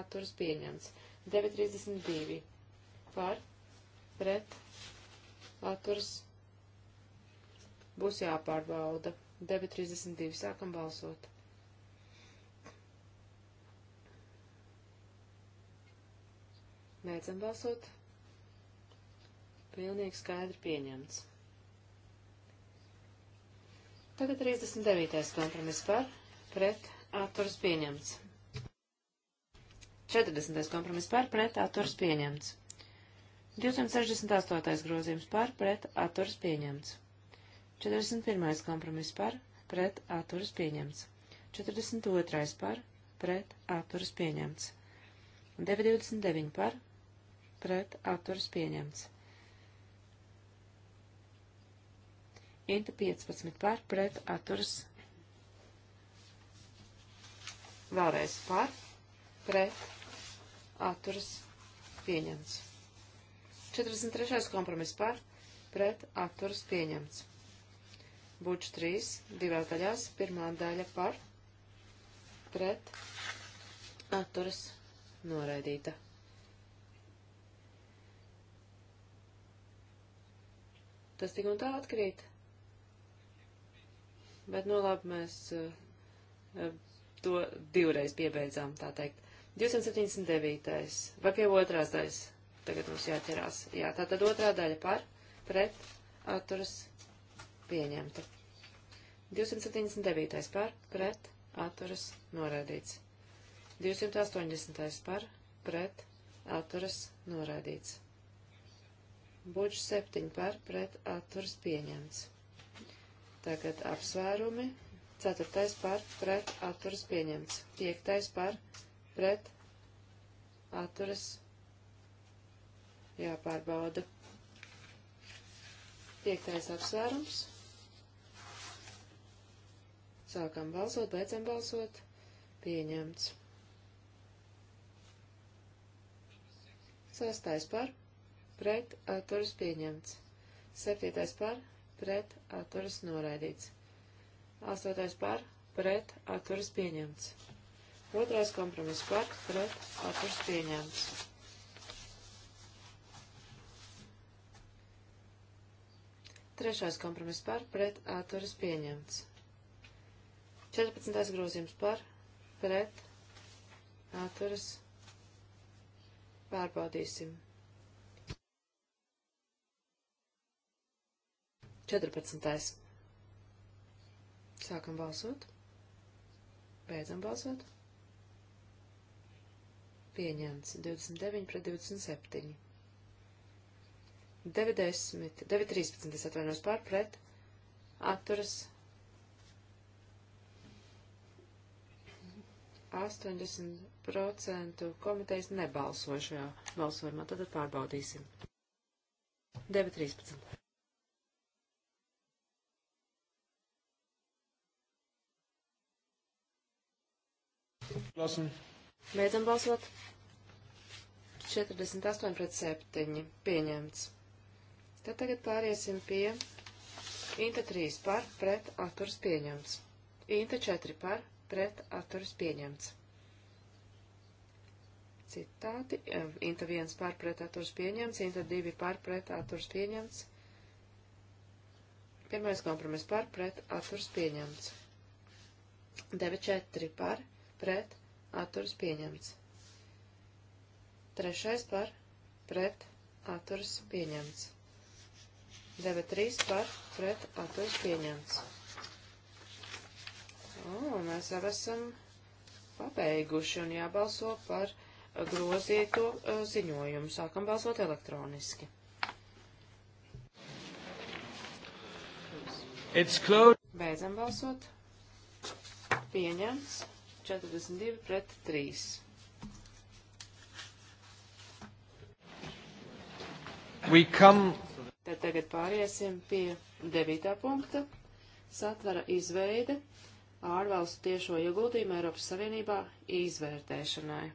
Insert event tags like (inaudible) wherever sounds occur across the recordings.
atturas pieņemts. 9.32 par pret atturas būs jāpārbauda. 9.32 sākam balsot. Beidzam balsot. Pilnīgi skaidri pieņemts. Tagad 39. kompromiss par pret atturas pieņemts. 40. kompromiss par pret atturas pieņemts. 268. grozījums par pret atturas pieņemts. 41. kompromiss par pret atturas pieņemts. 42. par pret atturas pieņemts. 929 par pret atturas pieņemts. Inta 15 par pret atturas. Vēlreiz par pret atturas pieņemts. 43. kompromiss par, pret atturas pieņemts. Buč 3, divās daļās, pirmā daļa par, pret atturas noraidīta. Tas tik un tā atkrīt. Bet, nu labi, mēs uh, to divreiz piebeidzām, tā teikt. 279. Vai pie otrās daļas? Tagad mums jāķerās. Jā, tā tad otrā daļa par, pret, atturas, pieņemta. 279. par, pret, atturas, noraidīts. 280. par, pret, atturas, noraidīts. Budžu 7 par, pret, atturas, pieņemts. Tagad apsvērumi. 4. par, pret, atturas, pieņemts. 5. par, pret atturas jāpārbauda. Piektais apsvērums. Sākam balsot, beidzam balsot. Pieņemts. Sastais par pret atturas pieņemts. Septītais par pret atturas noraidīts. Astotais par pret atturas pieņemts. Otrais kompromiss par pret atturs pieņemts. Trešais kompromiss par pret atturas pieņemts. 14. grozījums par pret atturas pārbaudīsim. 14. Sākam balsot. Beidzam balsot pieņemts 29 pret 27. 90, 913, es atvainos pār pret, atturas 80% komitejas nebalsoja šajā balsojumā, tad pārbaudīsim. 9.13. Lassen. Beidzam balsot. 48 pret 7. Pieņemts. Tad tagad pāriesim pie Inta 3 par pret atturas pieņemts. Inta 4 par pret atturas pieņemts. Citāti. Eh, Inta 1 par pret atturas pieņemts. Inta 2 par pret atturas pieņemts. Pirmais kompromiss par pret atturas pieņemts. 9 4 par pret atturas pieņemts. Trešais par pret atturas pieņemts. 9.3 par pret atturas pieņemts. O, mēs jau esam pabeiguši un jābalso par grozīto eh, ziņojumu. Sākam balsot elektroniski. Beidzam balsot. Pieņemts. 42 pret 3. We come... Tad tagad pāriesim pie 9. punkta. Satvara izveide ārvalstu tiešo ieguldījumu Eiropas Savienībā izvērtēšanai.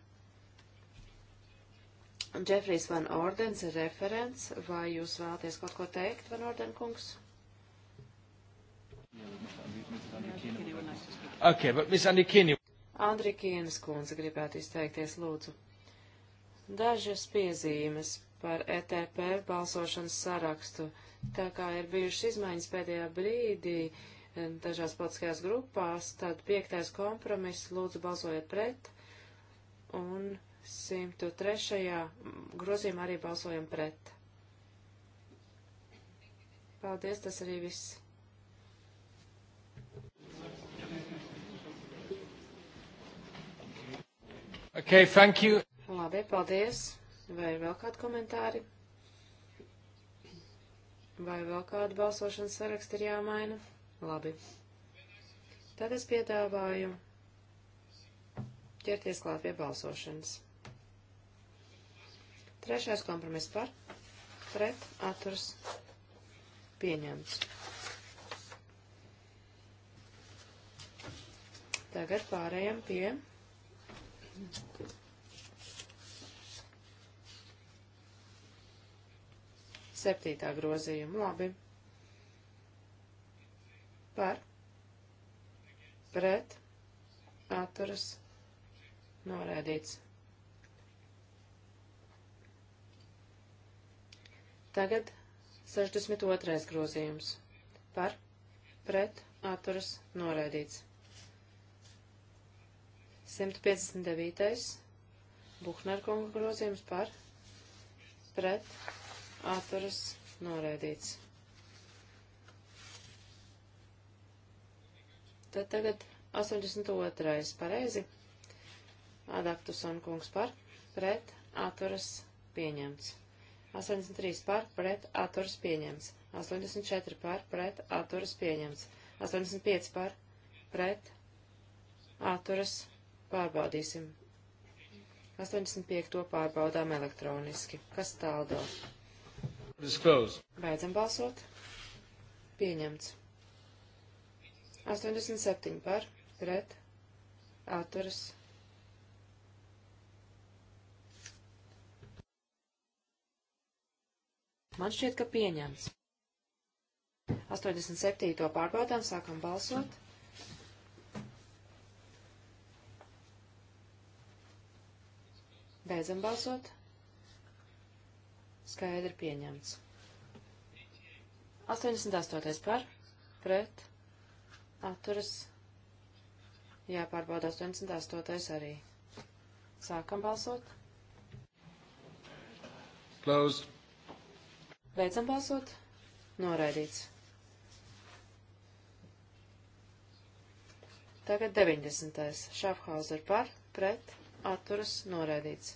Džefrijs Van Ordens ir referents. Vai jūs vēlaties kaut ko teikt, Van Orden kungs? Okay, but Miss Andikini. Andrikienas kundze gribētu izteikties, lūdzu. Dažas piezīmes par ETP balsošanas sarakstu. Tā kā ir bijušas izmaiņas pēdējā brīdī eh, dažās politiskajās grupās, tad piektais kompromiss lūdzu balsojiet pret un 103. grozījumā arī balsojam pret. Paldies, tas arī viss. Okay, thank you. Labi, paldies. Vai ir vēl kādi komentāri? Vai vēl kādu balsošanas sarakstu ir jāmaina? Labi. Tad es piedāvāju ķerties klāt pie balsošanas. Trešais kompromiss par, pret, atturs, pieņemts. Tagad pārējām pie Septītā grozījuma. Labi. Par. Pret. Atturas. Norēdīts. Tagad 62. grozījums. Par. Pret. Atturas. Norēdīts. 159. Buhnerkunga grozījums par pret atturas noraidīts. Tad tagad 82. pareizi. Adaktuson kungs par pret atturas pieņemts. 83 par pret atturas pieņemts. 84 par pret atturas pieņemts. 85 par pret atturas pieņemts atturas Pārbaudīsim. 85. to pārbaudām elektroniski. Kas tāldo? Disclose. Beidzam balsot. Pieņemts. 87 par, pret, atturas. Man šķiet, ka pieņemts. 87. pārbaudām, sākam balsot. Beidzam balsot. Skaidri pieņemts. 88. par, pret, atturas, jāpārbauda 88. arī. Sākam balsot. Closed. Beidzam balsot. Noraidīts. Tagad 90. Šafhauser par, pret, atturas noraidīts.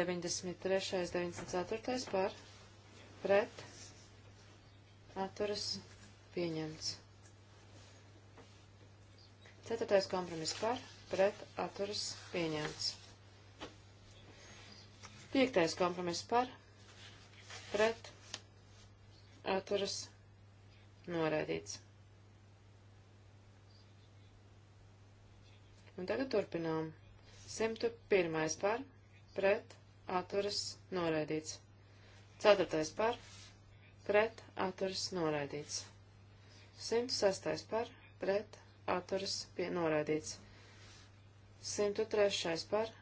93. 94. par pret atturas pieņemts. 4. kompromiss par pret atturas pieņemts. 5. kompromiss par pret atturas noraidīts. Un tagad turpinām. 101. par, pret, atturas, noraidīts. 4. par, pret, atturas, noraidīts. 106. par, pret, atturas, pie noraidīts. 103. par,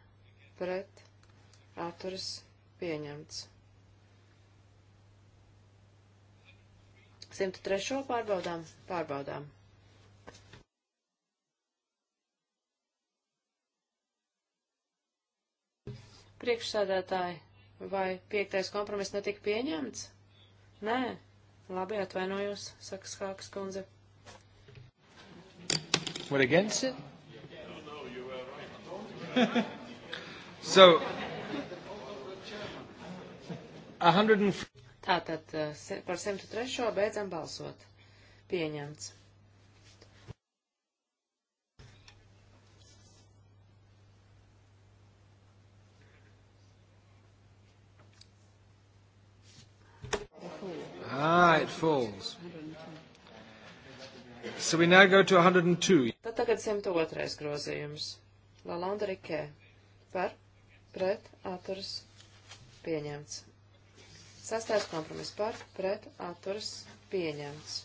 pret, atturas, pieņemts. 103. pārbaudām, pārbaudām. Priekšsēdētāji, vai piektais kompromiss netika pieņemts? Nē, labi atvainojos, saka Skākas kundze. What against it? (laughs) so, 100 Tātad eh, par 103. beidzam balsot. Pieņemts. Ah, it falls. So we now go to 102. Tad tagad 102. grozījums. Lalanda Rikē. Par, pret, atturas, pieņemts. Sastais kompromiss par, pret, atturas, pieņemts.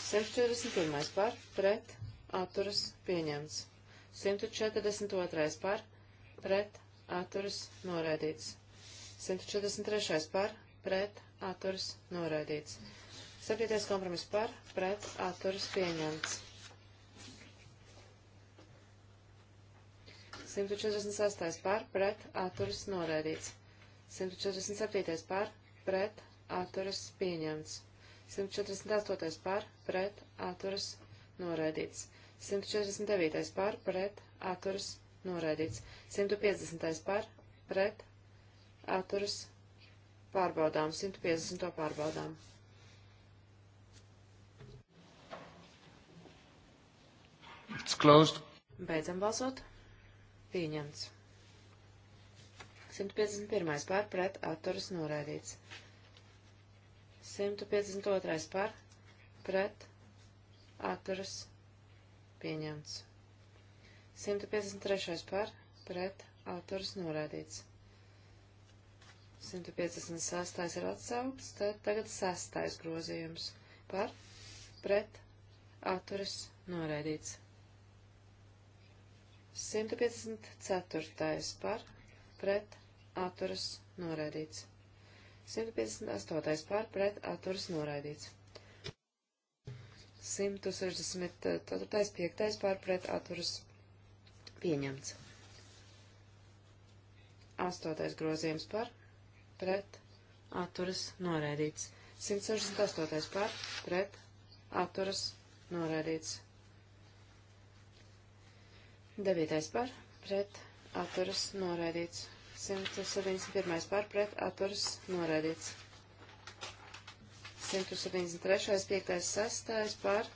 141. par, pret, atturas, pieņemts. 142. par, pret, atturas, noraidīts. 143. par, pret, atturas, noraidīts. 7. kompromiss par, pret, atturas, pieņemts. 148. par, pret, atturas, noraidīts. 147. par, pret, atturas, pieņemts. 148. par, pret, atturas, noraidīts. 149. par, pret, atturas, noraidīts. 150. par, pret, atturas pārbaudām, 150. pārbaudām. It's closed. Beidzam balsot. Pieņemts. 151. pār pret atturas noraidīts. 152. pār pret atturas pieņemts. 153. pār pret atturas noraidīts. 156. ir atsaukts, tad tagad 6. grozījums par pret atturas noraidīts. 154. par pret atturas noraidīts. 158. par pret atturas noraidīts. 164. 5. par pret atturas pieņemts. 8. grozījums par pret atturas norēdīts. 168. par pret atturas norēdīts. 9. par pret atturas norēdīts. 171. par pret atturas norēdīts. 173. 5. 6. par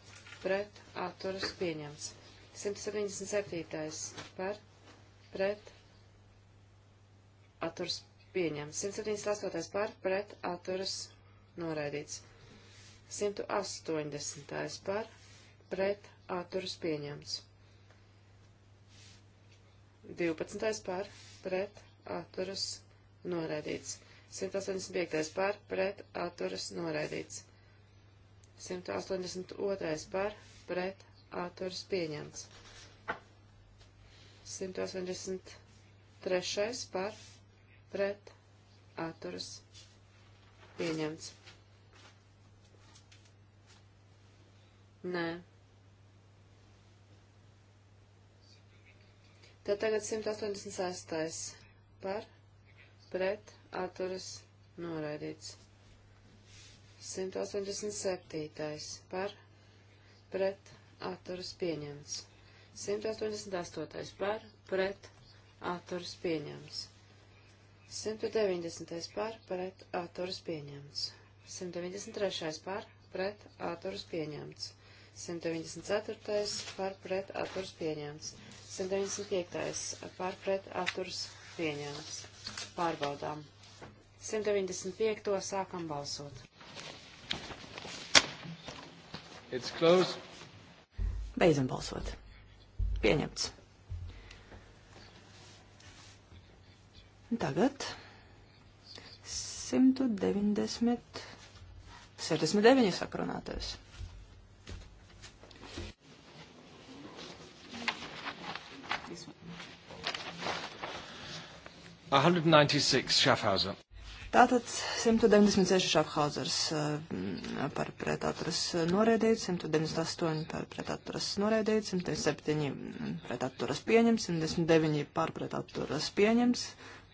pret atturas pieņemts. 177. par pret atturas pieņemts pieņemts. 178. par pret atturas noraidīts. 180. par pret atturas pieņemts. 12. par pret atturas noraidīts. 185. par pret atturas noraidīts. 182. par pret atturas pieņemts. 183. par pret atturas pieņemts. Nē. Tad tagad 186. par pret atturas noraidīts. 187. par pret atturas pieņemts. 188. par pret atturas pieņemts. 190. par pret atturas pieņemts. 193. par pret atturas pieņemts. 194. par pret atturas pieņemts. 195. par pret atturas pieņemts. Pārbaudām. 195. sākam balsot. It's closed. Beidzam balsot. Pieņemts. Tagad 190, 69 sakrunātais. Tātad 196 Schaffhausers eh, par pretaturas noraidīt, 198 par pretaturas noraidīt, 107 pretaturas pieņems, 109 par pretaturas pieņems,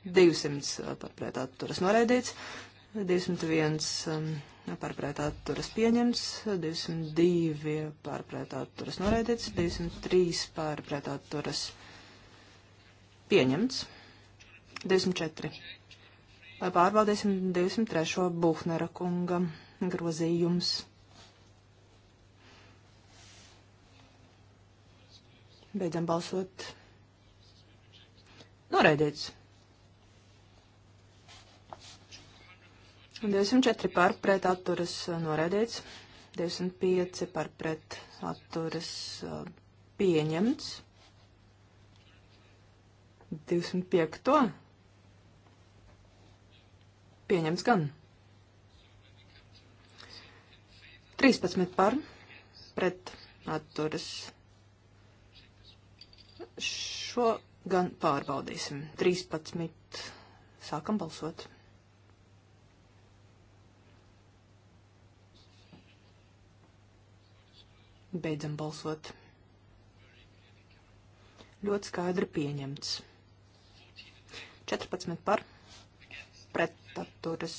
200 eh, pārpret atturas noraidīts, 201 um, pārpret atturas pieņemts, 202 pārpret atturas noraidīts, 203 pārpret atturas pieņemts, 204. Pārbaudīsim 203. Buhnera kunga grozījums. Beidzam balsot. Noraidīts. 204 par pret atturas uh, noraidīts, 205 par pret atturas uh, pieņemts, 205 to pieņemts gan. 13 par pret atturas. Šo gan pārbaudīsim. 13. Sākam balsot. Beidzam balsot. Ļoti skaidri pieņemts. 14 par, pretaturas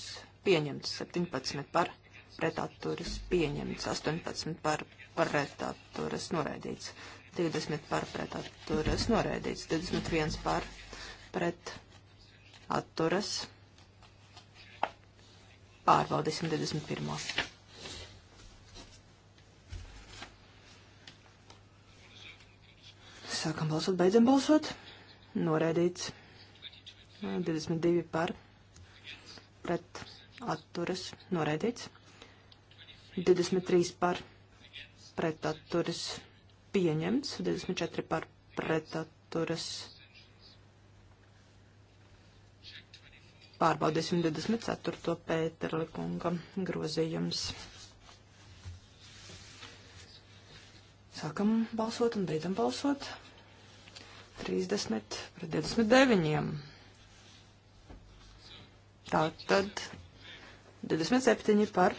pieņemts, 17 par, pretaturas pieņemts, 18 par, pretaturas noraidīts, 20 par, pretaturas noraidīts, 21 par, pretaturas pārbaudīsim 21. Sākam balsot, beidzam balsot. Noraidīts. 22 par. Pret atturas. Noraidīts. 23 par. Pret atturas. Pieņemts. 24 par. Pret atturas. Pārbaudīsim 24. Pēterli kunga grozījums. Sākam balsot un beidzam balsot. 30 pret 29. Tātad 27 par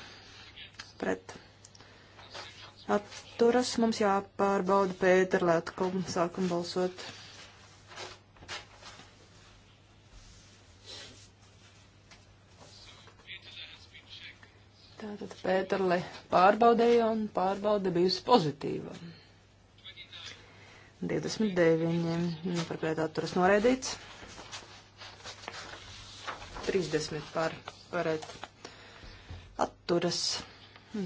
pret. Atturas mums jāpārbauda Pēterlēt, ka sākam balsot. Tātad Pēterle pārbaudēja un pārbauda bijusi pozitīva. 29 nu, par pret atturas noraidīts. 30 par pret atturas.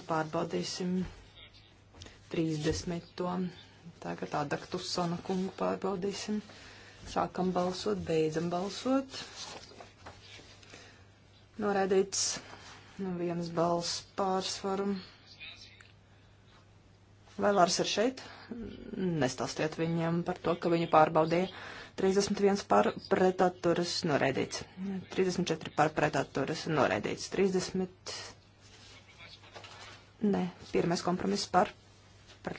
Pārbaudīsim 30 to. Tagad Adaktusona kungu pārbaudīsim. Sākam balsot, beidzam balsot. Noraidīts nu, viens balss pārsvaru. Vai Lārs ir šeit? nestāstiet viņiem par to, ka viņi pārbaudīja 31 par pretaturas noraidīts, 34 par pretaturas noraidīts, 30, ne, pirmais kompromiss par, par.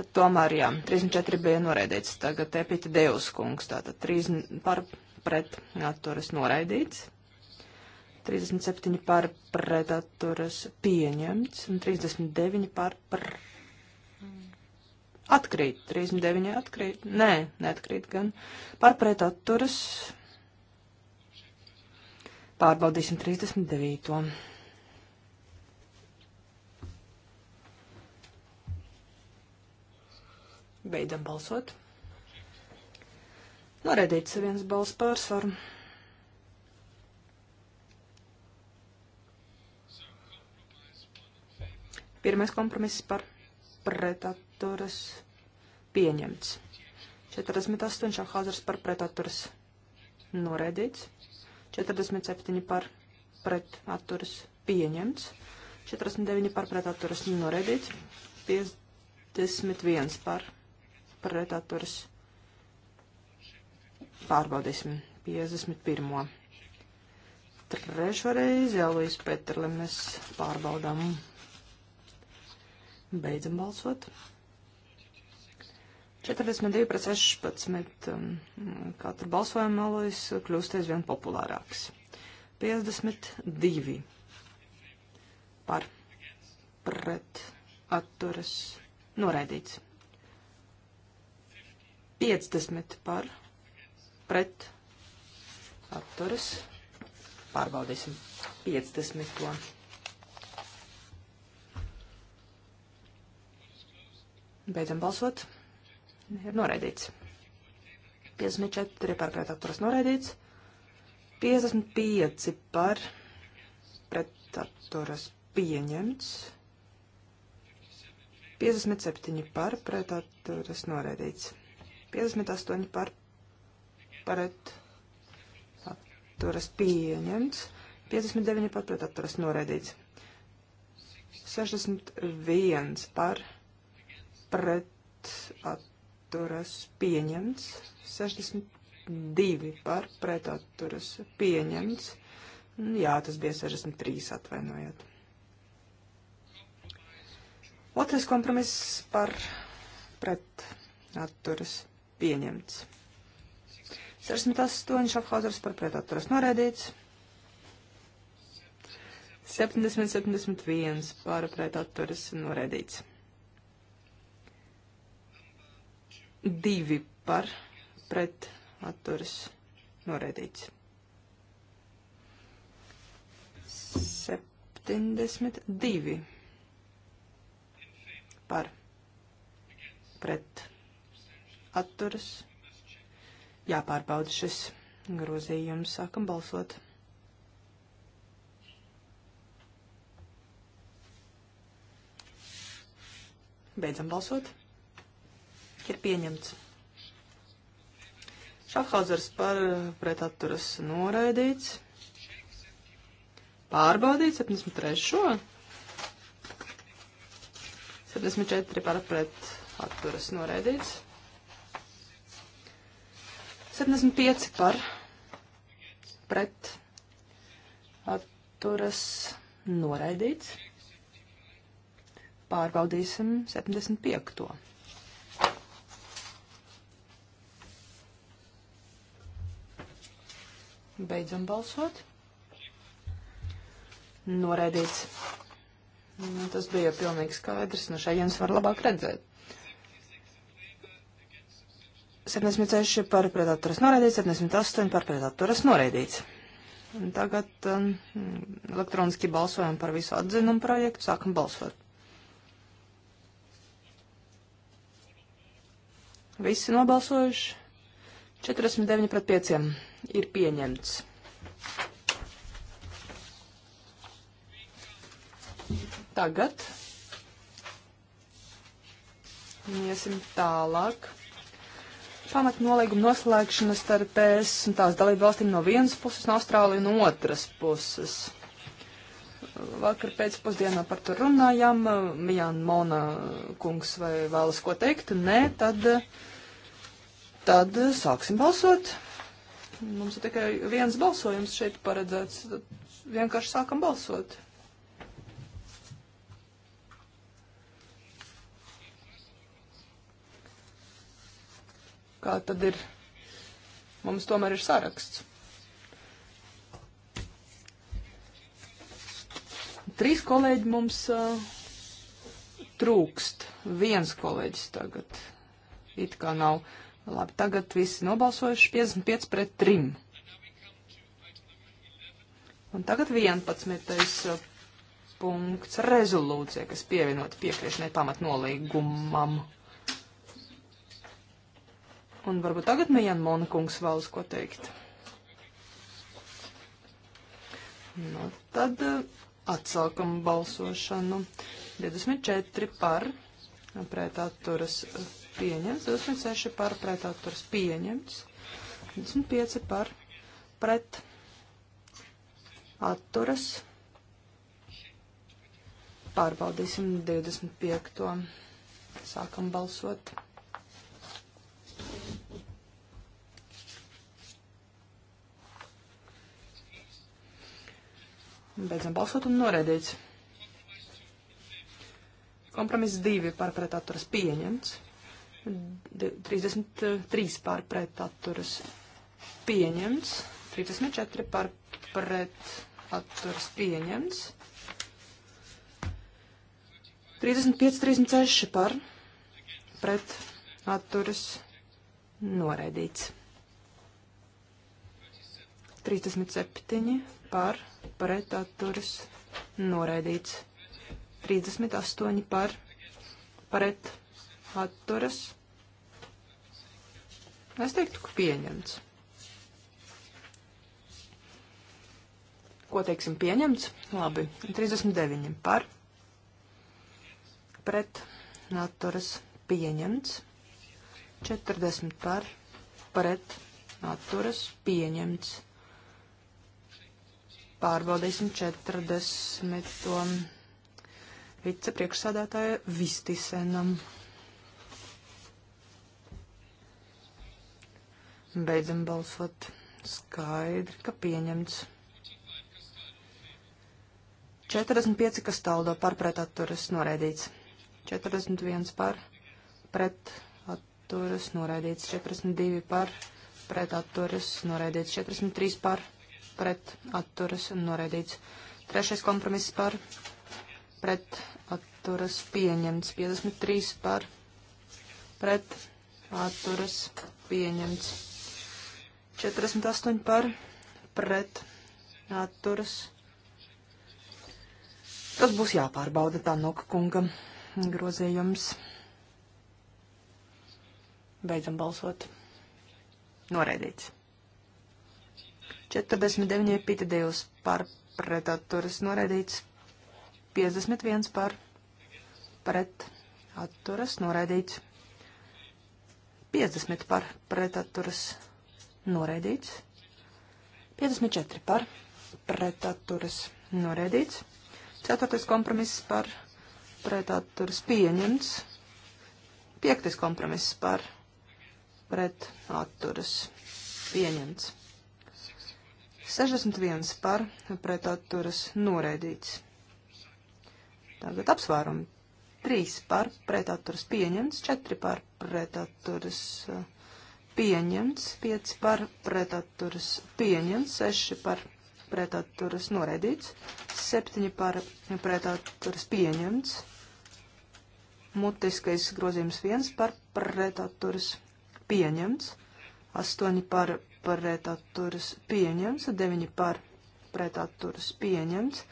Tad tomēr, jā, 34 bija noraidīts, tagad epita Deus kungs, tātad 3 par pretaturas noraidīts. 37 par pretaturas pieņemts un 39 par pr... atkrīt. 39 atkrīt. Nē, neatkrīt gan. Par pretaturas pārbaudīsim 39. Beidzam balsot. Noreidīts viens balss pārsvaru. Pirmais kompromiss par pretaturas pieņemts. 48 šahāzars par pretaturas noraidīts. 47 par pretaturas pieņemts. 49 par pretaturas noraidīts. 51 par pretaturas pārbaudīsim. 51. Trešo reizi Alijas Petrli mēs pārbaudām. Beidzam balsot. 42 pret 16. Um, katru balsojumu alojas kļūst aizvien populārāks. 52 par pret atturas noraidīts. 50 par pret atturas pārbaudīsim 50. To. Beidzam balsot. Ir noraidīts. 54 par pret atturas noraidīts. 55 par pret atturas pieņemts. 57 par pret atturas noraidīts. 58 par pret atturas pieņemts. 59 par pret atturas noraidīts. 61 par pret pret atturas pieņemts, 62 par pret atturas pieņemts. Jā, tas bija 63, atvainojiet. Otrais kompromiss par pret atturas pieņemts. 68 Šafhauzers par pret atturas norēdīts. 70, 71 pārpret atturas norēdīts. divi par pret atturas noraidīts. 72 par pret atturas jāpārbauda šis grozījums. Sākam balsot. Beidzam balsot ir pieņemts. Šafhauzers par eh, pretatturas noraidīts. Pārbaudīt 73. 74 par pretatturas noraidīts. 75 par pret atturas noraidīts. Pārbaudīsim 75. Beidzam balsot. Noraidīts. Nu, tas bija pilnīgi skaidrs. Nu, šajienas var labāk redzēt. 76 par pretaturas noraidīts, 78 par pretaturas noraidīts. Un tagad um, elektroniski balsojam par visu atzinumu projektu, sākam balsot. Visi nobalsojuši 49 pret 5 ir pieņemts. Tagad iesim tālāk. Pamatnolīguma noslēgšana starp ES un tās dalību valstīm no vienas puses un Austrāliju no otras puses. Vakar pēcpusdienā par to runājām. Mijāna Mona kungs vai vēlas ko teikt? Nē, tad, tad sāksim balsot. Mums ir tikai viens balsojums šeit paredzēts. Tad vienkārši sākam balsot. Kā tad ir? Mums tomēr ir saraksts. Trīs kolēģi mums uh, trūkst. Viens kolēģis tagad it kā nav. Uh, Labi, tagad visi nobalsojuši 55 pret 3. Un tagad 11. Uh, punkts rezolūcija, kas pievienot piekrišanai pamatnolīgumam. Un varbūt tagad Mijan Monkungs vēlas ko teikt. Nu, tad uh, atsākam balsošanu. 24 par, pret atturas pieņemts, 26 par pret atturs pieņemts, 25 par pret atturas. Pārbaudīsim 25. Sākam balsot. Beidzam balsot un noraidīts. Kompromiss divi par pretaturas pieņemts. 33 pār pret atturas pieņemts, 34 pār pret atturas pieņemts, 35, 36 pār pret atturas noraidīts, 37 pār pret atturas noraidīts, 38 pār pret atturas atturas. Es teiktu, ka pieņemts. Ko teiksim pieņemts? Labi, 39 par, pret, atturas, pieņemts, 40 par, pret, atturas, pieņemts. Pārbaudīsim 40. vicepriekšsādātāja Vistisenam. Beidzam balsot. Skaidri, ka pieņemts. 45 kastaldo par pret atturas noraidīts. 41 par pret atturas noraidīts. 42 par pret atturas noraidīts. 43 par pret atturas noraidīts. Trešais kompromiss par pret atturas pieņemts. 53 par pret atturas pieņemts. 48 par pret atturas. Tas būs jāpārbauda tā noka kunga grozījums. Beidzam balsot. Noraidīts. 49 pitidējus par pretatturas noraidīts. 51 par pretatturas noraidīts. 50 par pretatturas noraidīts noraidīts. 54 par pretaturas noraidīts. 4. kompromiss par pretaturas pieņemts. 5. kompromiss par pretaturas pieņemts. 61 par pretaturas noraidīts. Tagad apsvērumi. 3 par pretaturas pieņemts, 4 par pretaturas noraidīts uh, pieņemts, 5 par pretaturas pieņemts, 6 par pretaturas noraidīts, 7 par pretaturas pieņemts, mutiskais grozījums 1 par pretaturas pieņemts, 8 par pretaturas pieņemts, 9 par pretaturas pieņemts,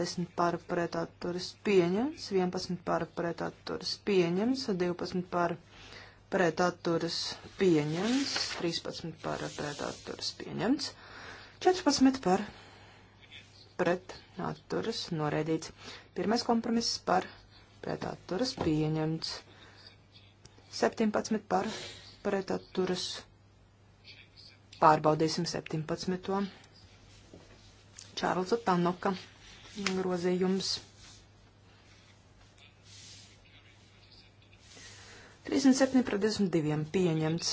10 par pretaturas pieņemts, 11 par pretaturas pieņemts, 12 par pretaturas pieņemts, pretatturas pieņemts, 13 par pretatturas pieņemts, 14 par pretatturas noraidīts, pirmais kompromiss par pretatturas pieņemts, 17 par pretatturas pārbaudīsim 17. Čārlza Tanoka grozījums. 37 par 22 pieņemts.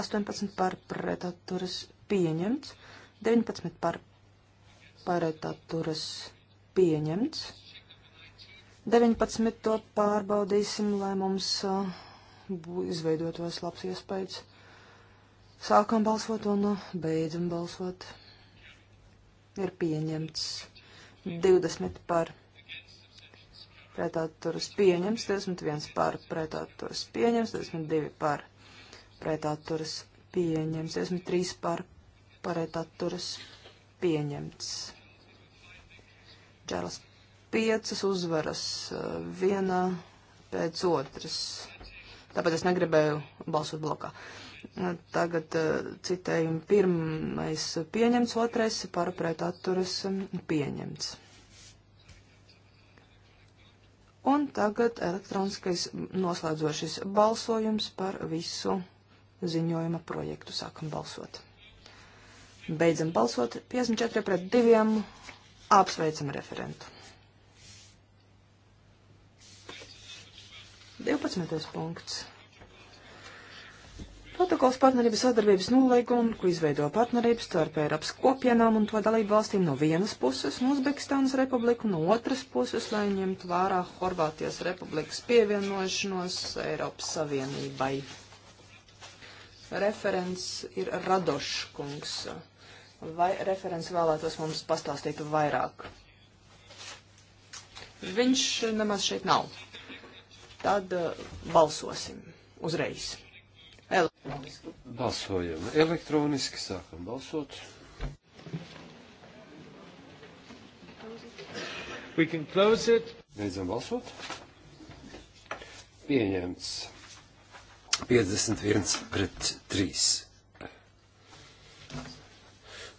18 par pretaturas pieņemts. 19 par pretaturas pieņemts. 19 to pārbaudīsim, lai mums uh, izveidotos labs iespējas. Sākam balsot un beidzam balsot. Ir pieņemts 20 par 20 pretatturas pieņems 21 par, pretatturas pieņems 22 par, pretatturas pieņems 23 par, pretatturas pieņemts. Čelas piecas uzvaras uh, viena pēc otras. Tāpēc es negribēju balsot blokā. Uh, tagad uh, citējumi pirmais pieņemts, otrais par pretatturas pieņemts. Un tagad elektroniskais noslēdzošais balsojums par visu ziņojuma projektu. Sākam balsot. Beidzam balsot. 54 pret 2. Apsveicam referentu. 12. punkts. Protokols partnerības sadarbības nolīgumu, ko izveido partnerības starp Eiropas kopienām un to dalību valstīm no vienas puses un Uzbekistānas republiku no otras puses, lai ņemtu vērā Horvātijas republikas pievienošanos Eiropas Savienībai. Referents ir Radoškungs. Vai referents vēlētos mums pastāstīt vairāk? Viņš nemaz šeit nav. Tad uh, balsosim uzreiz elektroniski. Balsojam elektroniski, sākam balsot. We can close it. Beidzam balsot. Pieņemts 51 pret 3.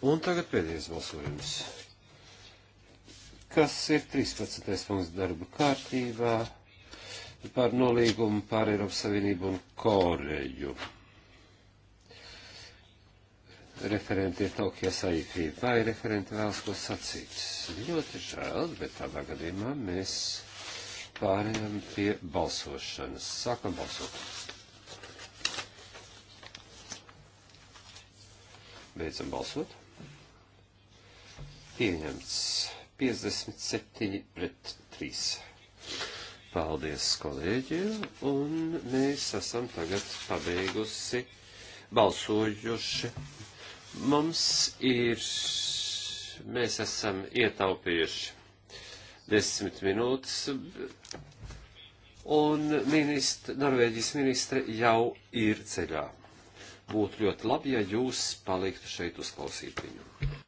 Un tagad pēdējais balsojums, kas ir 13. punkts darba kārtībā par nolīgumu par Eiropas Savienību un Koreju. Referenti ir Tokija Saifī. Vai referenti vēlas ko sacīt? Ļoti žēl, bet tādā gadījumā mēs pārējām pie balsošanas. Sākam balsot. Beidzam balsot. Pieņemts 57 pret 3. Paldies, kolēģi, un mēs esam tagad pabeigusi balsojuši. Mums ir, mēs esam ietaupījuši desmit minūtes, un ministr, Norvēģijas ministre jau ir ceļā. Būtu ļoti labi, ja jūs paliktu šeit uzklausīt viņu.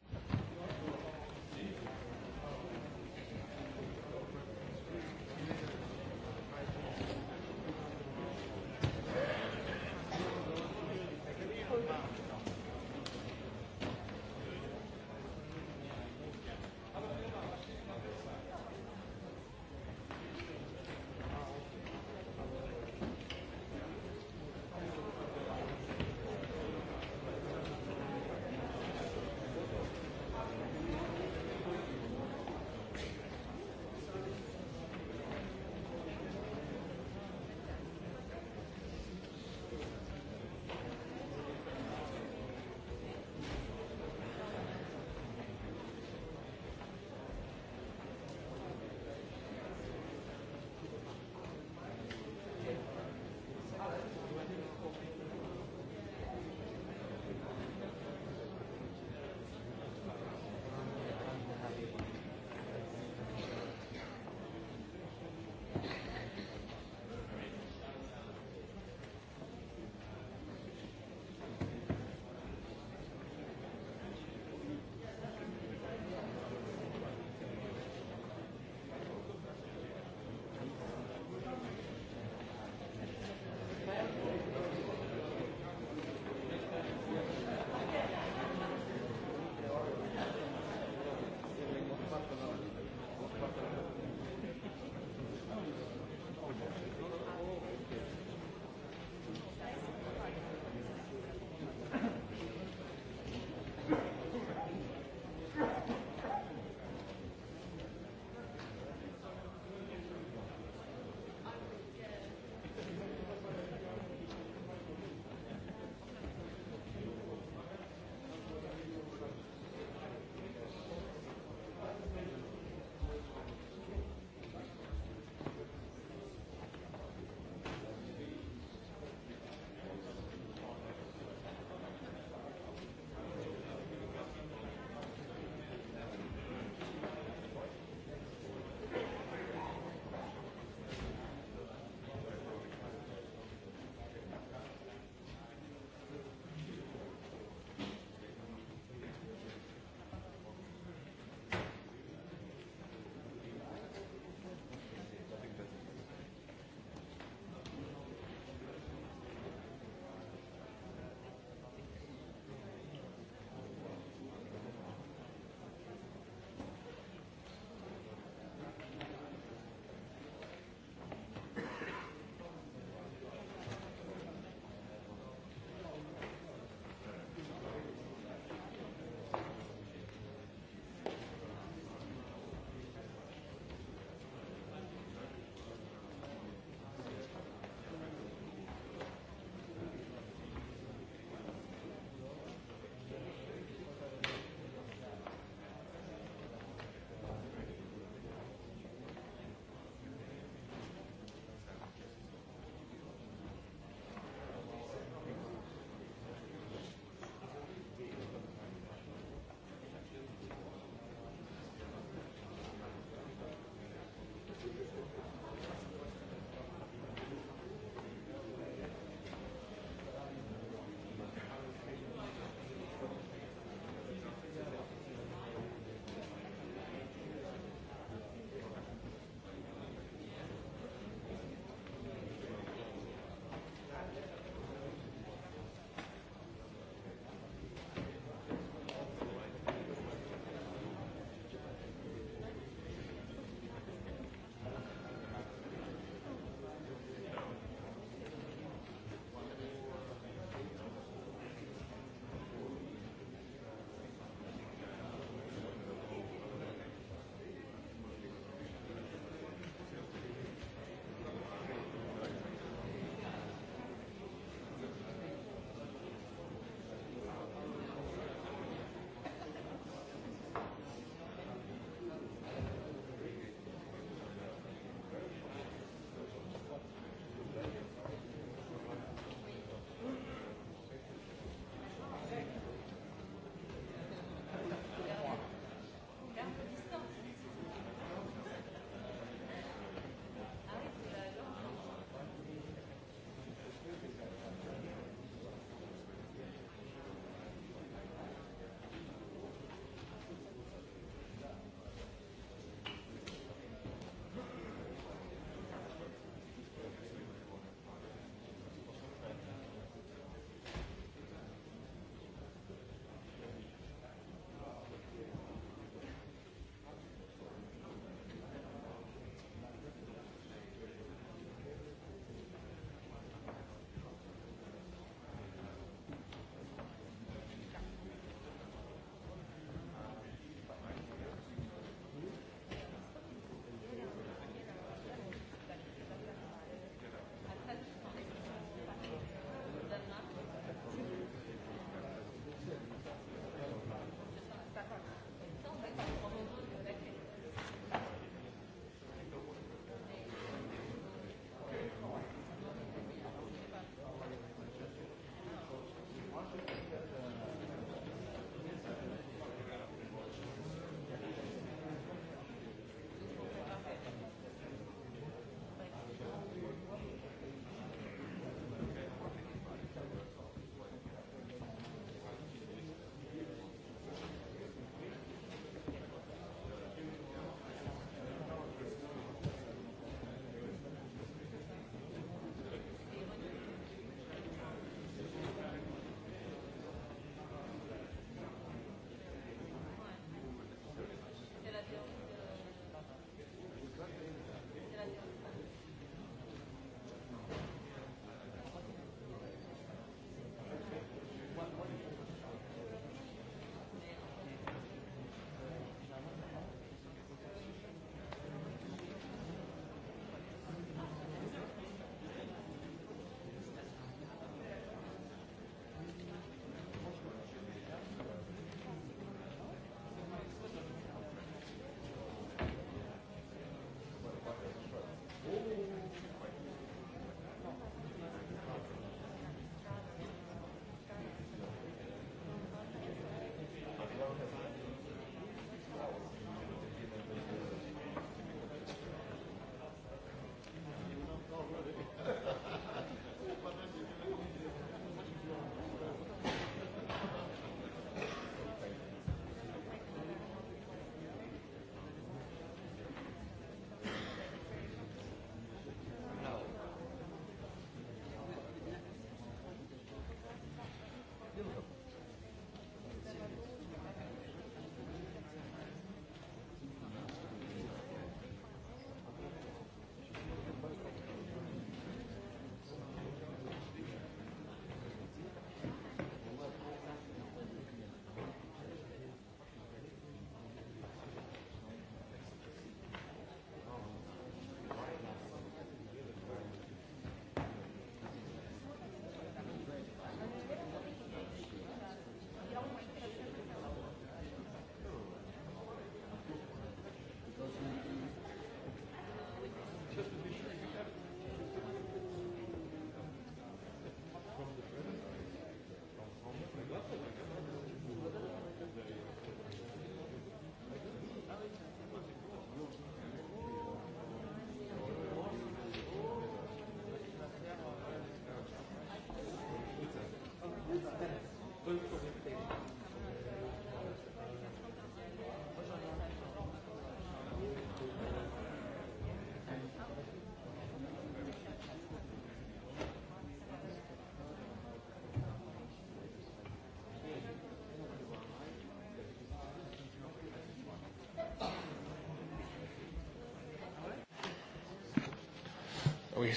We...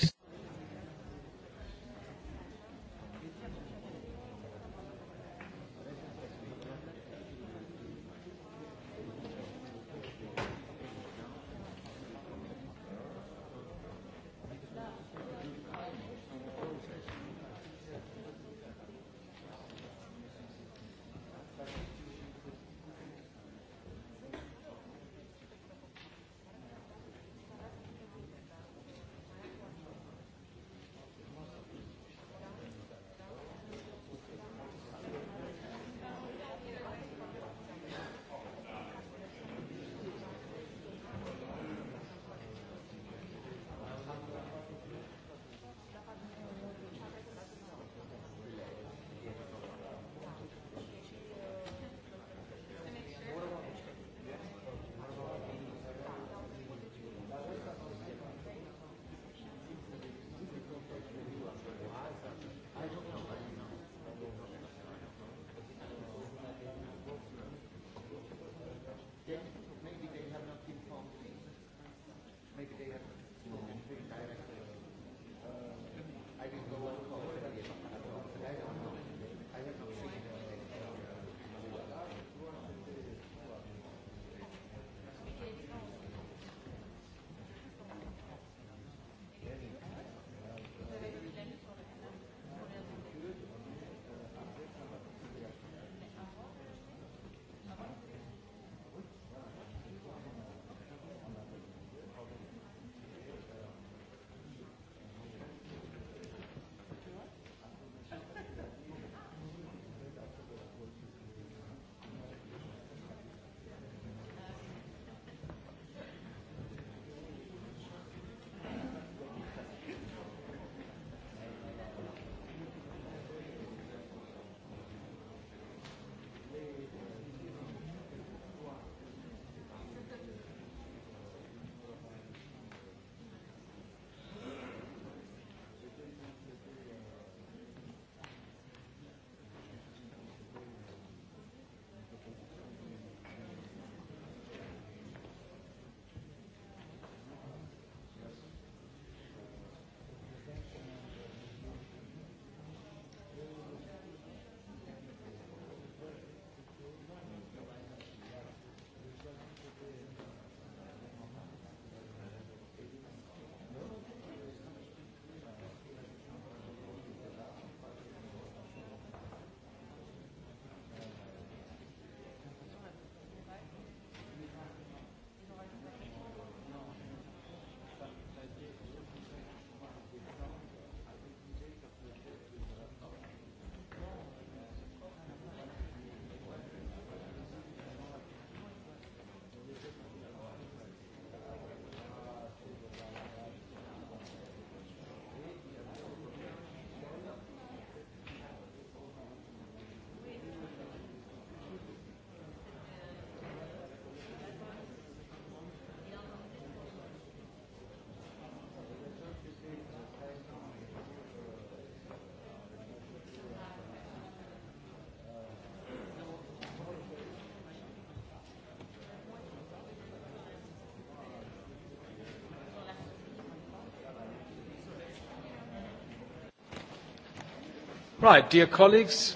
Right, dear colleagues.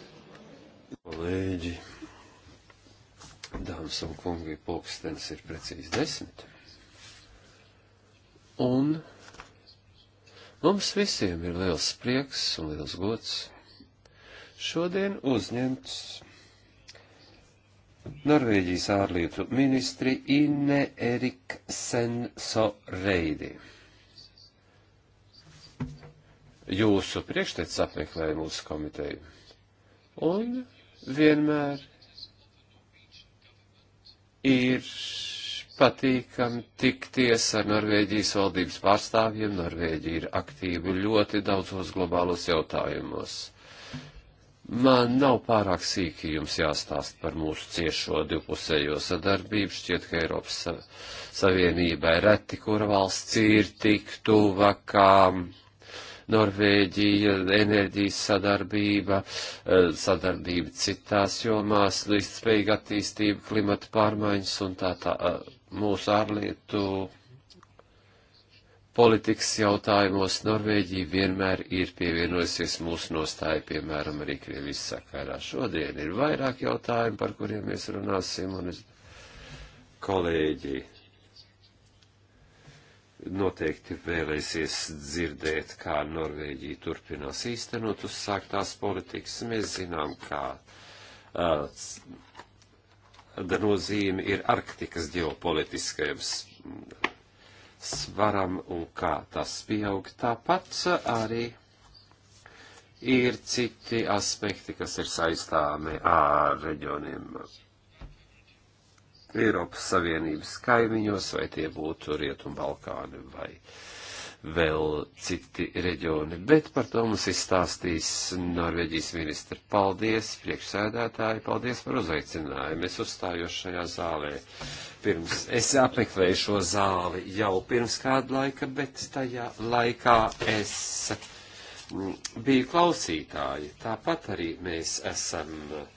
Kolēģi, dāmas un kungi, pulkstenis ir precīzi desmit. Un mums visiem ir liels prieks un liels gods šodien uzņemts Norvēģijas ārlietu ministri Inne Erik Sensoreidi jūsu priekšteicis apmeklēja mūsu komiteju. Un vienmēr ir patīkami tikties ar Norvēģijas valdības pārstāvjiem. Norvēģija ir aktīva ļoti daudzos globālos jautājumos. Man nav pārāk sīki jums jāstāst par mūsu ciešo divpusējo sadarbību. Šķiet, ka Eiropas Savienībai reti, kura valsts ir tik tuva, kā Norvēģija, enerģijas sadarbība, eh, sadarbība citās jomās, līdzspējīga attīstība, klimata pārmaiņas un tā tā eh, mūsu ārlietu politikas jautājumos Norvēģija vienmēr ir pievienojusies mūsu nostāja, piemēram, arī Krievijas sakarā. Šodien ir vairāk jautājumu, par kuriem mēs runāsim, un es kolēģi noteikti vēlēsies dzirdēt, kā Norvēģija turpinās īstenot uzsāktās politikas. Mēs zinām, kā uh, nozīme ir Arktikas ģeopolitiskajam svaram un kā tas pieaug. Tāpat arī ir citi aspekti, kas ir saistāmi ar reģioniem Eiropas Savienības kaimiņos, vai tie būtu Rietumbalkāni vai vēl citi reģioni. Bet par to mums izstāstīs Norvēģijas ministri. Paldies, priekšsēdētāji, paldies par uzaicinājumu. Es uzstājos šajā zālē. Pirms, es apmeklēju šo zāli jau pirms kāda laika, bet tajā laikā es mm, biju klausītāji. Tāpat arī mēs esam. Uh,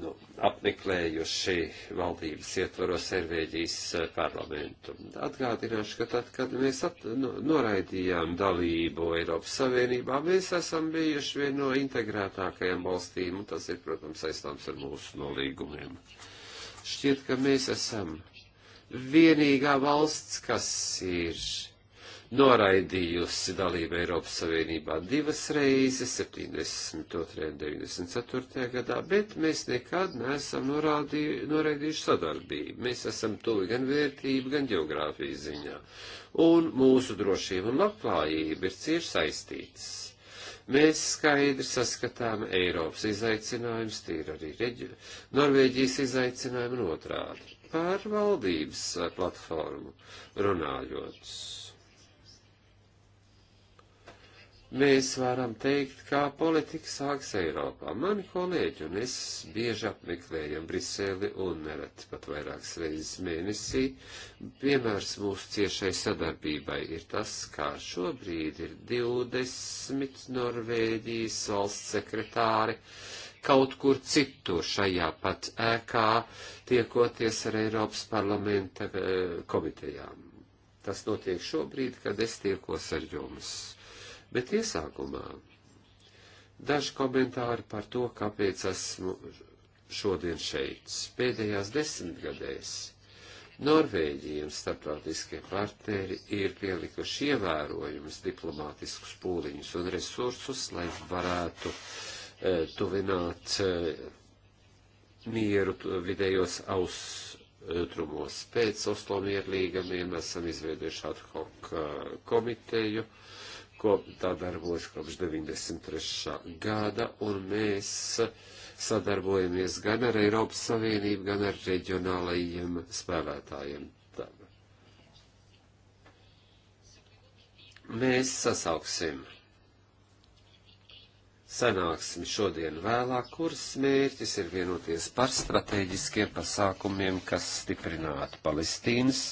nu, apmeklējuši valdības ietvaros Servēģijas eh, parlamentu. Atgādināšu, ka tad, kad mēs at, nu, noraidījām dalību Eiropas Savienībā, mēs esam bijuši viena no integrētākajām valstīm, un tas ir, protams, saistāms ar mūsu nolīgumiem. Šķiet, ka mēs esam vienīgā valsts, kas ir noraidījusi dalību Eiropas Savienībā divas reizes, 72. un 94. gadā, bet mēs nekad neesam norādī, noraidījuši sadarbību. Mēs esam tuvi gan vērtību, gan geogrāfijas ziņā. Un mūsu drošība un labklājība ir cieši saistītas. Mēs skaidri saskatām Eiropas izaicinājumus, tīri arī reģi... Norvēģijas izaicinājumu un otrādi. Par valdības platformu runājot mēs varam teikt, kā politika sāks Eiropā. Mani kolēģi un es bieži apmeklējam Briseli un nereti pat vairākas reizes mēnesī. Piemērs mūsu ciešai sadarbībai ir tas, kā šobrīd ir 20 Norvēģijas valsts sekretāri kaut kur citur šajā pat ēkā tiekoties ar Eiropas parlamenta eh, komitejām. Tas notiek šobrīd, kad es tiekos ar jums Bet iesākumā daži komentāri par to, kāpēc esmu šodien šeit. Pēdējās desmitgadēs Norvēģijam starptautiskie partneri ir pielikuši ievērojumus diplomātiskus pūliņus un resursus, lai varētu e, tuvināt e, mieru vidējos austrumos. Pēc Oslo mierlīgamiem esam izveidojuši ad hoc e, komiteju. E, ko tā darbojas kopš 93. gada, un mēs sadarbojamies gan ar Eiropas Savienību, gan ar reģionālajiem spēlētājiem. Tā. Mēs sasauksim sanāksmi šodien vēlāk, kuras mērķis ir vienoties par strateģiskiem pasākumiem, kas stiprinātu Palestīnas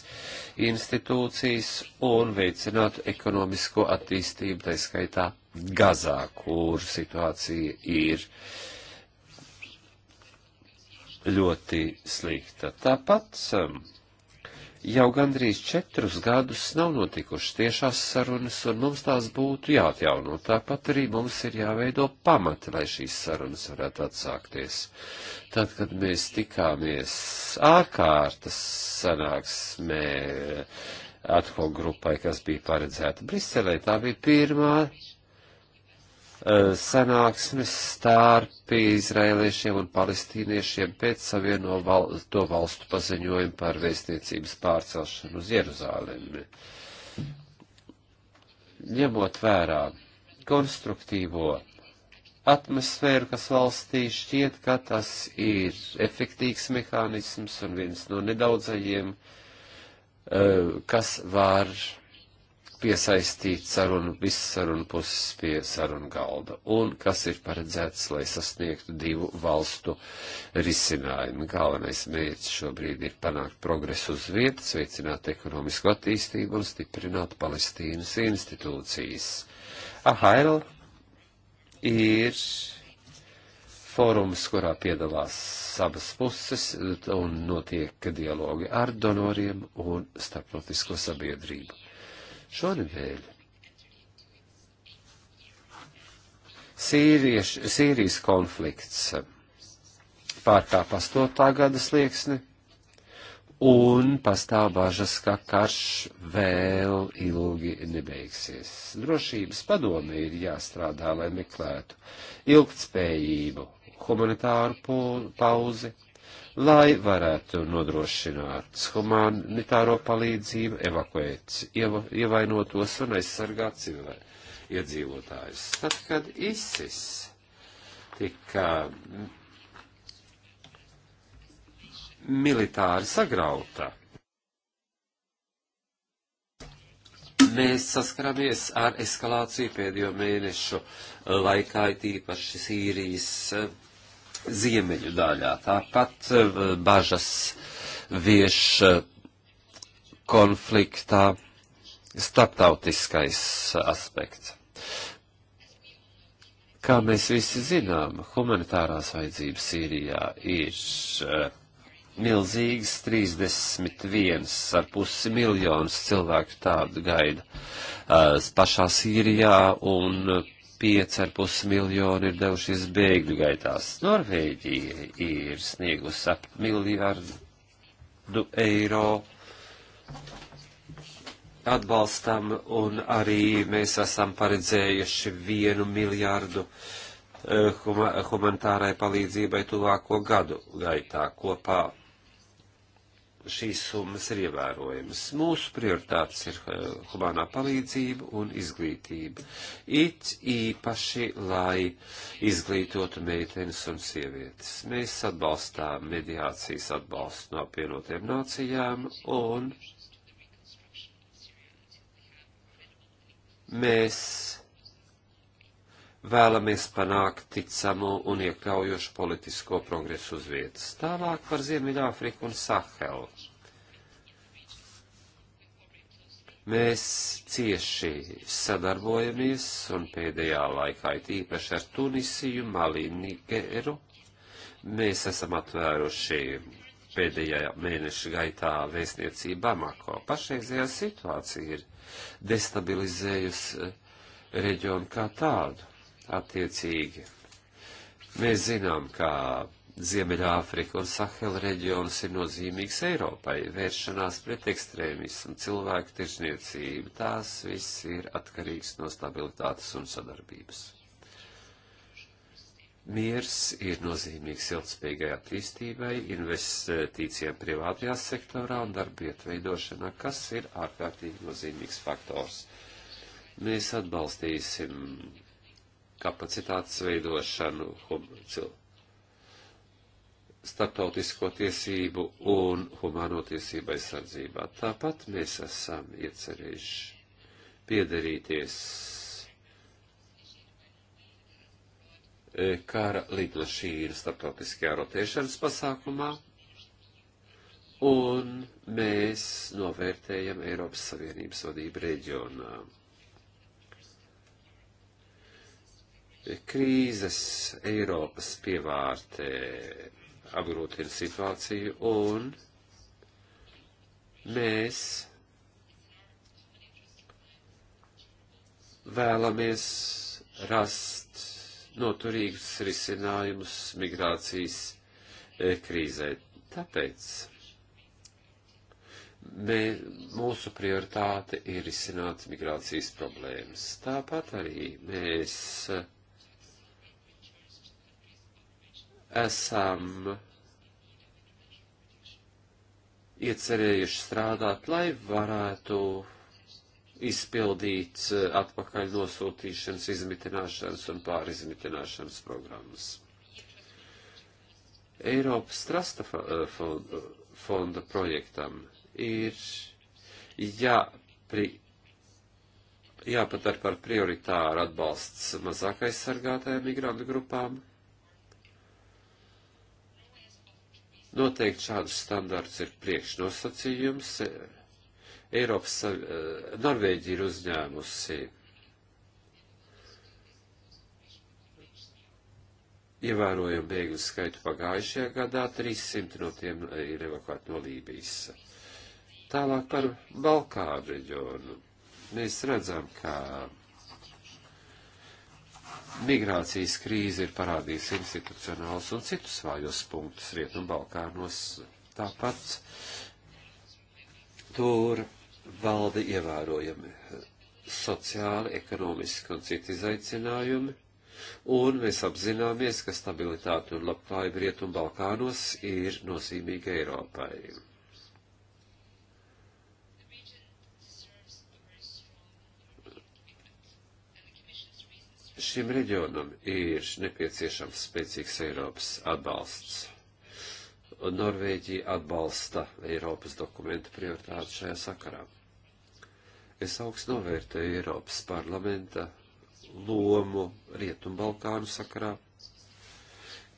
institūcijas un veicinātu ekonomisko attīstību, tā skaitā Gazā, kur situācija ir ļoti slikta. Tāpat um, jau gandrīz četrus gadus nav notikušas tiešās sarunas, un mums tās būtu jāatjauno. Tāpat arī mums ir jāveido pamati, lai šīs sarunas varētu atsākties. Tad, kad mēs tikāmies ārkārtas sanāksmē, atko grupai, kas bija paredzēta Briselē, tā bija pirmā Eh, sanāksmes starp izrēliešiem un palestīniešiem pēc savieno val to valstu paziņojumu par vēstniecības pārcelšanu uz Jeruzālemi. Ņemot vērā konstruktīvo atmosfēru, kas valstī šķiet, ka tas ir efektīgs mehānisms un viens no nedaudzajiem, eh, kas var piesaistīt sarunu, visu sarunu puses pie sarunu galda, un kas ir paredzēts, lai sasniegtu divu valstu risinājumu. Galvenais mērķis šobrīd ir panākt progresu uz vietas, veicināt ekonomisku attīstību un stiprināt Palestīnas institūcijas. Ahail ir fórums, kurā piedalās abas puses un notiek dialogi ar donoriem un starptautisko sabiedrību. Šonedēļ Sīrieš, Sīrijas konflikts pārkāp 8. gada slieksni, un pastāv bažas, ka karš vēl ilgi nebeigsies. Drošības padomi ir jāstrādā, lai meklētu ilgtspējību, humanitāru pauzi lai varētu nodrošināt humanitāro palīdzību, evakuēt ieva, ievainotos un aizsargāt civilē iedzīvotājus. Tad, kad ISIS tika militāri sagrauta, mēs saskaramies ar eskalāciju pēdējo mēnešu laikā, it īpaši Sīrijas ziemeļu daļā. Tāpat eh, bažas vieš eh, konfliktā starptautiskais aspekts. Kā mēs visi zinām, humanitārās vajadzības Sīrijā ir eh, milzīgas 31,5 miljonus cilvēku tādu gaida pašā Sīrijā, un 5,5 miljoni ir devušies bēgļu gaitās. Norvēģija ir sniegus ap miljardu eiro atbalstam, un arī mēs esam paredzējuši vienu miljardu eh, huma, humanitārai palīdzībai tuvāko gadu gaitā kopā šīs summas ir ievērojamas. Mūsu prioritātes ir eh, humanā palīdzība un izglītība. It īpaši, lai izglītotu meitenes un sievietes. Mēs atbalstām mediācijas atbalstu no apvienotiem nācijām un mēs vēlamies panākt ticamu un iekļaujošu politisko progresu uz vietas. Tālāk par Ziemeļāfriku un Sahelu. Mēs cieši sadarbojamies un pēdējā laikā it īpaši ar Tunisiju, Malī, Nigeru. Mēs esam atvēruši pēdējā mēneša gaitā vēstniecību Bamako. Pašreizējā situācija ir destabilizējusi eh, reģionu kā tādu attiecīgi. Mēs zinām, ka Ziemeļāfrika un Sahela reģions ir nozīmīgs Eiropai. Vēršanās pret ekstrēmismu, cilvēku tirzniecību, tās viss ir atkarīgs no stabilitātes un sadarbības. Miers ir nozīmīgs ilgspējīgai attīstībai, investīcijām privātajā sektorā un darbietu veidošanā, kas ir ārkārtīgi nozīmīgs faktors. Mēs atbalstīsim kapacitātes veidošanu cilvēku starptautisko tiesību un humāno tiesību aizsardzībā. Tāpat mēs esam iecerējuši piederīties e, kara lidmašīnu starptautiskajā rotēšanas pasākumā, un mēs novērtējam Eiropas Savienības vadību reģionā. Krīzes Eiropas pievārtē apgrūtina situāciju, un mēs vēlamies rast noturīgus risinājumus migrācijas e, krīzē. Tāpēc mē, mūsu prioritāte ir risināt migrācijas problēmas. Tāpat arī mēs uh, esam iecerējuši strādāt, lai varētu izpildīt eh, atpakaļ nosūtīšanas, izmitināšanas un pārizmitināšanas programmas. Eiropas Trasta eh, fonda, eh, fonda projektam ir jāpri, jāpadara par prioritāru atbalsts mazākais sargātājiem migrantu grupām Noteikt šādus standārts ir priekšnosacījums. Eiropas, eh, Norvēģija ir uzņēmusi ievērojam bēgļu skaitu pagājušajā gadā, 300 no tiem ir evakuēti no Lībijas. Tālāk par Balkānu reģionu. Mēs redzam, ka migrācijas krīze ir parādījusi institucionālus un citus vājos punktus Rietumbalkānos. Tāpat tur valda ievērojami sociāli, ekonomiski un citi izaicinājumi, un mēs apzināmies, ka stabilitāte un labklājība Rietumbalkānos ir nozīmīga Eiropai. šim reģionam ir nepieciešams spēcīgs Eiropas atbalsts. Un Norvēģija atbalsta Eiropas dokumentu prioritāti šajā sakarā. Es augstu novērtēju Eiropas parlamenta lomu Rietumbalkānu sakarā,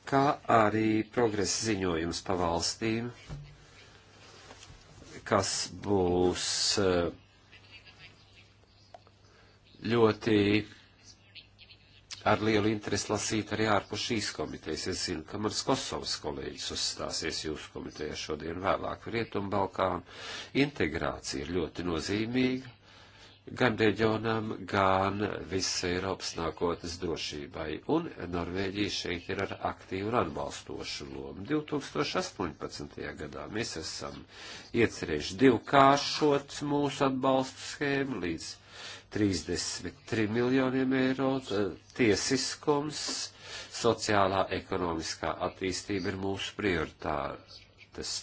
kā arī progresa ziņojums pa valstīm, kas būs eh, ļoti ar lielu interesi lasīt arī ārpus šīs komitejas. Es zinu, ka mans Kosovas kolēģis uzstāsies jūsu komitejā šodien vēlāk. Rietumbalkānu integrācija ir ļoti nozīmīga gan reģionam, gan visai Eiropas nākotnes drošībai, un Norvēģija šeit ir ar aktīvu un atbalstošu lomu. 2018. gadā mēs esam iecerējuši divkāršot mūsu atbalstu schēmu līdz 33 miljoniem eiro, tiesiskums, sociālā ekonomiskā attīstība ir mūsu prioritātes.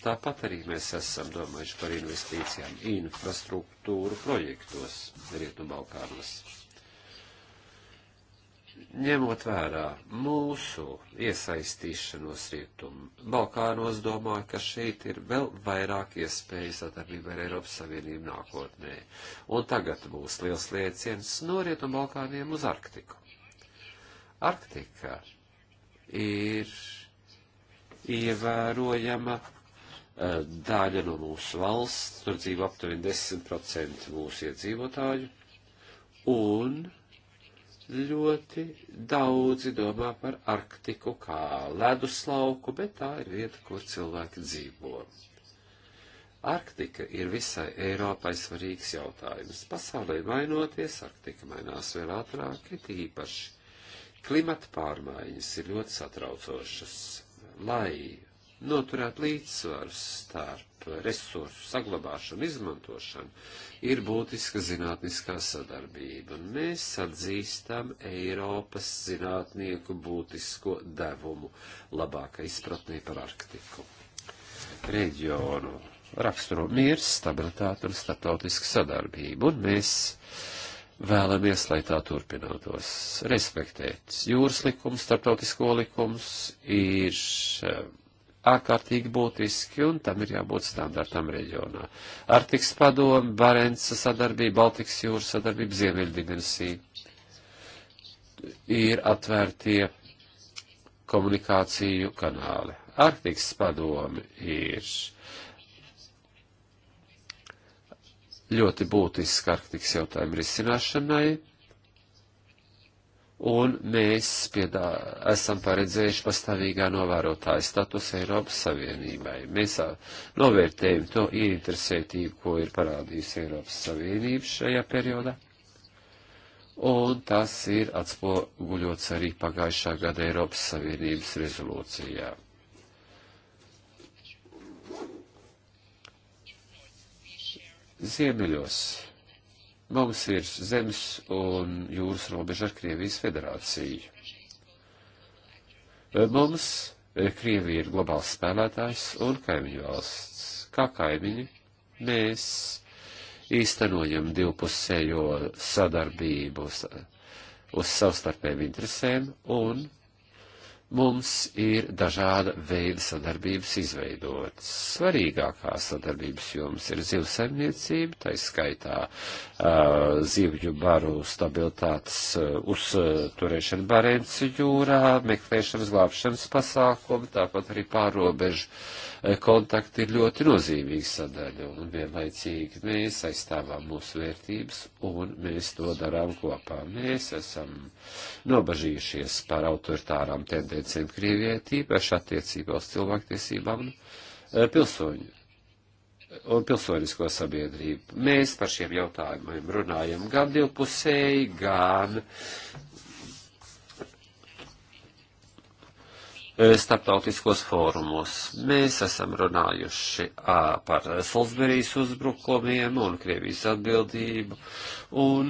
Tāpat arī mēs esam domājuši par investīcijām infrastruktūru projektos Rietu Balkānos ņemot vērā mūsu iesaistīšanos rietumu Balkānos, domāju, ka šeit ir vēl vairāk iespēju sadarbībai ar Eiropas Savienību nākotnē. Un tagad būs liels lieciens no rietumu Balkāniem uz Arktiku. Arktika ir ievērojama eh, daļa no mūsu valsts, tur dzīvo aptuveni 10% mūsu iedzīvotāju, un ļoti daudzi domā par Arktiku kā leduslauku, bet tā ir vieta, kur cilvēki dzīvo. Arktika ir visai Eiropai svarīgs jautājums. Pasaulē mainoties, Arktika mainās vēl ātrāk, it īpaši. Klimata pārmaiņas ir ļoti satraucošas. Lai noturēt līdzsvaru starp resursu saglabāšanu, izmantošanu, ir būtiska zinātniskā sadarbība, un mēs atzīstam Eiropas zinātnieku būtisko devumu labākai izpratnē par Arktiku. Reģionu raksturo miers, stabilitāte un starptautiska sadarbība, un mēs vēlamies, lai tā turpinātos. Respektēt jūras likums, starptautisko likums ir eh, ārkārtīgi būtiski, un tam ir jābūt standartam reģionā. Arktikas padomu, Barenca sadarbība, Baltikas jūras sadarbība, Ziemeļdimensija ir atvērtie komunikāciju kanāli. Arktikas padomi ir ļoti būtiski Arktikas jautājumu risināšanai un mēs piedā, esam paredzējuši pastāvīgā novērotāja status Eiropas Savienībai. Mēs novērtējam to ieinteresētību, ko ir parādījusi Eiropas Savienība šajā periodā, un tas ir atspoguļots arī pagājušā gada Eiropas Savienības rezolūcijā. Ziemeļos Mums ir zemes un jūras robeža ar Krievijas federāciju. Mums eh, Krievija ir globāls spēlētājs un kaimiņu valsts. Kā kaimiņi mēs īstenojam divpusējo sadarbību uz, uz savstarpēju interesēm un mums ir dažāda veida sadarbības izveidotas. Svarīgākā sadarbības jums ir zivsaimniecība, tai skaitā uh, zivju baru stabilitātes uh, uzturēšana Barenci jūrā, meklēšanas glābšanas pasākumi, tāpat arī pārobežu kontakti ir ļoti nozīmīga sadaļa, un vienlaicīgi mēs aizstāvām mūsu vērtības, un mēs to darām kopā. Mēs esam nobažījušies par autoritārām tendencēm Krievijai, tīpaši attiecībā uz cilvēktiesībām un eh, pilsoņu un pilsonisko sabiedrību. Mēs par šiem jautājumiem runājam gan divpusēji, gan E, starptautiskos fórumos. Mēs esam runājuši ā, par Salisburijas uzbrukumiem un Krievijas atbildību un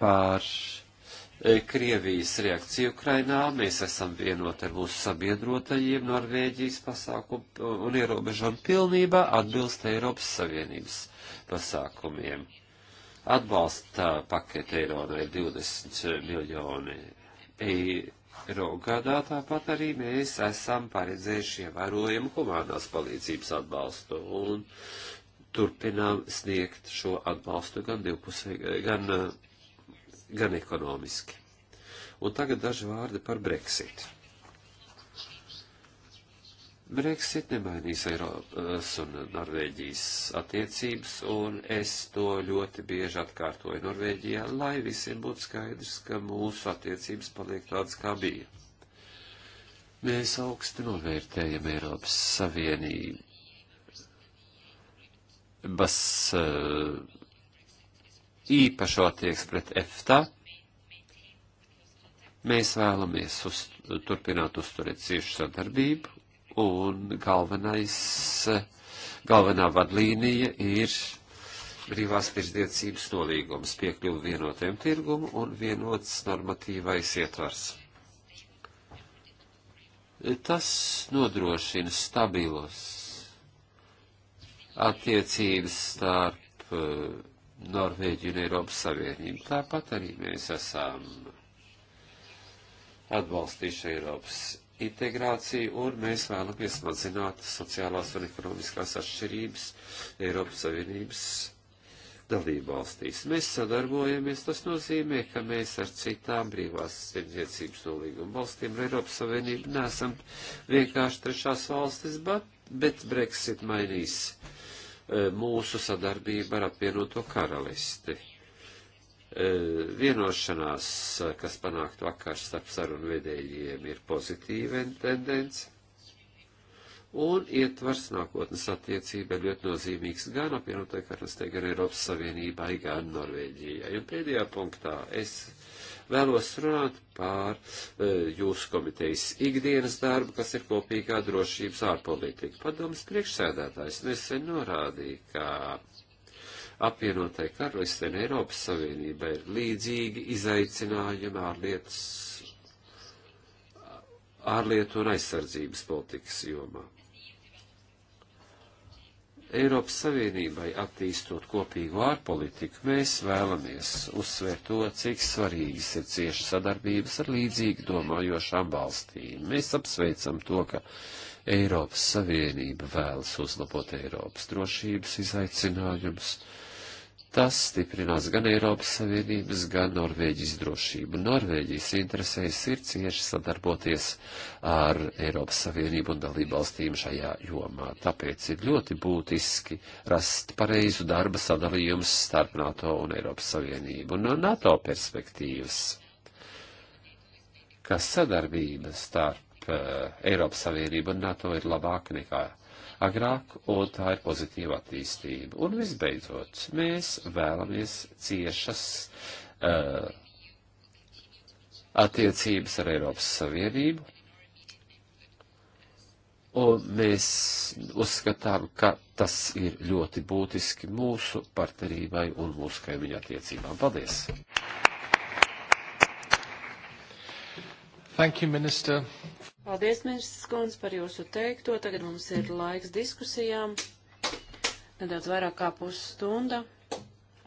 par e, Krievijas reakciju Ukrainā. Mēs esam vienoti ar mūsu sabiedrotajiem Norvēģijas pasākumu un ierobežojumu pilnībā atbilst Eiropas Savienības pasākumiem. Atbalsta pakete Eironai 20 miljoni eiro gadā tāpat arī mēs esam paredzējuši ievērojumu humanās palīdzības atbalstu un turpinām sniegt šo atbalstu gan divpusē, gan, gan ekonomiski. Un tagad daži vārdi par Brexitu. Brexit nemainīs Eiropas un Norvēģijas attiecības, un es to ļoti bieži atkārtoju Norvēģijā, lai visiem būtu skaidrs, ka mūsu attiecības paliek tādas, kā bija. Mēs augsti novērtējam Eiropas Savienības uh, īpašo attieks pret EFTA. Mēs vēlamies uz, turpināt uzturēt ciešu sadarbību un galvenais, galvenā vadlīnija ir brīvās tirdzniecības nolīgums, piekļuvu vienotiem tirgumu un vienots normatīvais ietvars. Tas nodrošina stabilos attiecības starp eh, Norvēģiju un Eiropas Savienību. Tāpat arī mēs esam atbalstījuši Eiropas integrāciju, un mēs vēlamies mazināt sociālās un ekonomiskās atšķirības Eiropas Savienības dalībvalstīs. Mēs sadarbojamies, tas nozīmē, ka mēs ar citām brīvās tirdzniecības nolīguma valstīm ar Eiropas Savienību nesam vienkārši trešās valstis, bet, bet Brexit mainīs eh, mūsu sadarbību ar apvienoto karalisti E, vienošanās, kas panākt vakar starp sarunu vedējiem, ir pozitīva tendence, un ietvars nākotnes attiecība ir ļoti nozīmīgs gan apvienotai karalistē, gan Eiropas Savienībai, gan Norvēģijai. Un pēdējā punktā es vēlos runāt pār e, jūsu komitejas ikdienas darbu, kas ir kopīgā drošības ārpolitika. Padomas priekšsēdētājs nesen norādīja, ka apvienotai karalistē un Eiropas Savienībai ir līdzīgi izaicinājumi ārlietas, ārlietu un aizsardzības politikas jomā. Eiropas Savienībai attīstot kopīgu ārpolitiku, mēs vēlamies uzsvērt to, cik svarīgas ir cieša sadarbības ar līdzīgi domājošām valstīm. Mēs apsveicam to, ka Eiropas Savienība vēlas uzlabot Eiropas drošības izaicinājumus Tas stiprinās gan Eiropas Savienības, gan Norvēģijas drošību. Norvēģijas interesēs ir cieši sadarboties ar Eiropas Savienību un dalību valstīm šajā jomā. Tāpēc ir ļoti būtiski rast pareizu darba sadalījumu starp NATO un Eiropas Savienību. No NATO perspektīvas, kas sadarbība starp eh, Eiropas Savienību un NATO ir labāka nekā agrāk, un tā ir pozitīva attīstība. Un visbeidzot, mēs vēlamies ciešas uh, attiecības ar Eiropas Savienību, un mēs uzskatām, ka tas ir ļoti būtiski mūsu partnerībai un mūsu kaimiņu attiecībām. Paldies! Thank you, minister. Paldies, ministrs Kunz, par jūsu teikto. Tagad mums ir laiks diskusijām. Nedaudz vairāk kā pusstunda.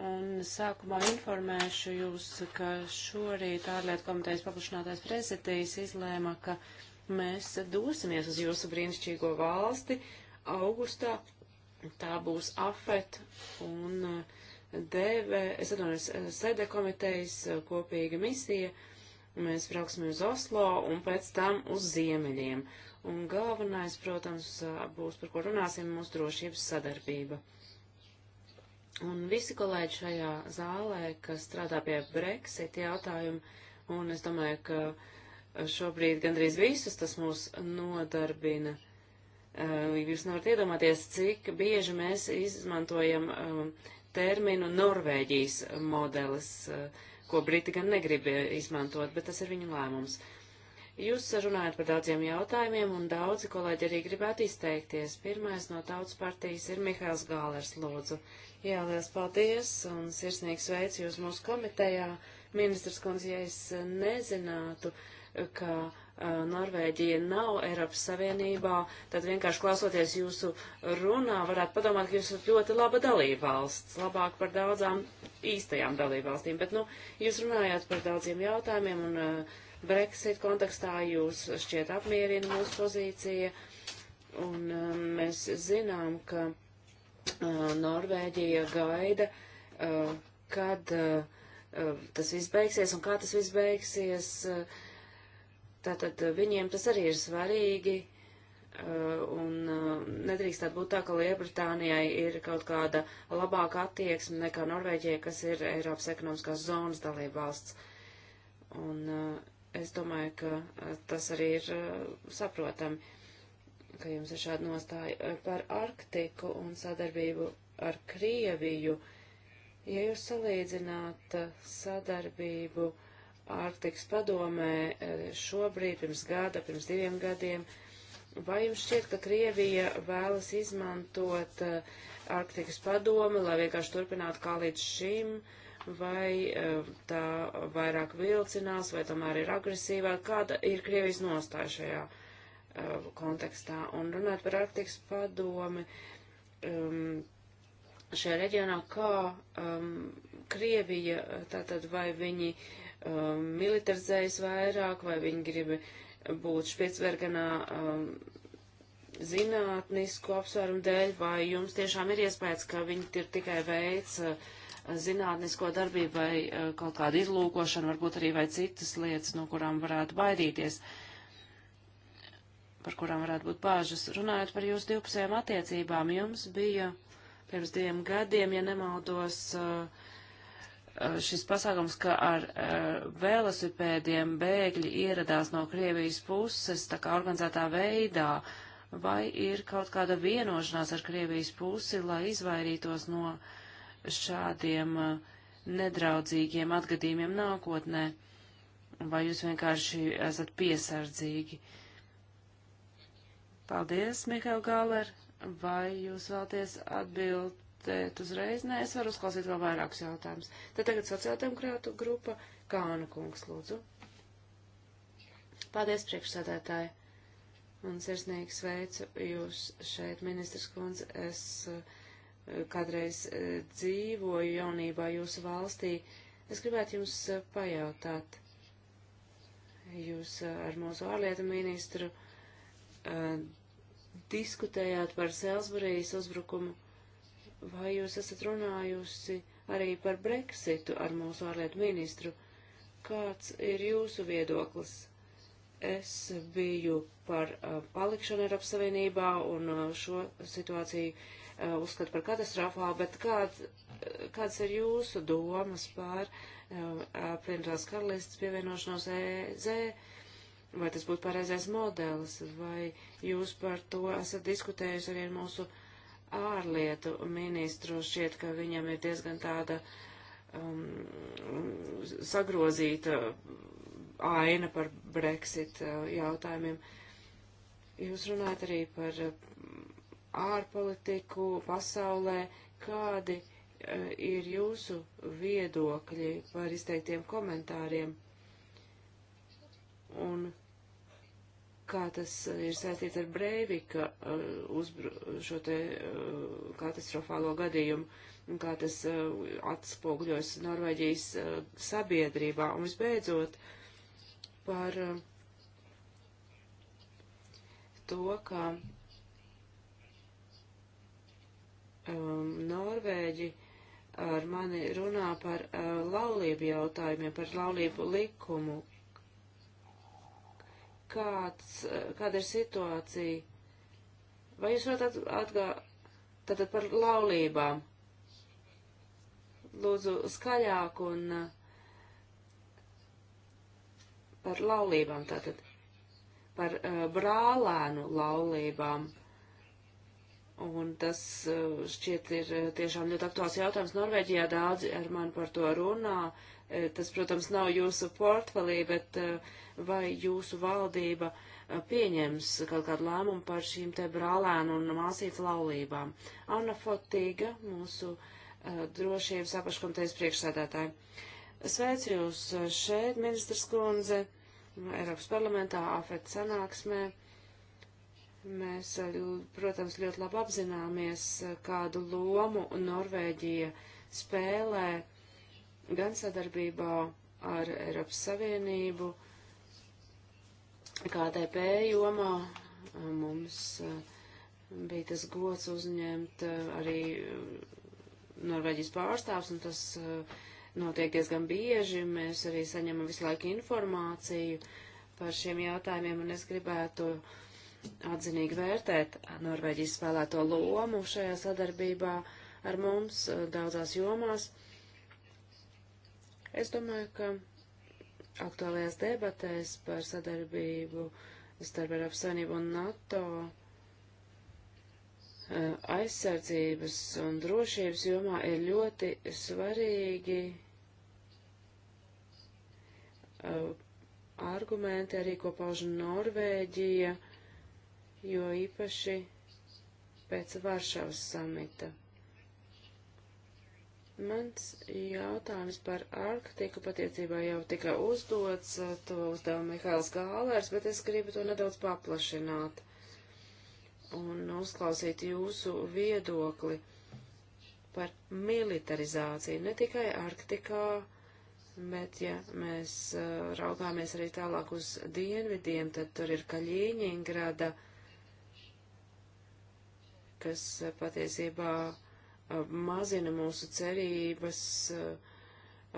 Un sākumā informēšu jūs, ka šorīt ārlietu komitejas paplašinātais prezidijas izlēma, ka mēs dosimies uz jūsu brīnišķīgo valsti augustā. Tā būs AFET un DV, es atvainojos, sēde komitejas kopīga misija. Uh, Mēs brauksim uz Oslo un pēc tam uz ziemeļiem. Un galvenais, protams, būs, par ko runāsim, mūsu drošības sadarbība. Un visi kolēģi šajā zālē, kas strādā pie Brexit jautājuma, un es domāju, ka šobrīd gandrīz visus tas mūs nodarbina. Jūs nevarat iedomāties, cik bieži mēs izmantojam terminu Norvēģijas modelis. Uh, ko Briti gan negrib eh, izmantot, bet tas ir viņu lēmums. Jūs runājat par daudziem jautājumiem, un daudzi kolēģi arī gribētu izteikties. Pirmais no tautas partijas ir Mihails Gālers, lūdzu. Jā, liels paldies, un sirsnīgs sveicu jūs mūsu komitejā. Ministrs kundze, ja es nezinātu, ka uh, Uh, Norvēģija nav Eiropas Savienībā, tad vienkārši klausoties jūsu runā, varētu padomāt, ka jūs esat ļoti laba dalībvalsts, labāk par daudzām īstajām dalībvalstīm. Bet, nu, jūs runājāt par daudziem jautājumiem, un uh, Brexit kontekstā jūs šķiet apmierina mūsu pozīcija, un uh, mēs zinām, ka uh, Norvēģija gaida, uh, kad uh, tas viss beigsies, un kā tas viss beigsies. Uh, Tātad eh, viņiem tas arī ir svarīgi, eh, un eh, nedrīkstētu būt tā, ka Lielbritānijai ir kaut kāda labāka attieksme nekā Norvēģijai, kas ir Eiropas ekonomiskās zonas dalībvalsts. Un es domāju, ka tas arī ir saprotami, ka jums ir šāda nostāja par Arktiku un sadarbību ar Krieviju. Ja jūs salīdzināt sadarbību ārtiks padomē e, šobrīd, pirms gada, pirms diviem gadiem. Vai jums šķiet, ka Krievija vēlas izmantot e, ārtikas padomi, lai vienkārši turpinātu kā līdz šim, vai e, tā vairāk vilcinās, vai tomēr ir agresīvāk? Kāda ir Krievijas nostāja šajā kontekstā? Un runāt par ārtikas padomi um, šajā reģionā, kā um, Krievija, tātad vai viņi uh, um, militarizējas vairāk, vai viņi grib būt špiecverganā um, zinātnisku apsvērumu dēļ, vai jums tiešām ir iespējas, ka viņi ir tikai veids uh, zinātnisko darbību vai uh, kaut kādu izlūkošanu, varbūt arī vai citas lietas, no kurām varētu baidīties, par kurām varētu būt bāžas. Runājot par jūsu divpusējām attiecībām, jums bija pirms diviem gadiem, ja nemaldos, uh, Uh, šis pasākums, ka ar uh, velosipēdiem bēgļi ieradās no Krievijas puses tā kā organizētā veidā, vai ir kaut kāda vienošanās ar Krievijas pusi, lai izvairītos no šādiem uh, nedraudzīgiem atgadījumiem nākotnē, vai jūs vienkārši esat piesardzīgi? Paldies, Mihail Galer, vai jūs vēlties atbild atbildēt uzreiz. Nē, es varu uzklausīt vēl vairākus jautājumus. Tad tagad sociāldemokrātu grupa Kāna kungs, lūdzu. Paldies, priekšsēdētāji. Un sirsnīgi sveicu jūs šeit, ministrs kundze. Es eh, kādreiz eh, dzīvoju jaunībā jūsu valstī. Es gribētu jums eh, pajautāt. Jūs ar mūsu ārlietu ministru diskutējāt par Selsburijas uzbrukumu Vai jūs esat runājusi arī par Brexitu ar mūsu ārlietu ministru? Kāds ir jūsu viedoklis? Es biju par uh, palikšanu Eiropas Savienībā un uh, šo situāciju uh, uzskatu par katastrofālu, bet kād, uh, kāds ir jūsu domas par uh, apvienotās karalistas pievienošanos EZ? Vai tas būtu pareizais modelis, vai jūs par to esat diskutējusi arī ar mūsu uh, ārlietu ministru. Šķiet, ka viņam ir diezgan tāda um, sagrozīta aina par Brexit uh, jautājumiem. Jūs runājat arī par uh, ārpolitiku pasaulē. Kādi uh, ir jūsu viedokļi par izteiktiem komentāriem? Un kā tas uh, ir saistīts ar Breivika uh, uzbru, šo te uh, katastrofālo gadījumu, un kā tas atspoguļos Norvēģijas sabiedrībā. Un visbeidzot, par to, ka um, Norvēģi ar mani runā par uh, laulību jautājumiem, par laulību likumu, kāds, kāda ir situācija. Vai jūs varat atgā, tātad par laulībām? Lūdzu, skaļāk un eh, par laulībām tātad, par uh, brālēnu laulībām. Un tas uh, šķiet ir tiešām ļoti aktuāls jautājums. Norvēģijā daudzi ar mani par to runā. Uh, tas, protams, nav jūsu portfelī, bet uh, vai jūsu valdība eh, pieņems kaut kādu lēmumu par šīm te brālēnu un māsītes laulībām. Anna Fotīga, mūsu uh, drošības apaškomitejas priekšsēdētāja. Sveicu jūs eh, šeit, ministrs kundze, Eiropas parlamentā, AFET sanāksmē. Mēs, protams, ļoti labi apzināmies, kādu lomu Norvēģija spēlē gan sadarbībā ar Eiropas Savienību, uh, KDP jomā mums uh, bija tas gods uzņemt uh, arī uh, Norvēģijas pārstāvs, un tas notiek diezgan bieži. Mēs arī saņemam visu laiku informāciju par šiem jautājumiem, un es gribētu atzinīgi vērtēt Norvēģijas spēlēto lomu šajā sadarbībā ar mums daudzās jomās. Es domāju, ka aktuālajās debatēs par sadarbību starp Eiropas Savienību un NATO eh, aizsardzības un drošības jomā ir ļoti svarīgi eh, argumenti arī, ko pauž Norvēģija, jo īpaši pēc Varšavas samita. Mans jautājums par Arktiku patiecībā jau tika uzdots, to uzdeva Mihāls Gālērs, bet es gribu to nedaudz paplašināt un uzklausīt jūsu viedokli par militarizāciju ne tikai Arktikā, bet ja mēs uh, raugāmies arī tālāk uz dienvidiem, tad tur ir Kaļiņingrada, kas patiesībā mazina mūsu cerības eh,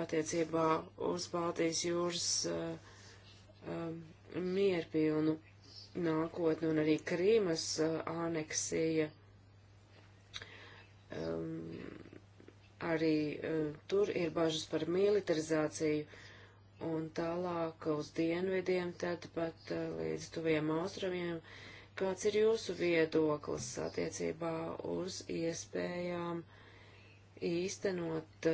attiecībā uz Baltijas jūras eh, eh, mierpilnu nākotni un arī Krīmas aneksija. Ehm, arī tur ir bažas par militarizāciju un tālāk uz dienvidiem, tad pat līdz tuviem austrumiem. Uh, Kāds ir jūsu viedoklis attiecībā uz iespējām īstenot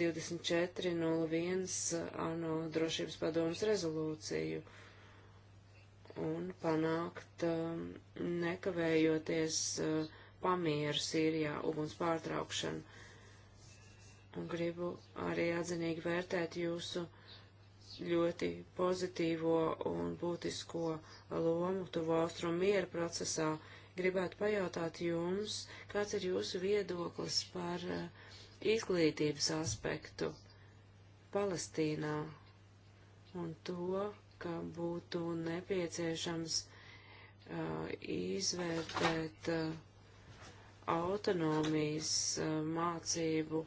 24.01 eh, eh, ANO drošības padomas rezolūciju un panākt eh, nekavējoties pamieru Sīrijā uguns pārtraukšanu? Un gribu arī atzinīgi vērtēt jūsu ļoti pozitīvo un būtisko lomu tuvo austrumu miera procesā. Gribētu pajautāt jums, kāds ir jūsu viedoklis par eh, izglītības aspektu Palestīnā un to, ka būtu nepieciešams uh, izvērtēt uh, autonomijas uh, mācību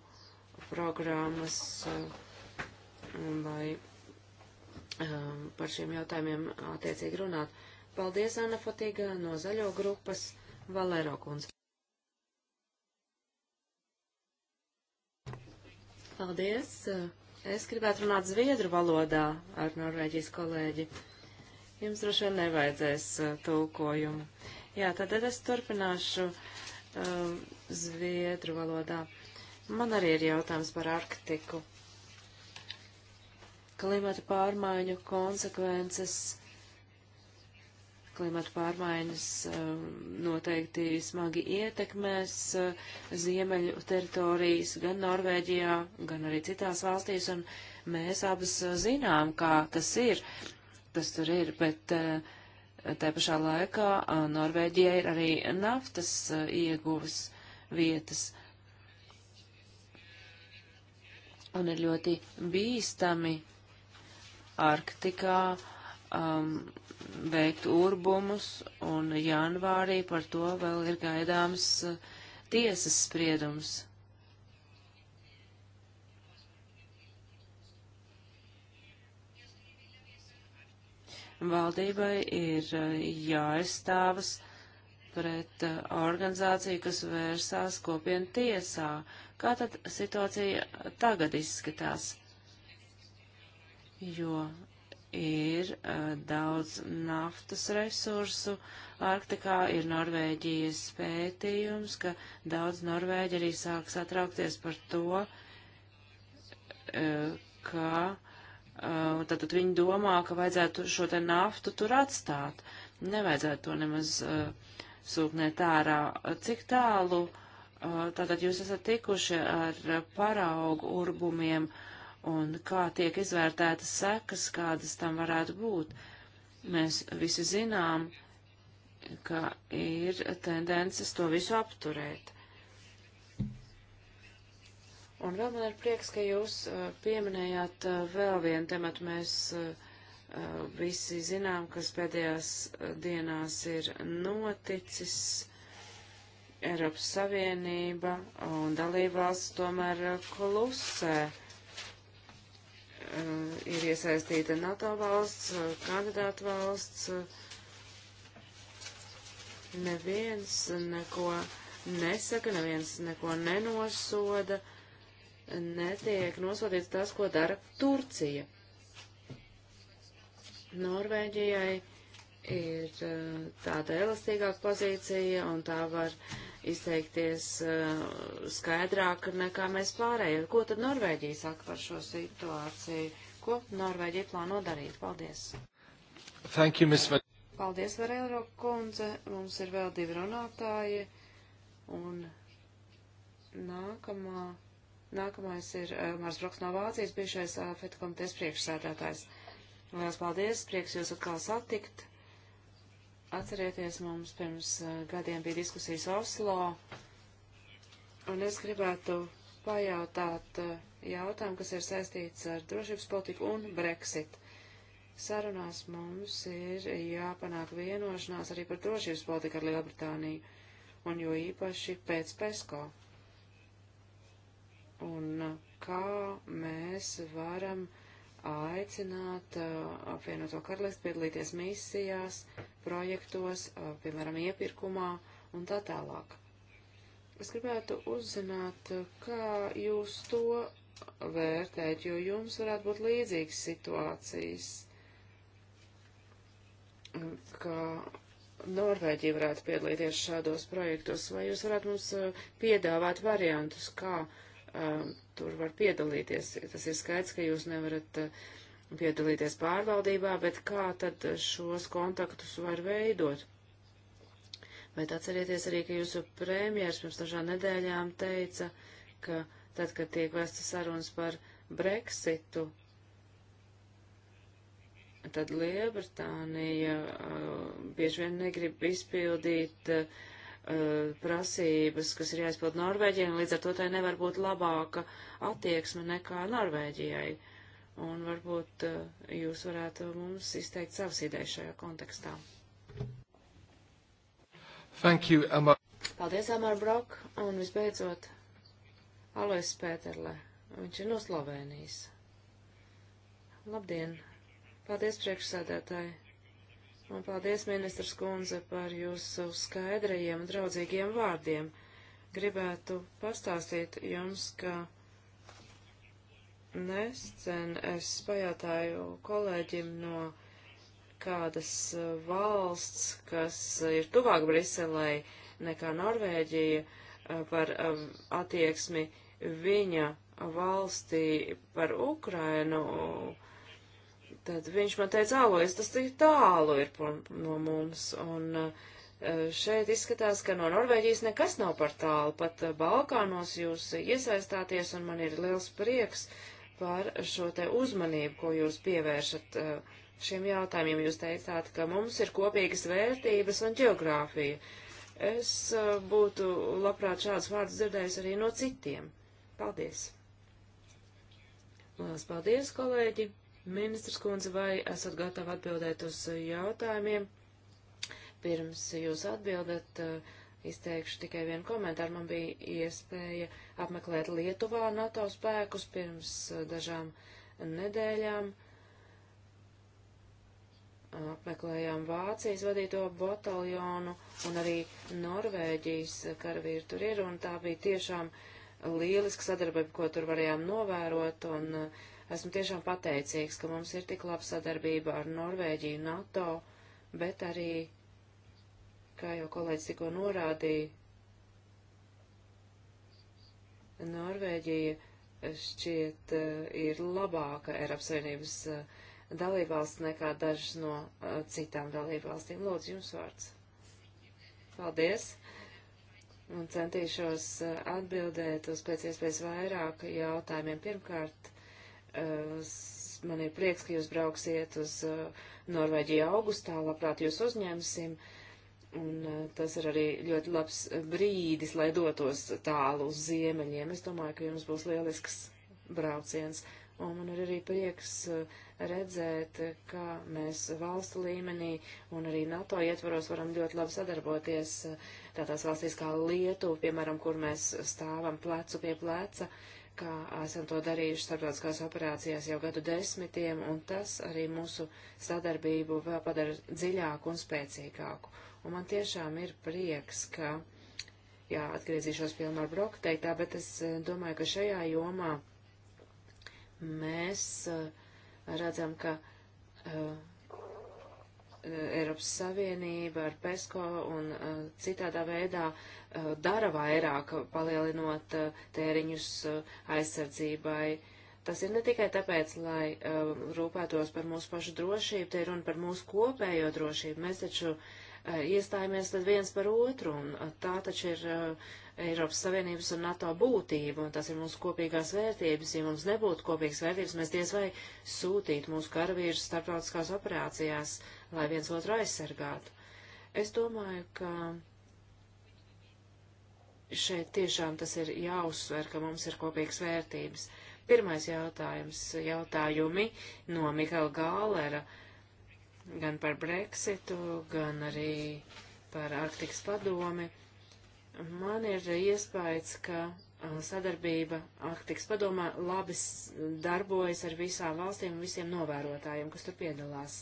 programmas, uh, lai Um, par šiem jautājumiem attiecīgi runāt. Paldies, Anna Fotīga, no Zaļo grupas, Valero kundze. Paldies! Es gribētu runāt zviedru valodā ar norvēģijas kolēģi. Jums droši vien nevajadzēs uh, tulkojumu. Jā, tad es turpināšu um, zviedru valodā. Man arī ir jautājums par Arktiku klimata pārmaiņu konsekvences. Klimata pārmaiņas um, noteikti smagi ietekmēs uh, ziemeļu teritorijas gan Norvēģijā, gan arī citās valstīs, un mēs abas uh, zinām, kā tas ir. Tas tur ir, bet uh, tā pašā laikā uh, Norvēģija ir arī naftas uh, ieguvas vietas. Un ir ļoti bīstami uh, Arktikā um, veikt urbumus, un janvārī par to vēl ir gaidāms uh, tiesas spriedums. Valdībai ir uh, jāaizstāvas pret uh, organizāciju, kas vērsās kopienu tiesā. Kā tad situācija tagad izskatās? jo ir uh, daudz naftas resursu. Arktikā ir Norvēģijas pētījums, ka daudz Norvēģi arī sāk satraukties par to, uh, ka uh, tad viņi domā, ka vajadzētu šo te naftu tur atstāt. Nevajadzētu to nemaz uh, sūknēt ārā. Cik tālu uh, tātad jūs esat tikuši ar paraugu urbumiem? Uh, un kā tiek izvērtētas sekas, kādas tam varētu būt. Mēs visi zinām, ka ir tendences to visu apturēt. Un vēl man ir prieks, ka jūs uh, pieminējāt uh, vēl vienu tematu. Mēs uh, visi zinām, kas pēdējās dienās ir noticis. Eiropas Savienība un dalībvalsts tomēr klusē Eh, ir iesaistīta NATO valsts, eh, kandidātu valsts. Eh, neviens neko nesaka, neviens neko nenosoda, netiek nosodīts tas, ko dara Turcija. Norvēģijai ir tāda elastīgāka pozīcija, un tā var uh, izteikties eh, skaidrāk nekā mēs pārējie. Ko tad Norvēģija saka par šo situāciju? Ko Norvēģija plāno darīt? Paldies! Thank you, Ms. Paldies, Varēro kundze. Mums ir vēl divi runātāji. Un nākamā, nākamais ir eh, Mārs Broks no Vācijas, bijušais eh, FED komitejas priekšsēdētājs. Lielas paldies, prieks jūs atkal satikt. Atcerieties, mums pirms gadiem bija diskusijas Oslo, un es gribētu pajautāt jautājumu, kas ir saistīts ar drošības politiku un Brexit. Sarunās mums ir jāpanāk vienošanās arī par drošības politiku ar Lielbritāniju, un jo īpaši pēc PESCO. Un kā mēs varam uh, aicināt apvienoto karalistu piedalīties misijās, projektos, piemēram, iepirkumā un tā tālāk. Es gribētu uzzināt, kā jūs to vērtēt, jo jums varētu būt līdzīgas situācijas, ka Norvēģija varētu piedalīties šādos projektos, vai jūs varētu mums piedāvāt variantus, kā uh, um, tur var piedalīties. Tas ir skaidrs, ka jūs nevarat uh, piedalīties pārvaldībā, bet kā tad šos kontaktus var veidot? Bet atcerieties arī, ka jūsu premjers pirms dažām nedēļām teica, ka tad, kad tiek vēsta sarunas par Brexitu, tad Liebritānija uh, bieži vien negrib izpildīt uh, Eh, prasības, kas ir jāizpild Norvēģijai, un līdz ar to tai nevar būt labāka attieksme nekā Norvēģijai. Un varbūt eh, jūs varētu mums izteikt savas idejas šajā kontekstā. Thank you, Amar. Paldies, Amar Brok, un visbeidzot, Alois Pēterle. Viņš ir no Slovēnijas. Labdien! Paldies, priekšsēdētāji! Un paldies, ministrs kundze, par jūsu skaidrajiem un draudzīgiem vārdiem. Gribētu pastāstīt jums, ka nesen es pajautāju kolēģim no kādas valsts, kas ir tuvāk Briselei nekā Norvēģija, eh, par eh, attieksmi viņa valstī par Ukrainu Tad viņš man teica, alojas, tas tik tālu ir no mums, un eh, šeit izskatās, ka no Norvēģijas nekas nav par tālu, pat eh, Balkānos jūs iesaistāties, un man ir liels prieks par šo te uzmanību, ko jūs pievēršat eh, šiem jautājumiem. Jūs teicāt, ka mums ir kopīgas vērtības un ģeogrāfija. Es būtu labprāt šāds vārds dzirdējis arī no citiem. Paldies! Lielas paldies, kolēģi! Ministrs kundze, vai esat gatavi atbildēt uz jautājumiem? Pirms jūs atbildat, eh, izteikšu tikai vienu komentāru. Man bija iespēja apmeklēt Lietuvā NATO spēkus pirms eh, dažām nedēļām. Apmeklējām Vācijas vadīto bataljonu un arī Norvēģijas karavīru tur ir, un tā bija tiešām lieliska sadarbība, ko tur varējām novērot. Un, uh, Esmu tiešām pateicīgs, ka mums ir tik laba sadarbība ar Norvēģiju, NATO, bet arī, kā jau kolēģis tikko norādīja, Norvēģija šķiet eh, ir labāka Eiropas Savienības eh, dalībvalsts nekā dažas no eh, citām dalībvalstīm. Lūdzu, jums vārds. Paldies! Un centīšos atbildēt uz pēc iespējas vairāk jautājumiem. Pirmkārt, man ir prieks, ka jūs brauksiet uz eh, Norvēģiju augustā, labprāt jūs uzņemsim. Un eh, tas ir arī ļoti labs brīdis, lai dotos tālu uz ziemeļiem. Es domāju, ka jums būs lielisks brauciens. Un man ir arī prieks eh, redzēt, kā mēs valstu līmenī un arī NATO ietvaros varam ļoti labi sadarboties tādās valstīs kā Lietuva, piemēram, kur mēs stāvam plecu pie pleca kā esam to darījuši starptautiskās operācijās jau gadu desmitiem, un tas arī mūsu sadarbību vēl padara dziļāku un spēcīgāku. Un man tiešām ir prieks, ka, jā, atgriezīšos pie Elmar Broka teiktā, bet es eh, domāju, ka šajā jomā mēs uh, redzam, ka uh, Eh, Eiropas Savienība ar PESCO un uh, citādā veidā uh, dara vairāk, palielinot uh, tēriņus aizsardzībai. Tas ir ne tikai tāpēc, lai rūpētos par mūsu pašu drošību, te ir runa par mūsu kopējo drošību. Mēs taču iestājāmies tad viens par otru, un tā taču ir Eiropas Savienības un NATO būtība, un tas ir mūsu kopīgās vērtības. Ja mums nebūtu kopīgas vērtības, mēs diez vai sūtītu mūsu karavīrus starptautiskās operācijās, lai viens otru aizsargātu. Es domāju, ka šeit tiešām tas ir jāuzsver, ka mums ir kopīgas vērtības. Pirmais jautājums - jautājumi no Mikaela Gālera gan par Brexitu, gan arī par Arktikas padomi. Man ir iespējas, ka sadarbība Arktikas padomā labi darbojas ar visām valstīm un visiem novērotājiem, kas tur piedalās.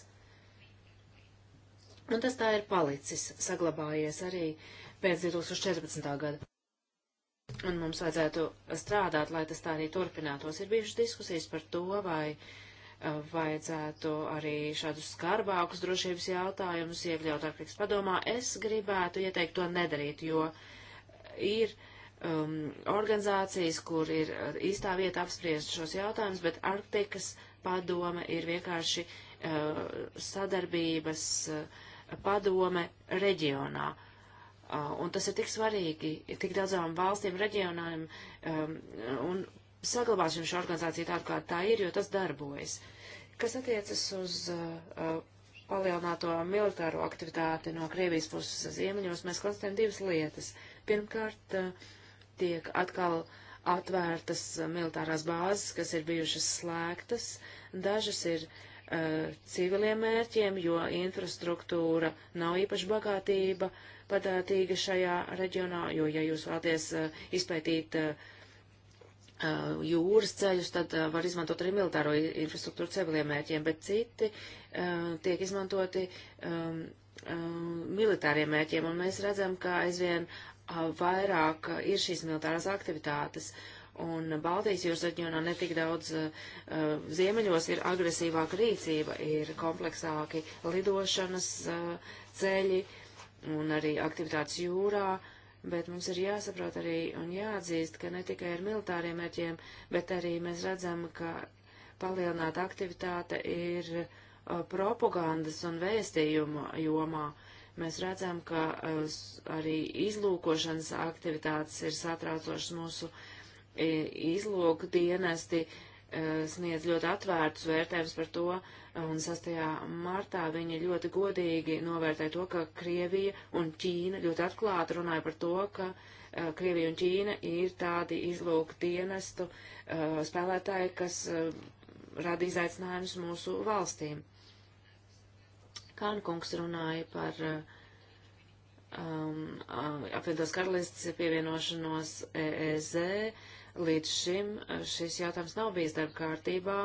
Un tas tā ir palicis, saglabājies arī pēc 2014. gada. Un mums vajadzētu strādāt, lai tas tā arī turpinātos. Ir bijušas diskusijas par to, vai uh, vajadzētu arī šādus skarbākus drošības jautājumus iekļaut ārkārtas padomā. Es gribētu ieteikt to nedarīt, jo ir um, organizācijas, kur ir īstā vieta apspriest šos jautājumus, bet Arktikas padome ir vienkārši uh, sadarbības. Uh, padome reģionā. Uh, un tas ir tik svarīgi tik daudzām valstīm, reģionām, um, un saglabāšana šo organizāciju tādu, kā tā ir, jo tas darbojas. Kas attiecas uz uh, uh, palielināto militāro aktivitāti no Krievijas puses ziemeņos, mēs konstatējam divas lietas. Pirmkārt, tiek atkal atvērtas militārās bāzes, kas ir bijušas slēgtas, dažas ir uh, Eh, civiliem mērķiem, jo infrastruktūra nav īpaši bagātība, padātīga šajā reģionā, jo, ja jūs vēlaties eh, izpētīt eh, jūras ceļus, tad var izmantot arī militāro infrastruktūru civiliem mērķiem, bet citi tiek izmantoti um, um, militāriem mērķiem, un mēs redzam, ka aizvien vairāk ir šīs militārās aktivitātes. Uh, un Baltijas jūras reģionā netik daudz uh, ziemeļos ir agresīvāka rīcība, ir kompleksāki lidošanas uh, ceļi un arī aktivitātes jūrā, bet mums ir jāsaprot arī un jāatzīst, ka ne tikai ar militāriem mērķiem, bet arī mēs redzam, ka palielināta aktivitāte ir uh, propagandas un vēstījuma jomā. Mēs redzam, ka arī izlūkošanas aktivitātes ir satraucošas mūsu uh, izlūku dienesti e, sniedz ļoti atvērtus vērtējumus par to, un 6. martā viņi ļoti godīgi novērtēja to, ka Krievija un Ķīna ļoti atklāti runāja par to, ka uh, Krievija un Ķīna ir tādi izlūku dienestu uh, spēlētāji, kas uh, rada izaicinājumus mūsu valstīm. Kānkungs runāja par um, apvienotās karalists pievienošanos EEZ Līdz šim eh, šis jautājums nav bijis darba kārtībā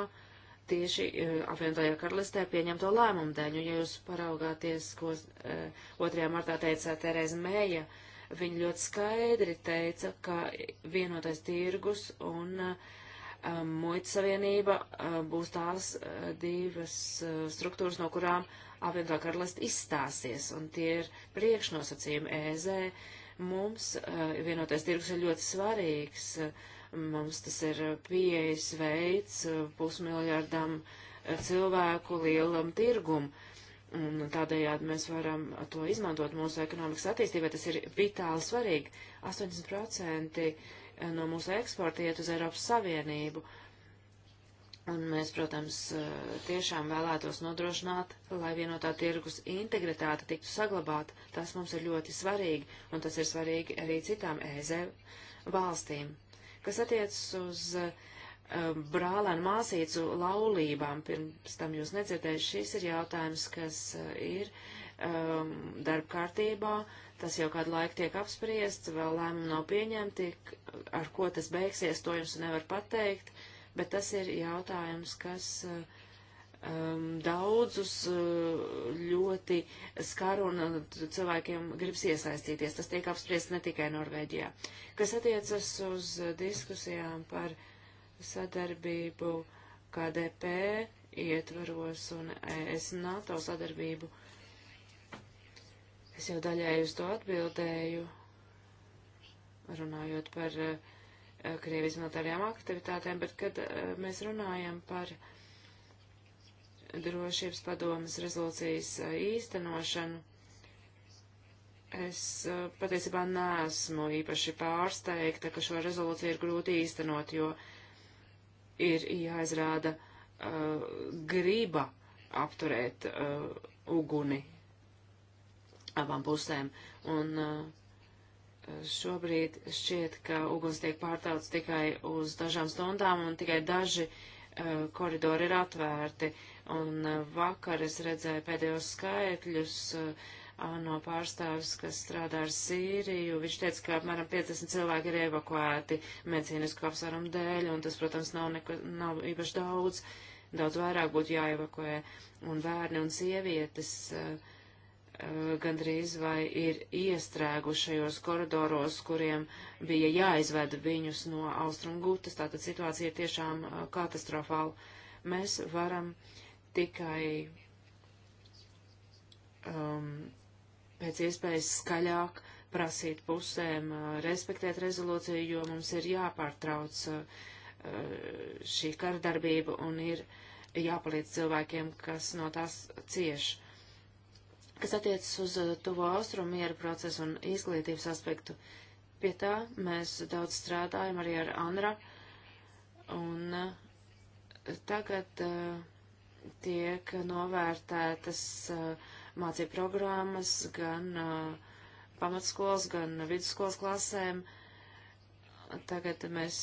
tieši uh, apvienotajā karalistē pieņemto lēmumu dēļ. Un, ja jūs paraugāties, ko uh, eh, 2. martā teica Tereza Mēja, viņa ļoti skaidri teica, ka vienotais tirgus un uh, muitas savienība būs tās divas struktūras, no kurām apvienotā karalista izstāsies. Un tie ir priekšnosacījumi ēzē. E Mums vienotais tirgus ir ļoti svarīgs. Uh, Mums tas ir pieejas veids pusmiljardam cilvēku lielam tirgum. Un tādējādi mēs varam to izmantot mūsu ekonomikas attīstībai. Tas ir vitāli svarīgi. 80% no mūsu eksporta iet uz Eiropas Savienību. Un mēs, protams, tiešām vēlētos nodrošināt, lai vienotā tirgus integritāte tiktu saglabāta. Tas mums ir ļoti svarīgi, un tas ir svarīgi arī citām EZ valstīm. Kas attiecas uz uh, brālēnu māsīcu laulībām, pirms tam jūs nedzirdēju, šis ir jautājums, kas uh, ir um, ehm, darba kārtībā, tas jau kādu laiku tiek apspriests, vēl lēmumi nav pieņemti, ar ko tas beigsies, to jums nevar pateikt, bet tas ir jautājums, kas uh, um, daudzus uh, ļoti skar un uh, cilvēkiem gribas iesaistīties. Tas tiek apspriests ne tikai Norvēģijā. Kas attiecas uz uh, diskusijām par sadarbību KDP ietvaros un ES NATO sadarbību, es jau daļēji uz to atbildēju, runājot par uh, Krievijas militārajām aktivitātēm, bet kad uh, mēs runājam par uh, drošības padomas rezolūcijas īstenošanu. Es patiesībā neesmu īpaši pārsteigta, ka šo rezolūciju ir grūti īstenot, jo ir jāizrāda uh, griba apturēt uh, uguni abām pusēm. Un uh, šobrīd šķiet, ka uguns tiek pārtauts tikai uz dažām stundām un tikai daži uh, koridori ir atvērti. Uh, Un e, vakar es redzēju pēdējos skaitļus e, no pārstāvis, kas strādā ar Sīriju. Viņš teica, ka apmēram 50 cilvēki ir evakuēti medicīnisku apsvērumu dēļ, un tas, protams, nav, neko, nav īpaši daudz. Daudz vairāk būtu jāevakuē. Un bērni un sievietes uh, gandrīz vai ir iestrēgušajos koridoros, kuriem bija jāizved viņus no austrumu gutas. Tātad situācija ir tiešām katastrofāla. Mēs varam uh, tikai um, pēc iespējas skaļāk prasīt pusēm uh, respektēt rezolūciju, jo mums ir jāpārtrauc uh, uh šī kardarbība un ir jāpalīdz cilvēkiem, kas no tās cieš. Kas attiecas uz uh, tuvo austrumu mieru procesu un izglītības aspektu, pie tā mēs daudz strādājam arī ar ANRA, un uh, tagad uh, tiek novērtētas mācību programmas gan pamatskolas, gan vidusskolas klasēm. Tagad mēs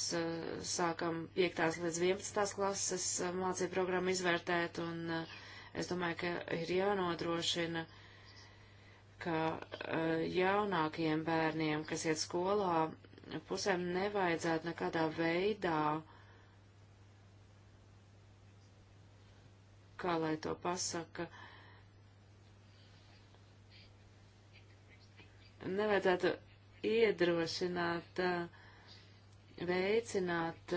sākam 5. līdz 11. klases mācību programmu izvērtēt, un es domāju, ka ir jānodrošina, ka jaunākiem bērniem, kas iet skolā, pusēm nevajadzētu nekādā veidā uh, kā lai to pasaka. Nevajadzētu iedrošināt, veicināt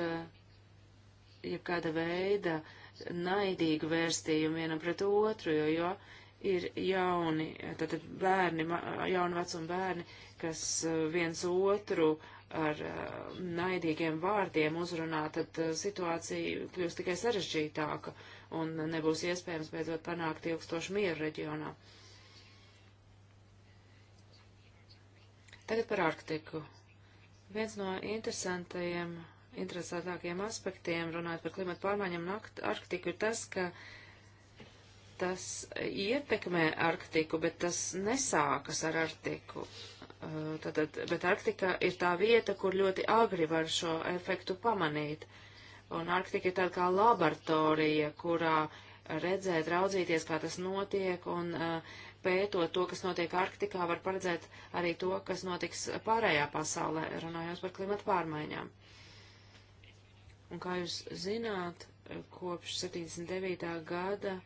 jebkāda veida naidīgu vērstījumu vienam pret otru, jo, jo ir jauni, tātad bērni, jaunu vecumu bērni, kas viens otru uh, ar eh, naidīgiem vārdiem uzrunā, tad eh, situācija kļūst tikai sarežģītāka un nebūs iespējams beidzot panākt ilgstošu mieru reģionā. Tagad par Arktiku. Viens no interesantajiem, interesantākajiem aspektiem, runājot par klimatu pārmaiņām un Arktiku, ir tas, ka tas ietekmē Arktiku, bet tas nesākas ar Arktiku. Eh, tātad, bet Arktika ir tā vieta, kur ļoti agri var šo efektu pamanīt. Un Arktika ir tāda kā laboratorija, kurā redzēt, raudzīties, kā tas notiek, un eh, pētot to, kas notiek Arktikā, var paredzēt arī to, kas notiks pārējā pasaulē, runājot par klimatu pārmaiņām. Un kā jūs zināt, eh, kopš 79. gada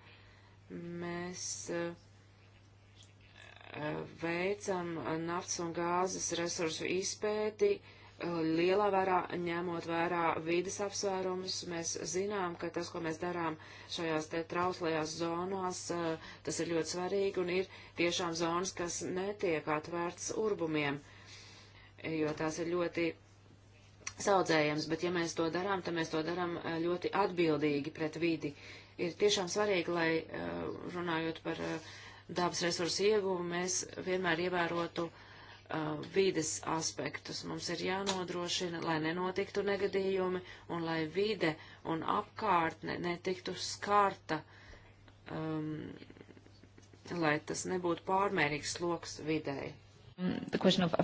mēs uh, veicam naftas un gāzes resursu izpēti, eh, lielā vērā ņemot vērā vides apsvērumus. Mēs zinām, ka tas, ko mēs darām šajās te trauslajās zonās, eh, tas ir ļoti svarīgi un ir tiešām zonas, kas netiek atvērts urbumiem, jo tās ir ļoti saudzējams, bet ja mēs to darām, tad mēs to darām eh, ļoti atbildīgi pret vidi. Ir tiešām svarīgi, lai runājot par uh, dabas resursu ieguvu, mēs vienmēr ievērotu uh, vides aspektus. Mums ir jānodrošina, lai nenotiktu negadījumi un lai vide un apkārtne netiktu skarta, um, lai tas nebūtu pārmērīgs sloks videi. Mm,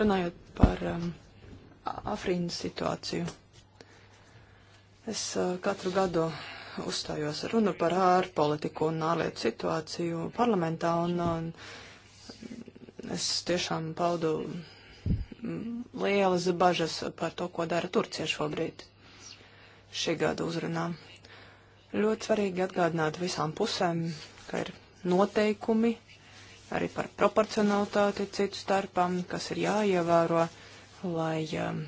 Runājot par um, Afriņas situāciju, es uh, katru gadu uzstājos runa par ārpolitiku un ārlietu situāciju parlamentā, un, un es tiešām paudu mm, lielas bažas par to, ko dara Turcija šobrīd šī gada uzrunā. Ļoti svarīgi atgādināt visām pusēm, ka ir noteikumi arī par proporcionalitāti citu starpām, kas ir jāievēro, lai um,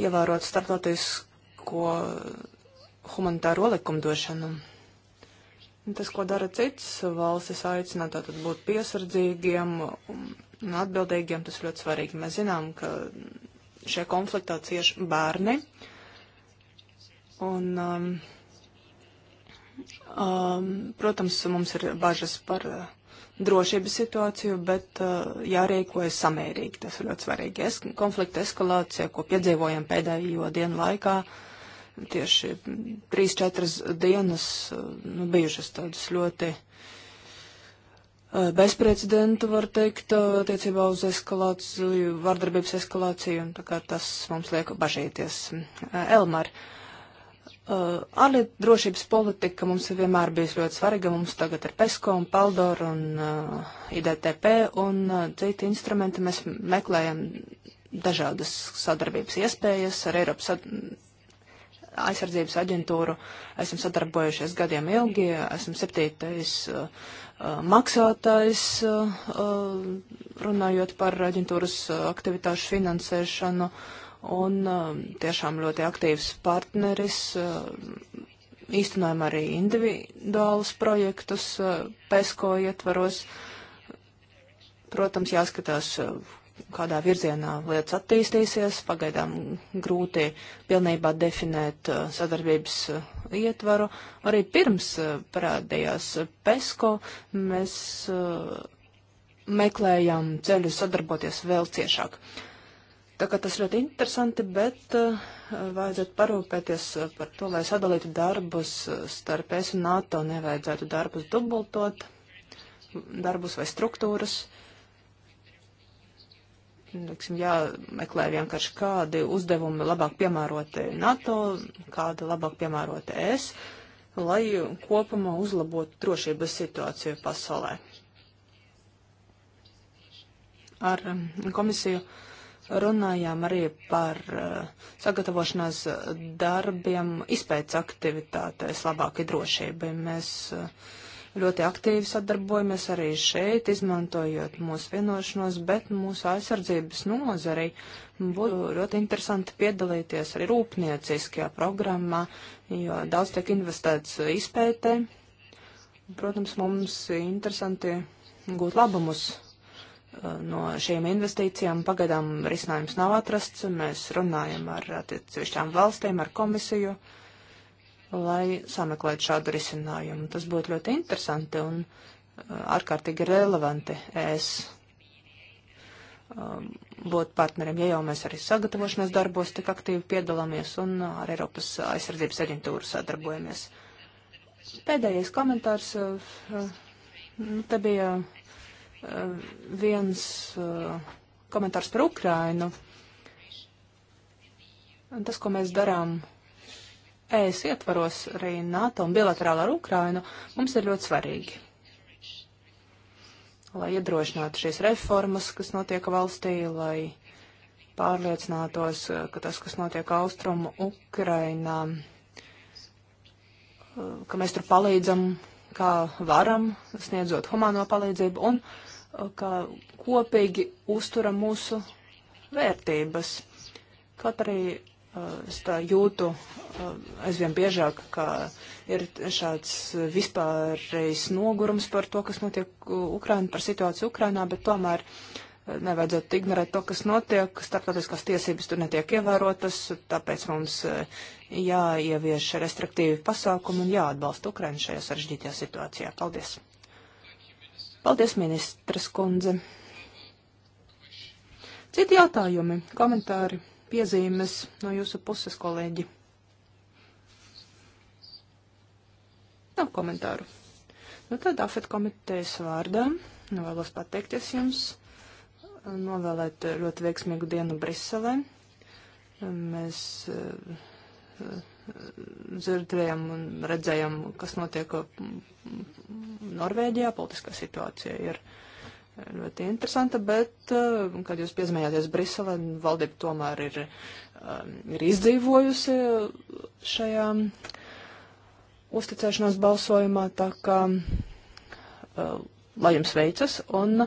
ievērot starptautisko humanitāro likumdošanu. Tas, ko dara cits valstis, aicina tātad būt piesardzīgiem un atbildīgiem, tas ļoti svarīgi. Mēs zinām, ka šie konfliktā cieši bērni. Un, um, um, protams, mums ir bažas par uh, drošības situāciju, bet uh, jārīkojas samērīgi. Tas ir ļoti svarīgi. Es, konflikta eskalācija, ko piedzīvojam pēdējo dienu laikā, uh, tieši 3-4 dienas nu, bijušas tādas ļoti bezprecedenta, var teikt, attiecībā uz eskalāciju, vardarbības eskalāciju, un tā kā tas mums liek bažīties. Elmar, arī drošības politika mums ir vienmēr bijusi ļoti svarīga, mums tagad ir PESCO un Paldor un uh, IDTP un uh, citi instrumenti, mēs meklējam dažādas sadarbības iespējas ar Eiropas aizsardzības aģentūru esam sadarbojušies gadiem ilgi, esam septītais uh, uh maksātājs, uh, uh, runājot par aģentūras uh, aktivitāšu finansēšanu, un uh, tiešām ļoti aktīvs partneris. Īstenojam arī individuālus projektus PESCO ietvaros. Protams, jāskatās, kādā virzienā lietas attīstīsies. Pagaidām grūti pilnībā definēt uh, sadarbības uh, ietvaru. Arī pirms uh, parādījās PESCO mēs meklējām ceļu sadarboties vēl ciešāk. Tā kā tas ļoti interesanti, bet uh, vajadzētu parūpēties par to, lai sadalītu darbus starp es un NATO, nevajadzētu darbus dubultot, darbus vai struktūras. Uh, liksim, jāmeklē vienkārši kādi uzdevumi labāk piemēroti NATO, kādi labāk piemēroti ES, lai kopumā uzlabotu drošības situāciju pasaulē. Ar um, komisiju runājām arī par uh, sagatavošanās darbiem, izpētes aktivitātēs labākai drošībai. Mēs uh, ļoti aktīvi sadarbojamies arī šeit, izmantojot mūsu vienošanos, bet mūsu aizsardzības nozarei būtu ļoti interesanti piedalīties arī rūpnieciskajā programmā, jo daudz tiek investēts izpētē. Protams, mums interesanti gūt labumus uh, no šīm investīcijām. Pagaidām risinājums nav atrasts, mēs runājam ar atsevišķām valstīm, ar komisiju. Uh, lai sameklētu šādu risinājumu. Tas būtu ļoti interesanti un uh, ārkārtīgi relevanti es um, būt partneriem, ja jau mēs arī sagatavošanās darbos tik aktīvi piedalāmies un uh, ar Eiropas aizsardzības aģentūru sadarbojamies. Pēdējais komentārs. Uh, nu, te bija viens komentārs par Ukrainu. Tas, ko mēs darām ES ietvaros arī NATO un bilaterāli ar Ukrainu, mums ir ļoti svarīgi. Lai iedrošinātu šīs reformas, kas notiek valstī, lai pārliecinātos, eh, ka tas, kas notiek austrumu Ukrainā, eh, ka mēs tur palīdzam, kā varam, sniedzot humāno palīdzību un eh, ka kopīgi uzturam mūsu vērtības. Kaut arī es tā jūtu eh, aizvien biežāk, ka ir šāds vispārreiz nogurums par to, kas notiek eh, Ukraina, par situāciju Ukrainā, bet tomēr eh, nevajadzētu ignorēt to, kas notiek, starptautiskās tiesības tur netiek ievērotas, tāpēc mums jāievieš restriktīvi pasākumi un jāatbalsta Ukraina šajā sarežģītajā situācijā. Paldies! Paldies, ministras kundze! Citi jautājumi, komentāri piezīmes no jūsu puses, kolēģi? Nav komentāru. Nu tad afet komitejas vārdā vēlos pateikties jums, novēlēt ļoti veiksmīgu dienu Briselē. Mēs eh, dzirdējām un redzējām, kas notiek eh, Norvēģijā, politiskā situācija ir. Uh, ļoti interesanta, bet, eh, kad jūs piezīmējāties Briselē, valdība tomēr ir, um, ir izdzīvojusi šajā uzticēšanās balsojumā, tā kā eh, lai jums veicas un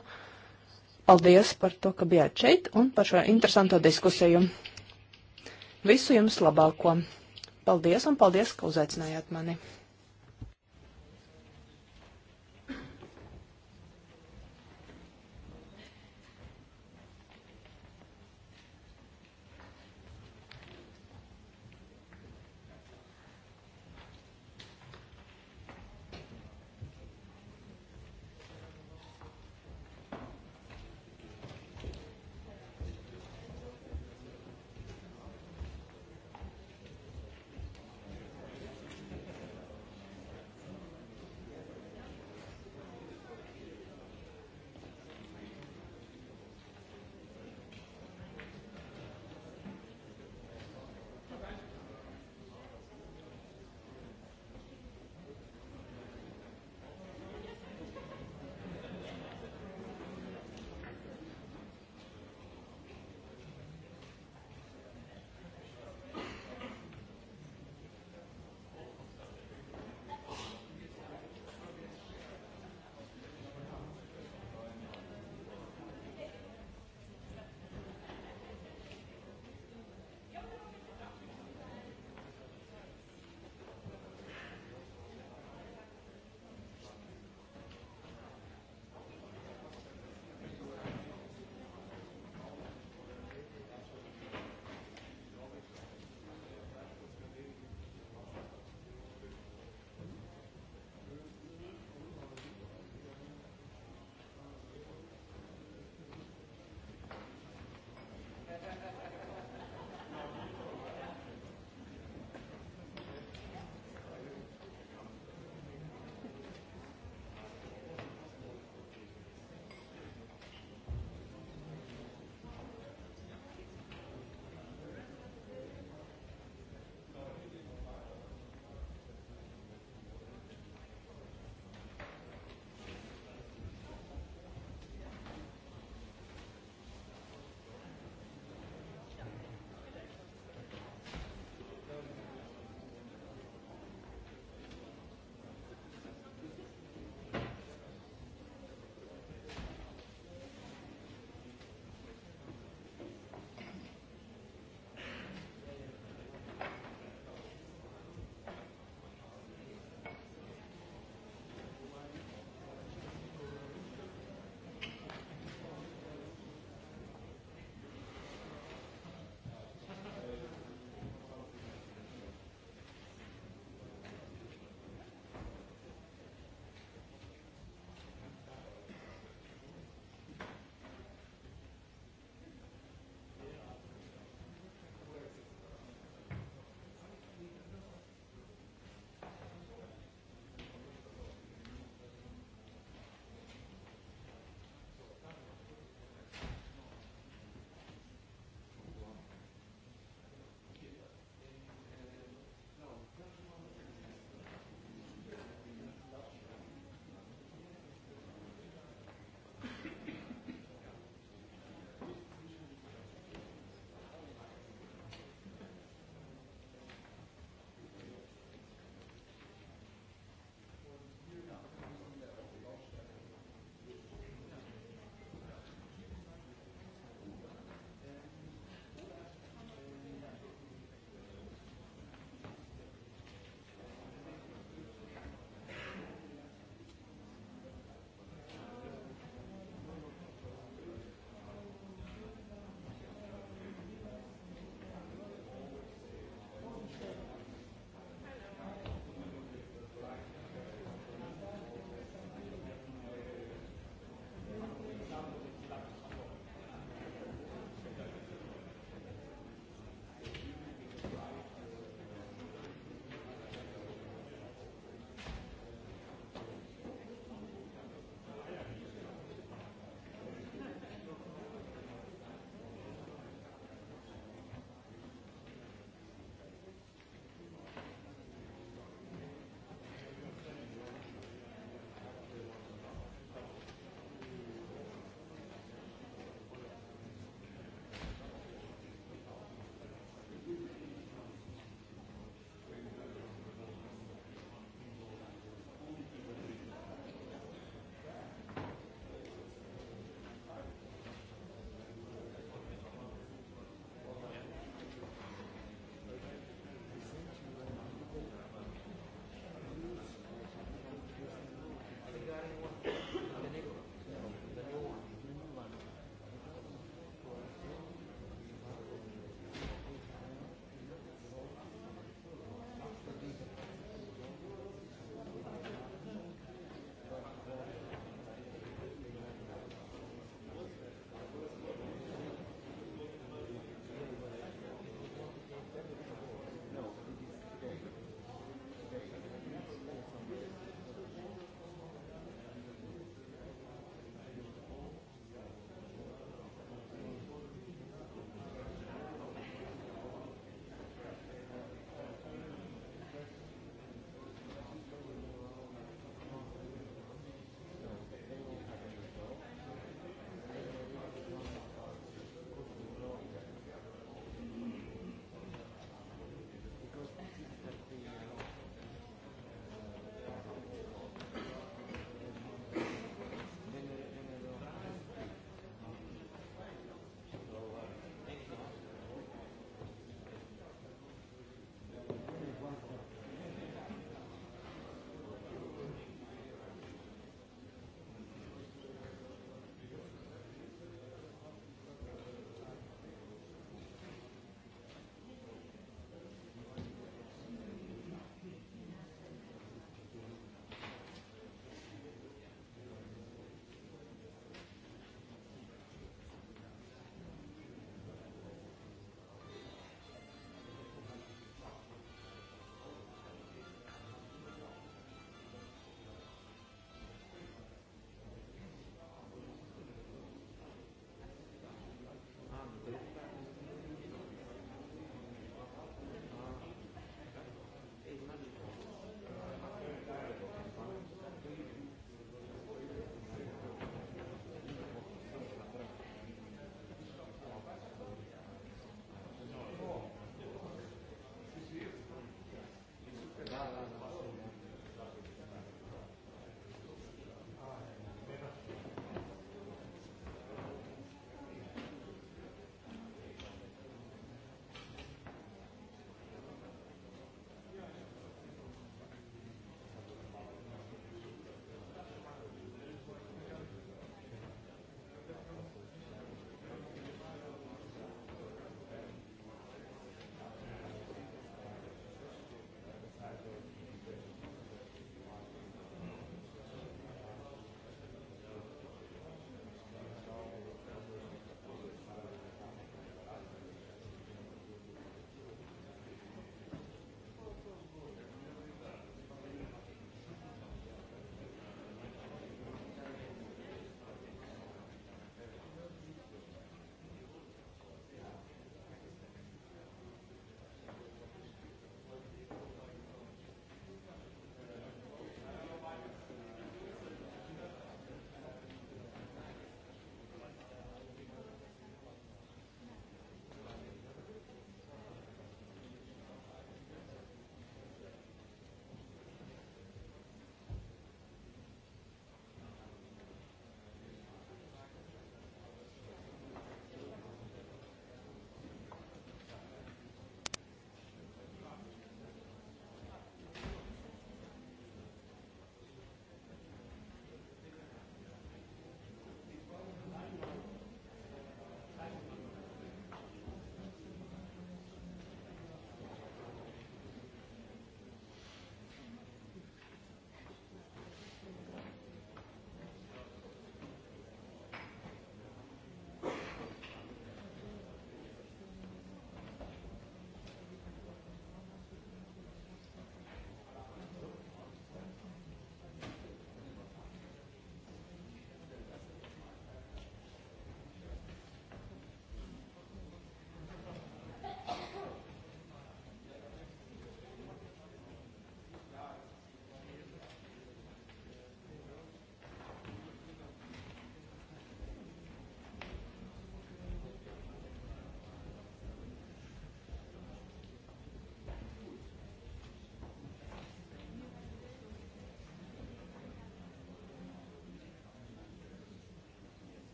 paldies par to, ka bijāt šeit un par šo interesanto diskusiju. Visu jums labāko! Paldies un paldies, ka uzaicinājāt mani!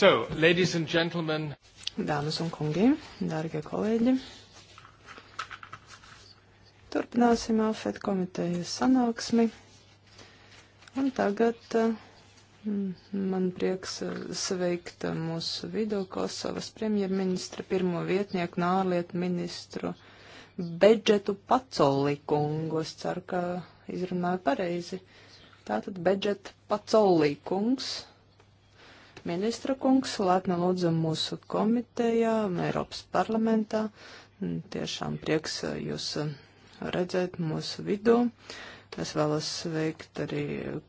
So, ladies and gentlemen. Dāmas un kungi, dārgie kolēģi. Turpināsim AFET komitejas sanāksmi. Un tagad mm, man prieks eh, sveikt mūsu vidū Kosovas premjerministra pirmo vietnieku un ārlietu ministru Bedžetu Pacoli kungu. Es ceru, ka izrunāju pareizi. Tātad Bedžet Pacoli kungs Ministra kungs, lētni lūdzam mūsu komitejā, Eiropas parlamentā. Tiešām prieks eh, jūs eh, redzēt mūsu vidū. Es vēlos sveikt arī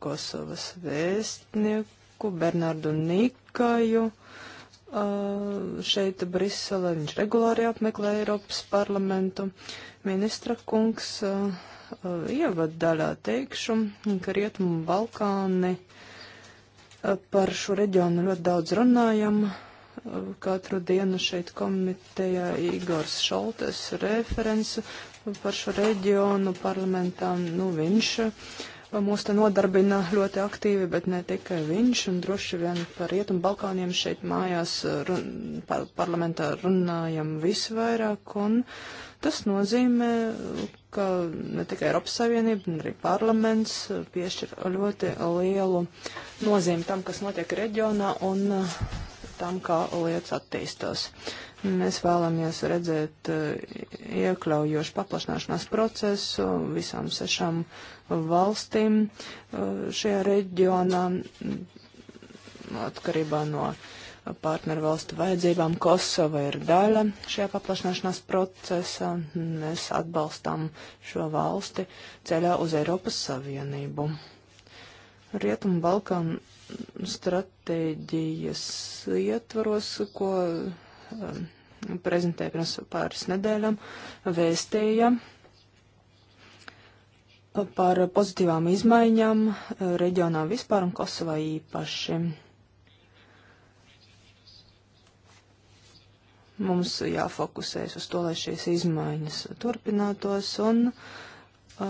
Kosovas vēstnieku Bernardu Nikaju. Uh, eh, šeit Brisele, viņš regulāri apmeklē Eiropas parlamentu. Ministra kungs, uh, ievaddaļā teikšu, ka Rietumu Balkāni uh, Par šo reģionu ļoti daudz runājam. Katru dienu šeit komitejā Igors Šoltes referents par šo reģionu parlamentā. Nu, viņš uh, mūs te nodarbina ļoti aktīvi, bet ne tikai viņš, un droši vien par Rietumu Balkāniem šeit mājās run, par, parlamentā runājam visvairāk, un tas nozīmē, ka ne tikai Eiropas Savienība, bet arī parlaments piešķir ļoti lielu nozīmi tam, kas notiek reģionā, un tam, kā lietas attīstās. Mēs vēlamies redzēt eh, iekļaujošu paplašināšanās procesu visām sešām valstīm eh, šajā reģionā atkarībā no partneru valstu vajadzībām. Kosova ir daļa šajā paplašināšanās procesā. Mēs atbalstām šo valsti ceļā uz Eiropas Savienību. Rietumu Balkānu stratēģijas ietvaros, ko um, prezentēja pirms pāris nedēļām, vēstīja par pozitīvām izmaiņām reģionā vispār un Kosovā īpaši. Mums jāfokusēs uz to, lai šīs izmaiņas turpinātos, un uh,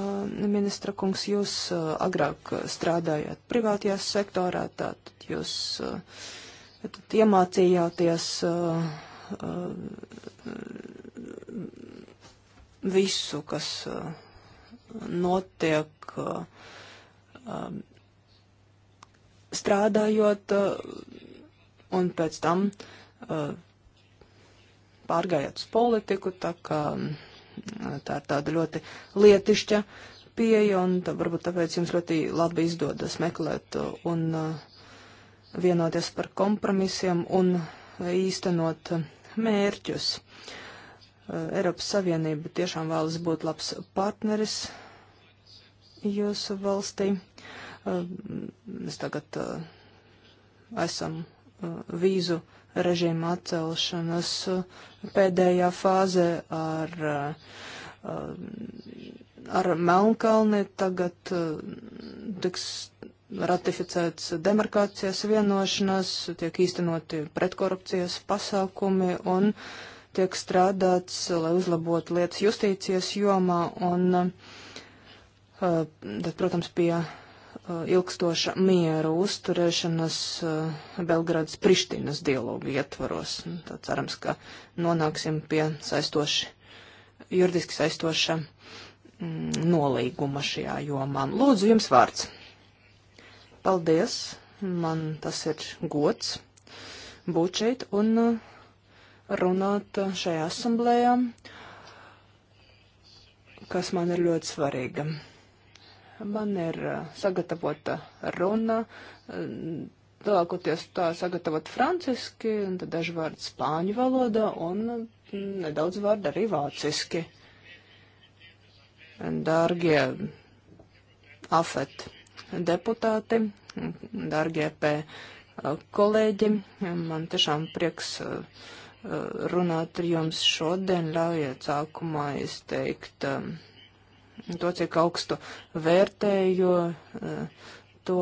ministra kungs, jūs uh, agrāk strādājāt privātajā sektorā, tātad jūs uh, tad iemācījāties uh, Uh, visu, kas uh, notiek uh, um, strādājot un pēc tam pārgājot uz politiku, tā kā tā ir tāda ļoti lietišķa pieeja, un tā, varbūt tāpēc jums ļoti labi izdodas meklēt un vienoties par kompromisiem un īstenot mērķus. Eiropas Savienība tiešām vēlas būt labs partneris jūsu valstī. Mēs tagad uh, esam uh, vīzu režīma atcelšanas uh, pēdējā fāze ar, um, ar Melnkalni. Tagad tiks ratificēts demarkācijas vienošanās, tiek īstenoti pretkorupcijas pasākumi un tiek strādāts, lai uzlabotu lietas justīcijas jomā un, eh, tad, protams, pie eh, ilgstoša miera uzturēšanas eh, Belgradas Prištinas dialogu ietvaros. Tad cerams, ka nonāksim pie saistoši, juridiski saistoša mm, nolīguma šajā jomā. Lūdzu, jums vārds. Paldies! Man tas ir gods būt šeit un uh, runāt šajā asamblējā, kas man ir ļoti svarīga. Man ir uh, sagatavota runa, uh, lielākoties tā sagatavot franciski, un tad daži vārdi spāņu valodā, un nedaudz vārdi arī vāciski. Dārgie afet deputāti, dārgie pē kolēģi. Man tiešām prieks uh, uh, runāt ar jums šodien. Ļaujiet sākumā izteikt um, to, cik augstu vērtēju uh, to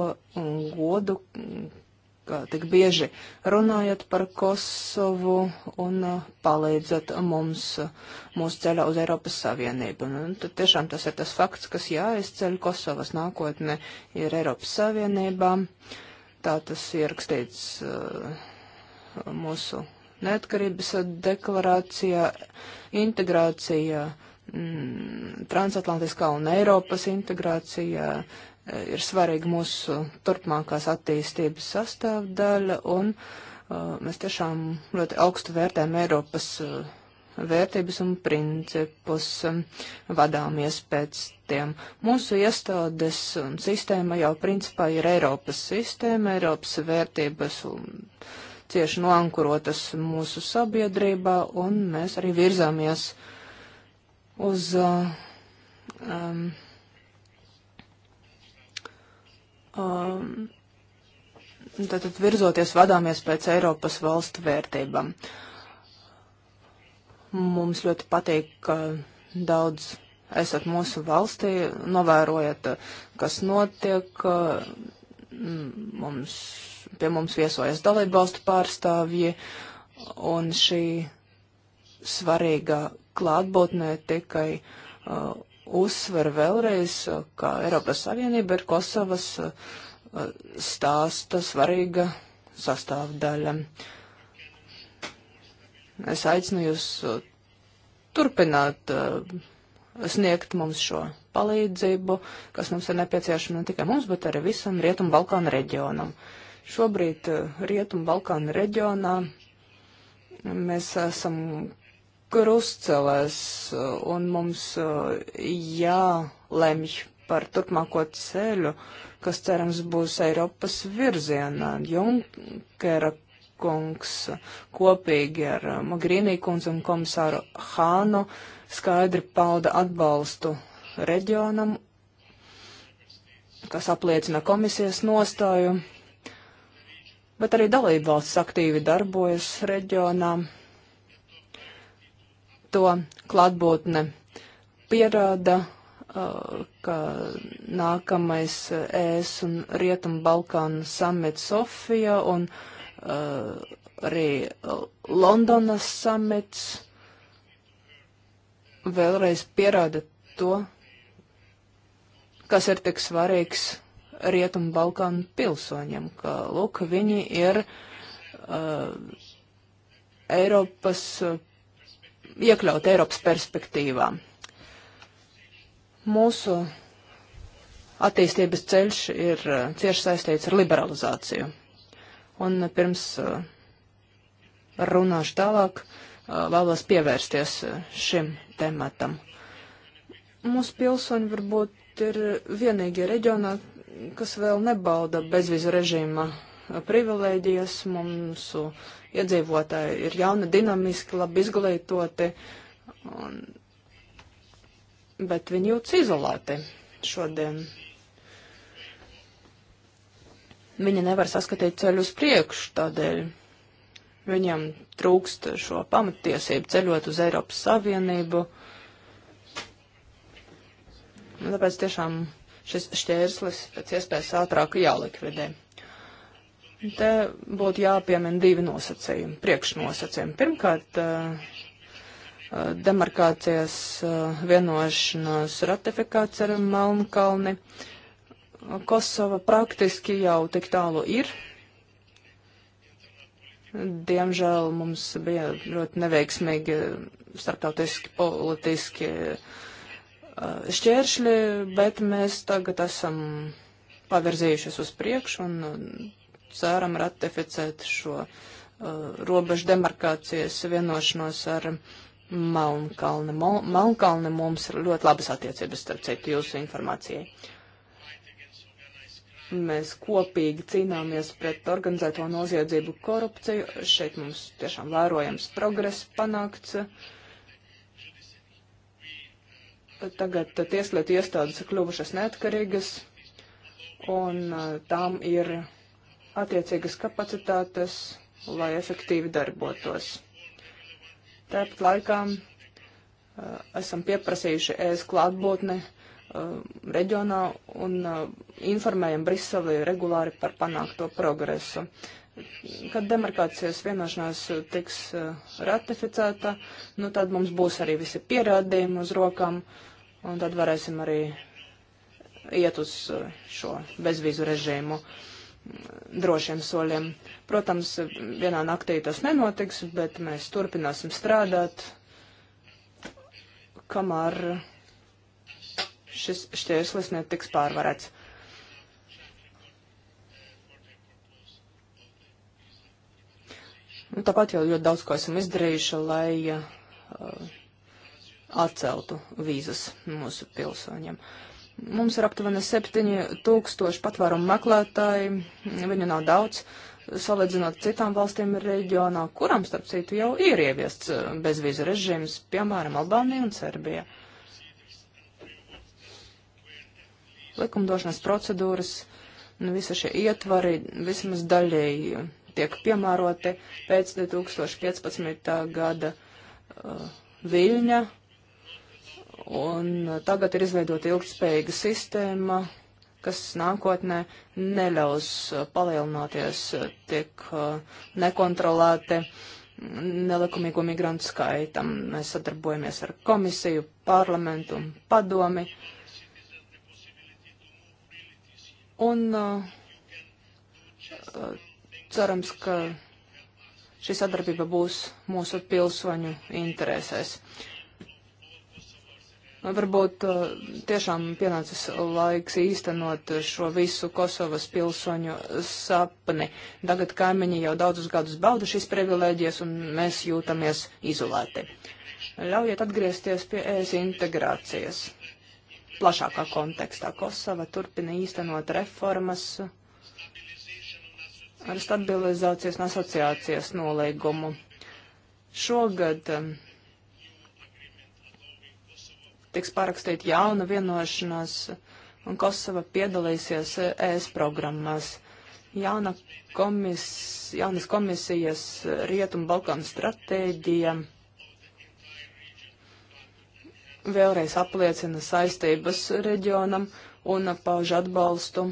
godu, tik bieži runājat par Kosovu un uh, palīdzat mums uh, mūsu ceļā uz Eiropas Savienību. Un nu, tad tiešām tas ir tas fakts, kas jāizceļ Kosovas nākotne ir Eiropas Savienībā. Tā tas ierakstīts uh, mūsu neatkarības deklarācijā, integrācija, mm, transatlantiskā un Eiropas integrācija Eh, ir svarīga mūsu turpmākās attīstības sastāvdaļa, un uh, mēs tiešām ļoti augstu vērtējam Eiropas uh, vērtības un principus, um, vadāmies pēc tiem. Mūsu iestādes un sistēma jau principā ir Eiropas sistēma, Eiropas vērtības un cieši noankurotas mūsu sabiedrībā, un mēs arī virzāmies uz. Uh, um, um, tātad virzoties vadāmies pēc Eiropas valstu vērtībām. Mums ļoti patīk, ka daudz esat mūsu valstī, novērojat, kas notiek. Mm, mums, pie mums viesojas dalību valstu pārstāvji, un šī svarīga klātbūtnē tikai uh, uzsver vēlreiz, ka Eiropas Savienība ir Kosovas uh, stāsta svarīga sastāvdaļa. Es aicinu jūs uh, turpināt uh, sniegt mums šo palīdzību, kas mums ir nepieciešama ne tikai mums, bet arī visam Rietumu Balkānu reģionam. Šobrīd Rietumu Balkānu reģionā mēs esam krustcelēs, un mums uh, jālemj par turpmāko ceļu, kas cerams būs Eiropas virzienā. Junkera kungs kopīgi ar uh, Magrīnī kungs un komisāru Hānu skaidri pauda atbalstu reģionam, kas apliecina komisijas nostāju, bet arī dalību valsts aktīvi darbojas reģionām to klātbūtne pierāda, uh, ka nākamais ES un Rietumu Balkānu samets Sofija un uh, arī Londonas samets vēlreiz pierāda to, kas ir tik svarīgs Rietumu Balkānu pilsoņiem, ka, lūk, viņi ir uh, Eiropas iekļaut Eiropas perspektīvā. Mūsu attīstības ceļš ir uh, cieši saistīts ar liberalizāciju. Un uh, pirms uh, runāšu tālāk, vēlos pievērsties šim tematam. Mūsu pilsoņi varbūt ir vienīgie reģionā, kas vēl nebauda bezvīzu režīma privilēģijas, mums iedzīvotāji ir jauni, dinamiski, labi izglītoti, un, bet viņi jūtas izolēti šodien. Viņi nevar saskatīt ceļu uz priekšu, tādēļ viņiem trūkst šo pamatiesību ceļot uz Eiropas Savienību. Un tāpēc tiešām šis šķērslis pēc iespējas ātrāk jālikvidē. Te būtu jāpiemina divi nosacījumi, priekšnosacījumi. Pirmkārt, eh, eh, demarkācijas eh, vienošanās ratifikācija ar Melnkalni. Kosova praktiski jau tik tālu ir. Diemžēl mums bija ļoti neveiksmīgi starptautiski politiski šķēršļi, bet mēs tagad esam pavirzījušies uz priekšu un ceram ratificēt šo uh, robežu demarkācijas vienošanos ar Melnkalni. Melnkalni mums ir ļoti labas attiecības, starp citu, jūsu informācijai. Mēs kopīgi cīnāmies pret organizēto noziedzību korupciju. Šeit mums tiešām vērojams progress panākts. Tagad tieslietu iestādes ir kļuvušas neatkarīgas, un uh, tām ir attiecīgas kapacitātes, lai efektīvi darbotos. Tāpat laikā eh, esam pieprasījuši ēst klātbūtni eh, reģionā un eh, informējam Briseli regulāri par panākto progresu. Kad demarkācijas vienošanās tiks ratificēta, nu tad mums būs arī visi pierādījumi uz rokām, un tad varēsim arī iet uz šo bezvīzu režīmu. Uh, drošiem soļiem. Protams, vienā naktī tas nenotiks, bet mēs turpināsim strādāt, kamēr šis šķērslis netiks pārvarēts. Nu, tāpat jau ļoti daudz ko esam izdarījuši, lai uh, atceltu vīzas mūsu pilsoņiem. Uh, Mums ir aptuveni 7000 patvērumu meklētāji, viņu nav daudz, salīdzinot citām valstīm reģionā, kuram, starp citu, jau ir ieviests eh, bezvīzu režīms, piemēram, Albānija un Serbija. Likumdošanas procedūras, nu, visa šie ietvari vismaz daļēji tiek piemēroti pēc 2015. gada uh, Viļņa Un tagad ir izveidota ilgspējīga sistēma, kas nākotnē neļaus uh, palielināties uh, tik uh, nekontrolēti nelikumīgo migrantu skaitam. Mēs sadarbojamies ar komisiju, parlamentu un padomi. Un cerams, ka šī sadarbība būs mūsu pilsoņu interesēs. Uh, Varbūt uh, tiešām pienācis laiks īstenot šo visu Kosovas pilsoņu sapni. Tagad kaimiņi jau daudzus gadus bauda šīs privilēģijas un mēs jūtamies izolēti. Ļaujiet atgriezties pie ES integrācijas. Plašākā kontekstā Kosova turpina īstenot reformas ar stabilizācijas un asociācijas nolīgumu. Šogad um, tiks parakstīt jauna vienošanās un Kosova piedalīsies ES programmās. Jauna komis, jaunas komisijas Rietumu Balkānu stratēģija vēlreiz apliecina saistības reģionam un pauž atbalstu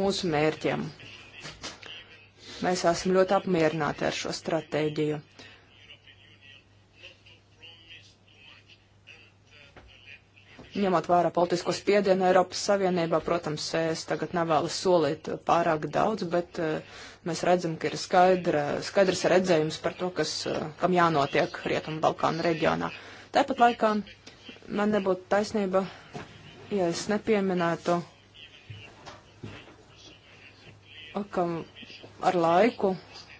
mūsu mērķiem. Mēs esam ļoti apmierināti ar šo stratēģiju. ņemot vērā politisko spiedienu Eiropas Savienībā, protams, es tagad nevēlu solīt pārāk daudz, bet eh, mēs redzam, ka ir skaidra, skaidrs redzējums par to, kas, eh, kam jānotiek Rietumu Balkānu reģionā. Tāpat laikā man nebūtu taisnība, ja es nepieminētu, ka ar laiku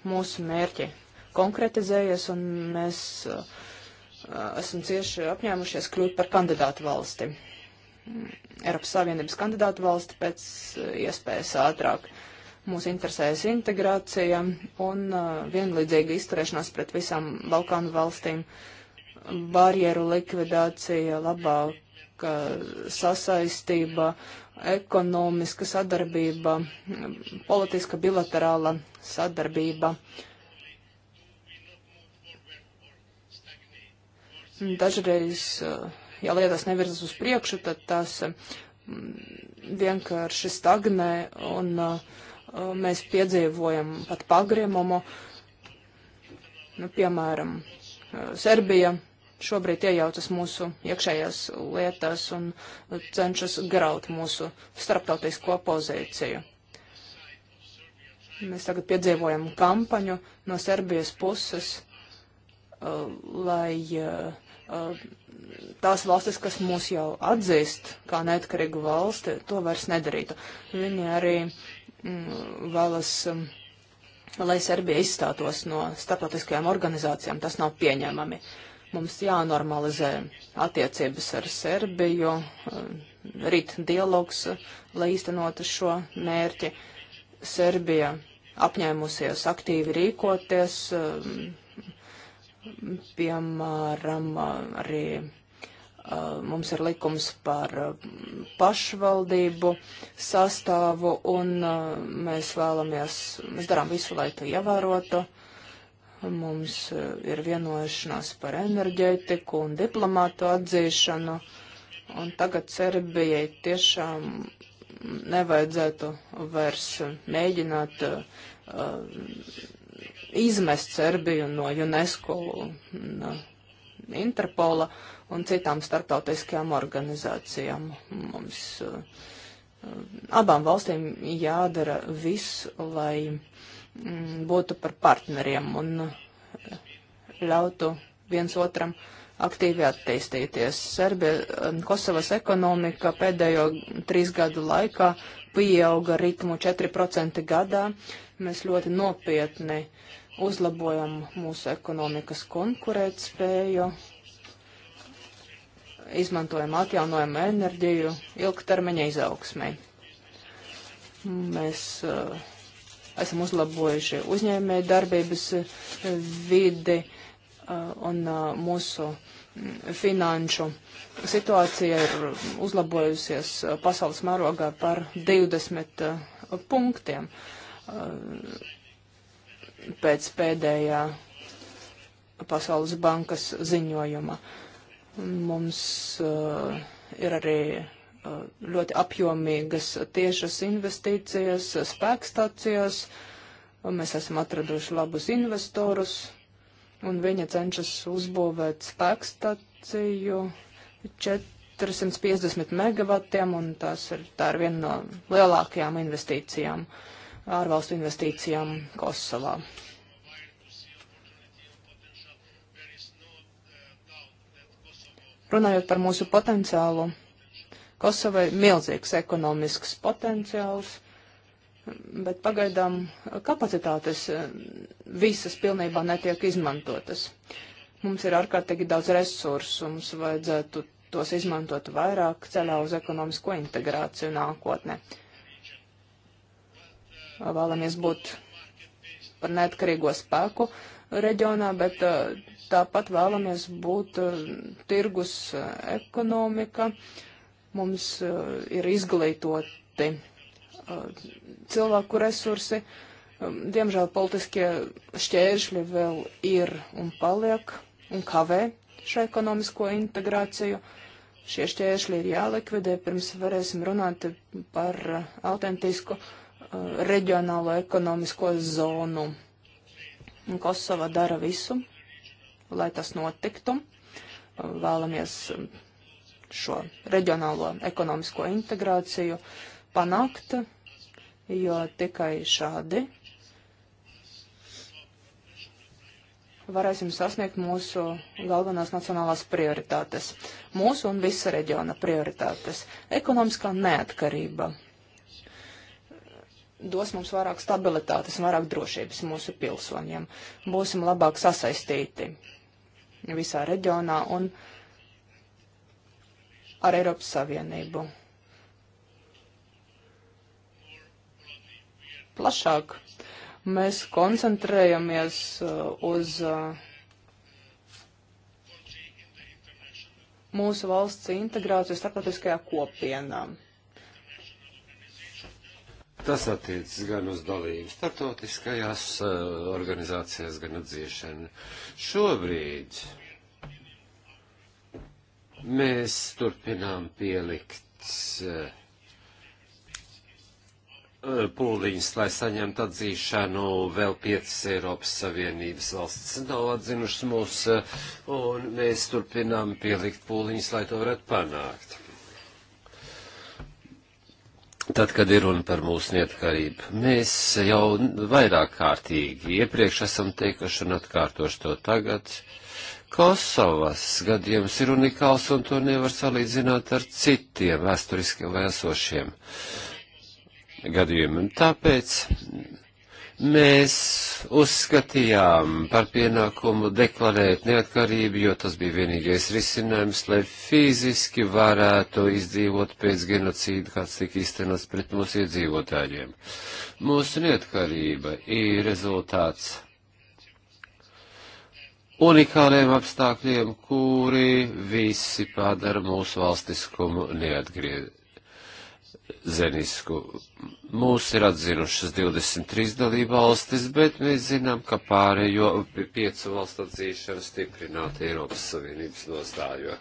mūsu mērķi konkretizējies un mēs uh, esam cieši apņēmušies kļūt par kandidātu valsti. Eiropas Savienības kandidātu valsti pēc eh, iespējas ātrāk. Mūs interesēs integrācija un eh, vienlīdzīga izturēšanās pret visām Balkānu valstīm, barjeru likvidācija, labāka sasaistība, ekonomiska sadarbība, politiska bilaterāla sadarbība. Uh, Dažreiz, eh, ja lietas nevirzas uz priekšu, tad tās eh, vienkārši stagnē un eh, mēs piedzīvojam pat pagrimumu. Nu, piemēram, Serbija šobrīd iejaucas mūsu iekšējās lietās un cenšas graut mūsu starptautisko pozīciju. Mēs tagad piedzīvojam kampaņu no Serbijas puses, lai Uh, tās valstis, kas mūs jau atzīst kā neatkarīgu valsti, to vairs nedarītu. Viņi arī mm, vēlas, um, lai Serbija izstātos no starptautiskajām organizācijām. Tas nav pieņēmami. Mums jānormalizē attiecības ar Serbiju, uh, rīt dialogs, uh, lai īstenotu šo mērķi. Serbija apņēmusies aktīvi rīkoties, um, Piemēram, arī mums ir likums par pašvaldību sastāvu, un mēs vēlamies, mēs darām visu, lai to ievērotu. Mums ir vienošanās par enerģētiku un diplomātu atzīšanu, un tagad Serbijai tiešām nevajadzētu vairs mēģināt uh, izmest Serbiju no UNESCO un Interpola un citām starptautiskajām organizācijām. Mums eh, abām valstīm jādara viss, lai mm, būtu par partneriem un eh, ļautu viens otram aktīvi attīstīties. Serbija, eh, Kosovas ekonomika pēdējo trīs gadu laikā pieauga ritmu 4% gadā. Uh, Mēs ļoti nopietni uzlabojam mūsu ekonomikas konkurētspēju, izmantojam atjaunojumu enerģiju ilgtermiņa izaugsmai. Mēs uh, esam uzlabojuši uzņēmēju darbības eh, vidi uh, un uh, mūsu mm, finanšu situācija ir uzlabojusies pasaules mērogā par 20 punktiem. Uh, pēc pēdējā Pasaules bankas ziņojuma. Mums uh, ir arī uh, ļoti apjomīgas tiešas investīcijas spēkstacijās. Mēs esam atraduši labus investorus, un viņi cenšas uzbūvēt spēkstaciju 450 megavatiem, un tas ir, tā ir viena no lielākajām investīcijām. Uh, ārvalstu investīcijām Kosovā. Runājot par mūsu potenciālu, Kosovai milzīgs ekonomisks potenciāls, bet pagaidām kapacitātes eh, visas pilnībā netiek izmantotas. Mums ir ārkārtīgi daudz resursu, mums vajadzētu tos izmantot vairāk ceļā uz ekonomisko integrāciju nākotnē vēlamies būt par neatkarīgo spēku reģionā, bet eh, tāpat vēlamies būt eh, tirgus eh, ekonomika. Mums ir izglītoti cilvēku resursi. Ehm, diemžēl politiskie šķēršļi vēl ir un paliek un kavē šo ekonomisko integrāciju. Šie šķēršļi ir jālikvidē, pirms varēsim runāt par autentisku uh, Eh, reģionālo ekonomisko zonu. Kosova dara visu, lai tas notiktu. Eh, vēlamies eh, šo reģionālo ekonomisko integrāciju panākt, jo tikai šādi varēsim sasniegt mūsu galvenās nacionālās prioritātes, mūsu un visa reģiona prioritātes - ekonomiskā neatkarība dos mums vairāk stabilitātes un vairāk drošības mūsu pilsoņiem. Būsim labāk sasaistīti visā reģionā un ar Eiropas Savienību. Plašāk mēs koncentrējamies uh, uz uh, mūsu valsts integrāciju starptautiskajā kopienā. Tas attiecas gan uz dalību startautiskajās uh, eh, organizācijās, gan atzīšanu. Šobrīd mēs turpinām pielikt uh, pūliņus, lai saņemtu atzīšanu. Vēl piecas Eiropas Savienības valstis nav atzinušas mūs, uh, un mēs turpinām pielikt pūliņus, lai to varētu panākt. Tad, kad ir runa par mūsu neatkarību, mēs jau vairāk kārtīgi iepriekš esam teikuši un atkārtoši to tagad. Kosovas gadījums ir unikāls un to nevar salīdzināt ar citiem vēsturiskiem vai esošiem gadījumiem. Tāpēc mēs uzskatījām par pienākumu deklarēt neatkarību, jo tas bija vienīgais risinājums, lai fiziski varētu izdzīvot pēc genocīda, kāds tika iztenots pret mūsu iedzīvotājiem. Mūsu neatkarība ir rezultāts unikāliem apstākļiem, kuri visi padara mūsu valstiskumu neatgriezt Zenisku. Mūs ir atzinušas 23 dalībvalstis, bet mēs zinām, ka pārējo piecu valstu atzīšana stiprināta Eiropas Savienības nostājo.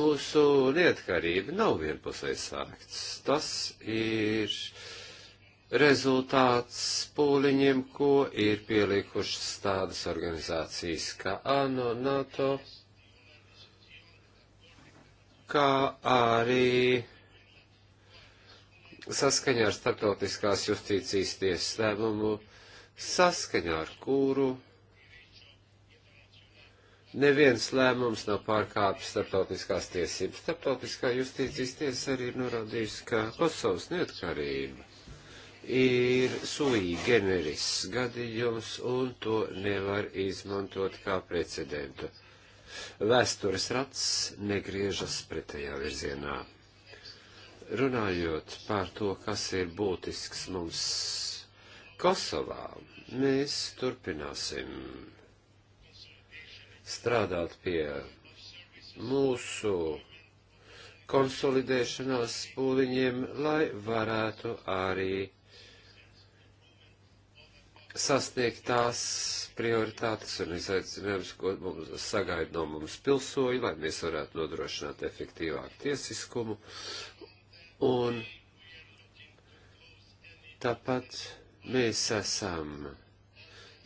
Mūsu lietkarība nav vienpusēji sākts. Tas ir rezultāts pūliņiem, ko ir pielikušas tādas organizācijas kā ANO, NATO, kā arī saskaņā ar starptautiskās justīcijas tiesas lēmumu, saskaņā ar kuru neviens lēmums nav pārkāpis starptautiskās tiesības. Starptautiskā justīcijas tiesa arī ir norādījusi, ka Kosovas neatkarība ir sui generis gadījums un to nevar izmantot kā precedentu. Vēstures rats negriežas pretējā virzienā runājot par to, kas ir būtisks mums Kosovā, mēs turpināsim strādāt pie mūsu konsolidēšanās pūliņiem, lai varētu arī sasniegt tās prioritātes un izaicinājumus, ko mums sagaida no mums pilsoņi, lai mēs varētu nodrošināt efektīvāku tiesiskumu Un tāpat mēs esam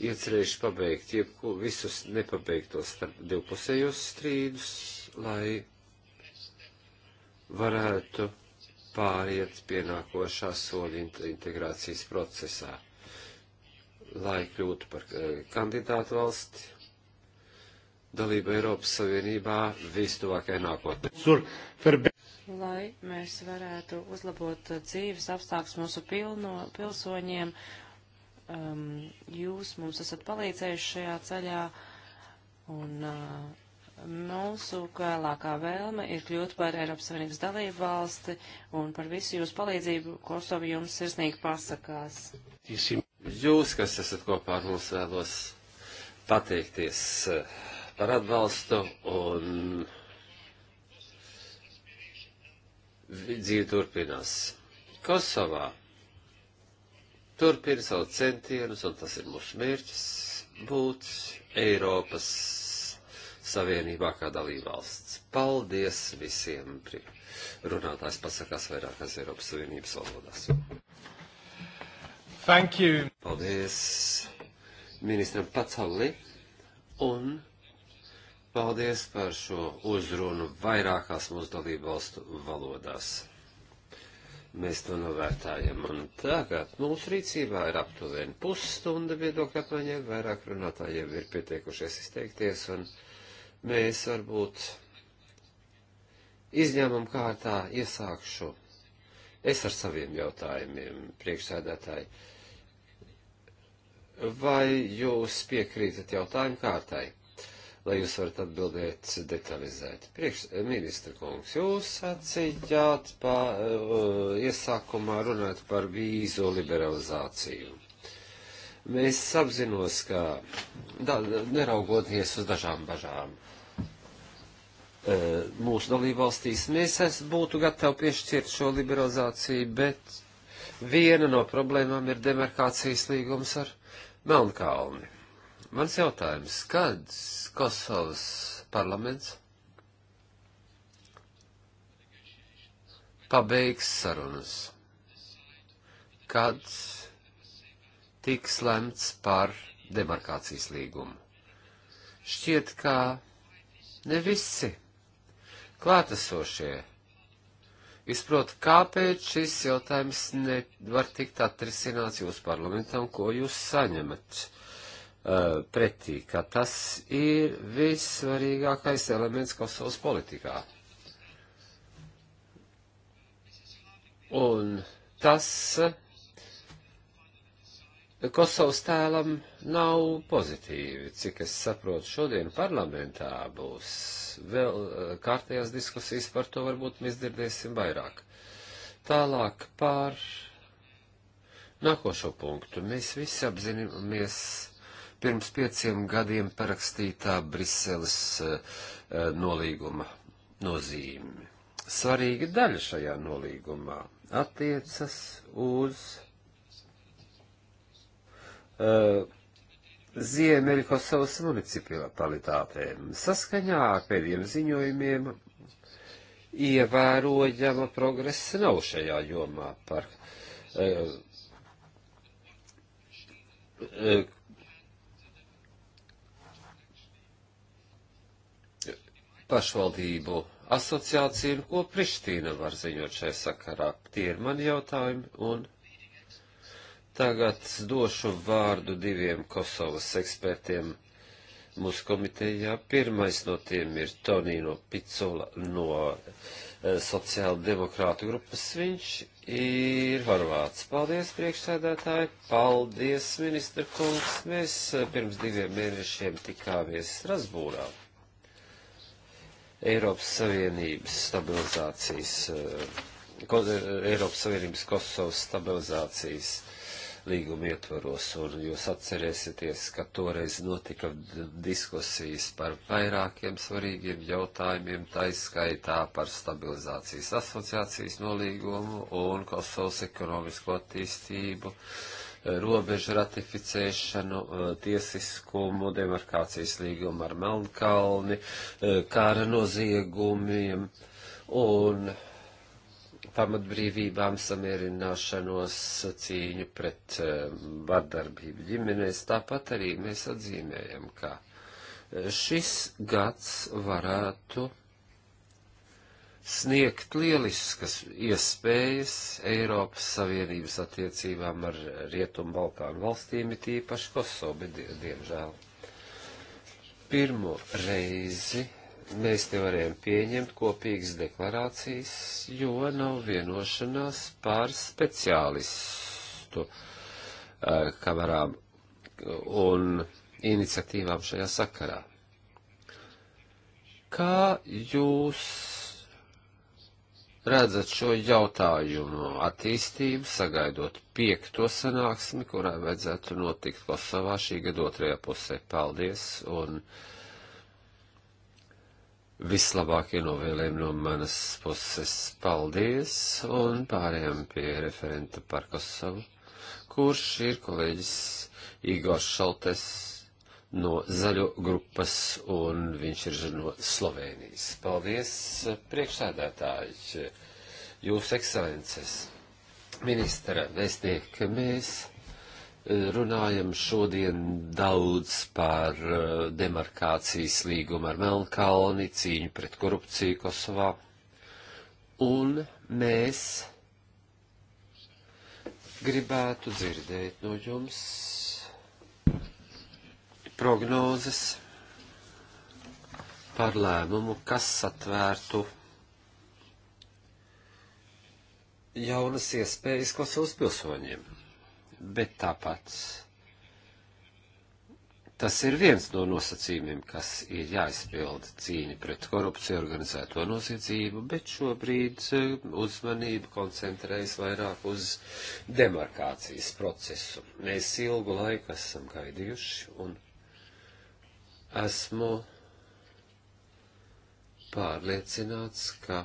iecerējuši pabeigt jebko, visus nepabeigtos starp divpusējos strīdus, lai varētu pāriet pie nākošā soļa integrācijas procesā, lai kļūtu par eh, kandidātu valsti dalību Eiropas Savienībā vistuvākajā nākotnē lai mēs varētu uzlabot dzīves apstākļus mūsu pilno, pilsoņiem. Um, jūs mums esat palīdzējuši šajā ceļā, un uh, mūsu vēlākā vēlme ir kļūt par Eiropas Savienības dalību valsti, un par visu jūsu palīdzību Kosovu jums sirsnīgi pasakās. Jūs, kas esat kopā ar mums, vēlos pateikties uh, par atbalstu un dzīve turpinās. Kosovā turpina savu centienus, un tas ir mūsu mērķis, būt Eiropas Savienībā kā dalībvalsts. Paldies visiem! Runātājs pasakās vairākās Eiropas Savienības valodās. Thank you! Paldies ministram Pacauli un Paldies par šo uzrunu vairākās mūsu dalību valstu valodās. Mēs to novērtājam. Un tagad mūsu rīcībā ir aptuveni pusstunda viedokļa apmaiņai, vairāk runātājiem ir pieteikušies izteikties, un mēs varbūt izņēmuma kārtā iesākšu es ar saviem jautājumiem, priekšsēdētāji. Vai jūs piekrītat jautājumu kārtai? lai jūs varat atbildēt detalizēt. Priekš, ministra kungs, jūs atsīķāt pa, uh, iesākumā runāt par vīzu liberalizāciju. Mēs apzinos, ka da, neraugoties uz dažām bažām uh, mūsu dalībvalstīs, mēs es būtu gatavi piešķirt šo liberalizāciju, bet viena no problēmām ir demarkācijas līgums ar Melnkalni. Mans jautājums, kad Kosovas parlaments pabeigs sarunas? Kad tiks lemts par demarkācijas līgumu? Šķiet, ka ne visi klātesošie izprot, kāpēc šis jautājums nevar tikt atrisināts jūsu parlamentam, ko jūs saņemat Uh, pretī, ka tas ir vissvarīgākais elements Kosovas politikā. Un tas uh, Kosovas tēlam nav pozitīvi, cik es saprotu, šodien parlamentā būs vēl uh, kārtējās diskusijas par to, varbūt mēs dzirdēsim vairāk. Tālāk par nākošo punktu. Mēs visi apzināmies pirms pieciem gadiem parakstītā Briseles eh, eh, nolīguma nozīmi. Svarīga daļa šajā nolīgumā attiecas uz uh, eh, Ziemeļkosovas municipalitātēm. Saskaņā ar pēdējiem ziņojumiem ievērojama progresa nav šajā jomā par uh, uh, pašvaldību asociācija un ko Prištīna var ziņot šai sakarā. Tie ir mani jautājumi un tagad došu vārdu diviem Kosovas ekspertiem mūsu komitejā. Pirmais no tiem ir Tonino Picola no eh, sociāldemokrātu grupas. Viņš ir Horvāts. Paldies, priekšsēdētāji! Paldies, ministra kungs! Mēs eh, pirms diviem mēnešiem tikāmies Strasbūrā. Eiropas Savienības stabilizācijas, eh, eh, Eiropas Savienības Kosovas stabilizācijas līguma ietvaros, un jūs atcerēsieties, ka toreiz notika diskusijas par vairākiem svarīgiem jautājumiem, taiskaitā par stabilizācijas asociācijas nolīgumu un Kosovas ekonomisko attīstību. Uh, robežu ratificēšanu, eh, tiesiskumu, demarkācijas līgumu ar Melnkalni, eh, kara noziegumiem un pamatbrīvībām samierināšanos cīņu pret eh, vardarbību ģimenēs. Tāpat arī mēs atzīmējam, ka šis gads varētu sniegt lieliskas iespējas Eiropas Savienības attiecībām ar Rietumu Balkānu valstīm, it īpaši Kosovu, bet diemžēl pirmo reizi mēs nevarējām pieņemt kopīgas deklarācijas, jo nav vienošanās par speciālistu eh, kamerām un iniciatīvām šajā sakarā. Kā jūs redzat šo jautājumu attīstību, sagaidot piekto sanāksmi, kurā vajadzētu notikt Kosovā šī gada otrajā pusē. Paldies un vislabākie novēlējumi no manas puses. Paldies un pārējām pie referenta par Kosovu, kurš ir kolēģis Igors Šaltes no zaļo grupas, un viņš ir no Slovēnijas. Paldies, priekšsēdētāji, jūs ekscelences, ministra vēstnieki, mēs eh, runājam šodien daudz par eh, demarkācijas līgumu ar Melnkalni, cīņu pret korupciju Kosovā, un mēs gribētu dzirdēt no jums prognozes par lēmumu, kas atvērtu jaunas iespējas Kosovas pilsoņiem. Bet tāpat tas ir viens no nosacījumiem, kas ir jāizpilda cīņa pret korupciju, organizēto noziedzību, bet šobrīd eh, uzmanība koncentrējas vairāk uz demarkācijas procesu. Mēs ilgu laiku esam gaidījuši un Esmu pārliecināts, ka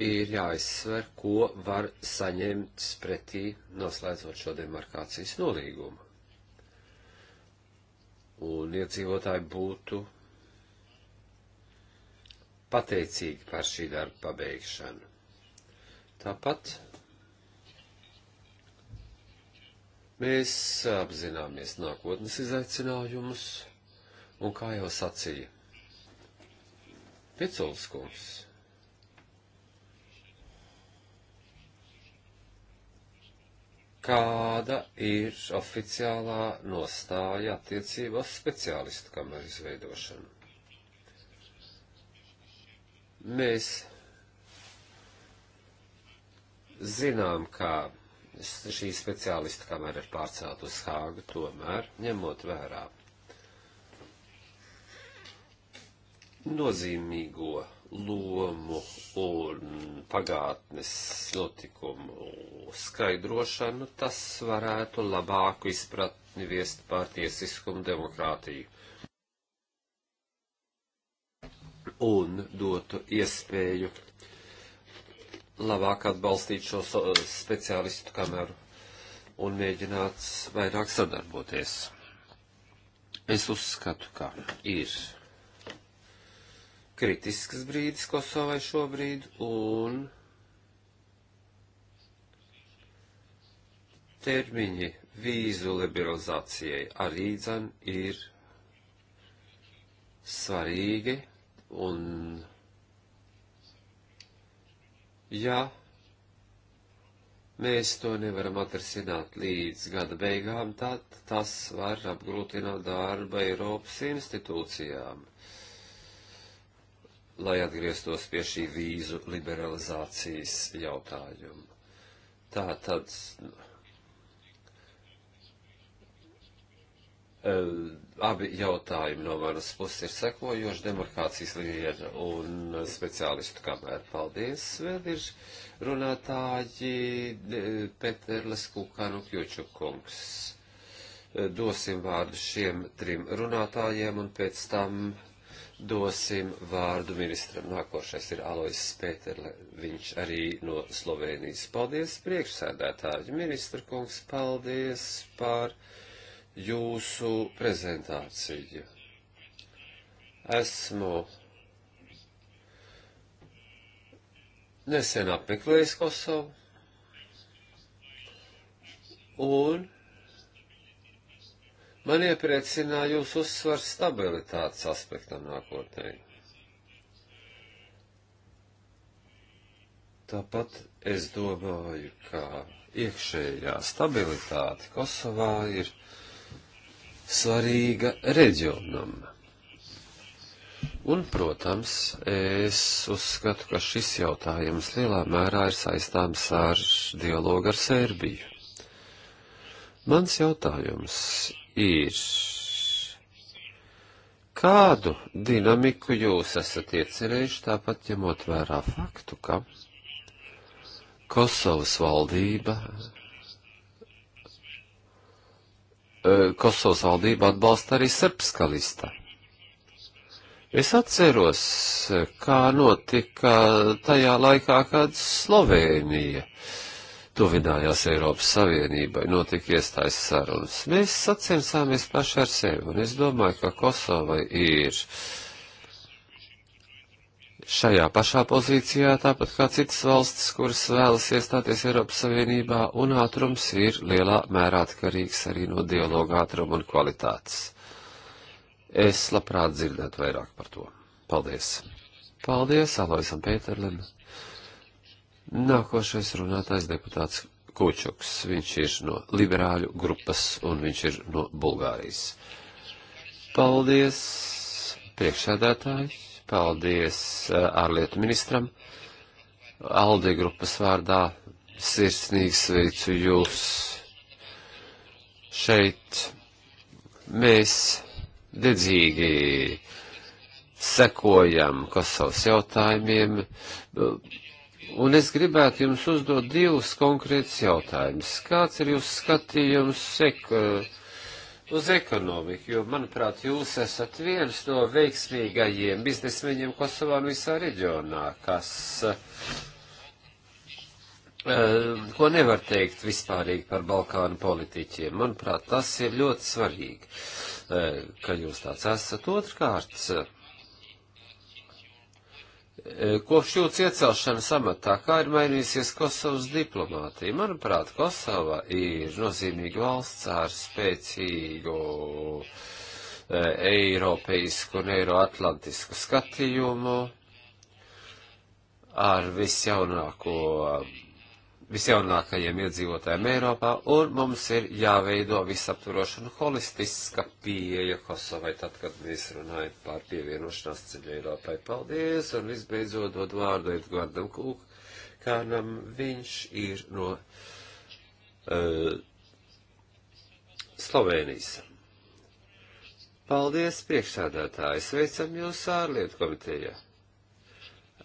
ir jāizsver, ko var saņemt pretī noslēdzot šo demarkācijas nolīgumu. Un iedzīvotāji būtu pateicīgi par šī darba pabeigšanu. Tāpat mēs apzināmies nākotnes izaicinājumus. Un kā jau sacīja Piculs kungs, kāda ir oficiālā nostāja attiecībā uz speciālistu kameru izveidošanu? Mēs zinām, ka šī speciālista kamera ir pārcelt uz Hāgu, tomēr ņemot vērā nozīmīgo lomu un pagātnes notikumu skaidrošanu, tas varētu labāku izpratni viest par tiesiskumu demokrātiju un dotu iespēju labāk atbalstīt šo so speciālistu kameru un mēģināt vairāk sadarboties. Es uzskatu, ka ir kritisks brīdis Kosovai šobrīd, un termiņi vīzu liberalizācijai arī dzan ir svarīgi, un ja mēs to nevaram atrisināt līdz gada beigām, tad tas var apgrūtināt darba Eiropas institūcijām. Uh, lai atgrieztos pie šī vīzu liberalizācijas jautājuma. Tā tad e, abi jautājumi no manas puses ir sekojoši demarkācijas līnija un speciālistu kamēr. Paldies, vēl ir runātāji e, Peterles Kukanu Kjučukungs. E, dosim vārdu šiem trim runātājiem un pēc tam dosim vārdu ministram. Nākošais ir Alois Spēterle, viņš arī no Slovenijas. Paldies, priekšsēdētāji, ministra kungs, paldies par jūsu prezentāciju. Esmu nesen apmeklējis Kosovu un Man iepriecināja jūs uzsvar stabilitātes aspektam nākotnē. Tāpat es domāju, ka iekšējā stabilitāte Kosovā ir svarīga reģionam. Un, protams, es uzskatu, ka šis jautājums lielā mērā ir saistāms ar dialogu ar Sērbiju. Mans jautājums ir kādu dinamiku jūs esat iecerējuši, tāpat ņemot vērā faktu, ka Kosovas valdība. E, Kosovas valdība atbalsta arī serbskalista. Es atceros, kā notika tajā laikā, kad Slovēnija uh, tuvinājās Eiropas Savienībai, notika iestājas sarunas. Mēs sacensāmies paši ar sevi, un es domāju, ka Kosova ir šajā pašā pozīcijā, tāpat kā citas valstis, kuras vēlas iestāties Eiropas Savienībā, un ātrums ir lielā mērā atkarīgs arī no dialoga ātruma un kvalitātes. Es labprāt dzirdētu vairāk par to. Paldies! Paldies Aloisam Pēterlim! Nākošais runātājs deputāts Kučuks. Viņš ir no liberāļu grupas un viņš ir no Bulgārijas. Paldies priekšsēdētāji, paldies eh, ārlietu ministram. Aldi grupas vārdā sirsnīgi sveicu jūs šeit. Mēs dedzīgi sekojam Kosovas jautājumiem. Uh, Un es gribētu jums uzdot divus konkrētus jautājumus. Kāds ir jūsu skatījums ek uz ekonomiku? Jo, manuprāt, jūs esat viens no veiksmīgajiem biznesmeņiem Kosovā un visā reģionā, kas, eh, ko nevar teikt vispārīgi par Balkānu politiķiem. Manuprāt, tas ir ļoti svarīgi, eh, ka jūs tāds esat. Otrkārt, E, kopš jūtas iecelšanas amatā, kā ir mainījusies Kosovas diplomātija? Manuprāt, Kosova ir nozīmīga valsts ar spēcīgu e, eiropeisku un eiroatlantisku skatījumu, ar visjaunāko visjaunākajiem iedzīvotājiem Eiropā, un mums ir jāveido visaptvaroša un holistiska pieeja Kosovai, tad, kad mēs runājam par pievienošanās ceļu Eiropai. Paldies, un visbeidzot dod vārdu Edgardam Kūkanam, viņš ir no uh, eh, Slovēnijas. Paldies, priekšsādātāji, sveicam jūs ārlietu komitejā.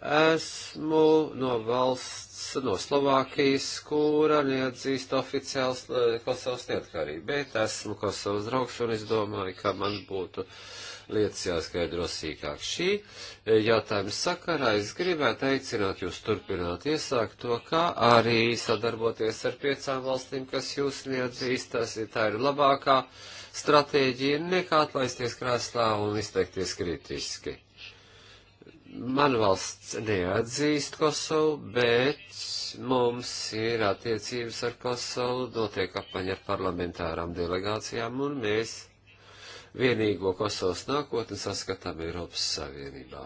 Esmu no valsts, no Slovākijas, kura neatzīst oficiāls Kosovas neatkarību, bet esmu Kosovas draugs un es domāju, ka man būtu lietas jāskaidro sīkāk. Šī e, jautājuma sakarā es gribētu aicināt jūs turpināt iesākt to, kā arī sadarboties ar piecām valstīm, kas jūs neatzīst, tas ir tā ir labākā stratēģija nekā atlaisties krāslā un izteikties kritiski Man valsts neatzīst Kosovu, bet mums ir attiecības ar Kosovu, notiek apaņa ar parlamentārām delegācijām, un mēs vienīgo Kosovas nākotni saskatām Eiropas Savienībā.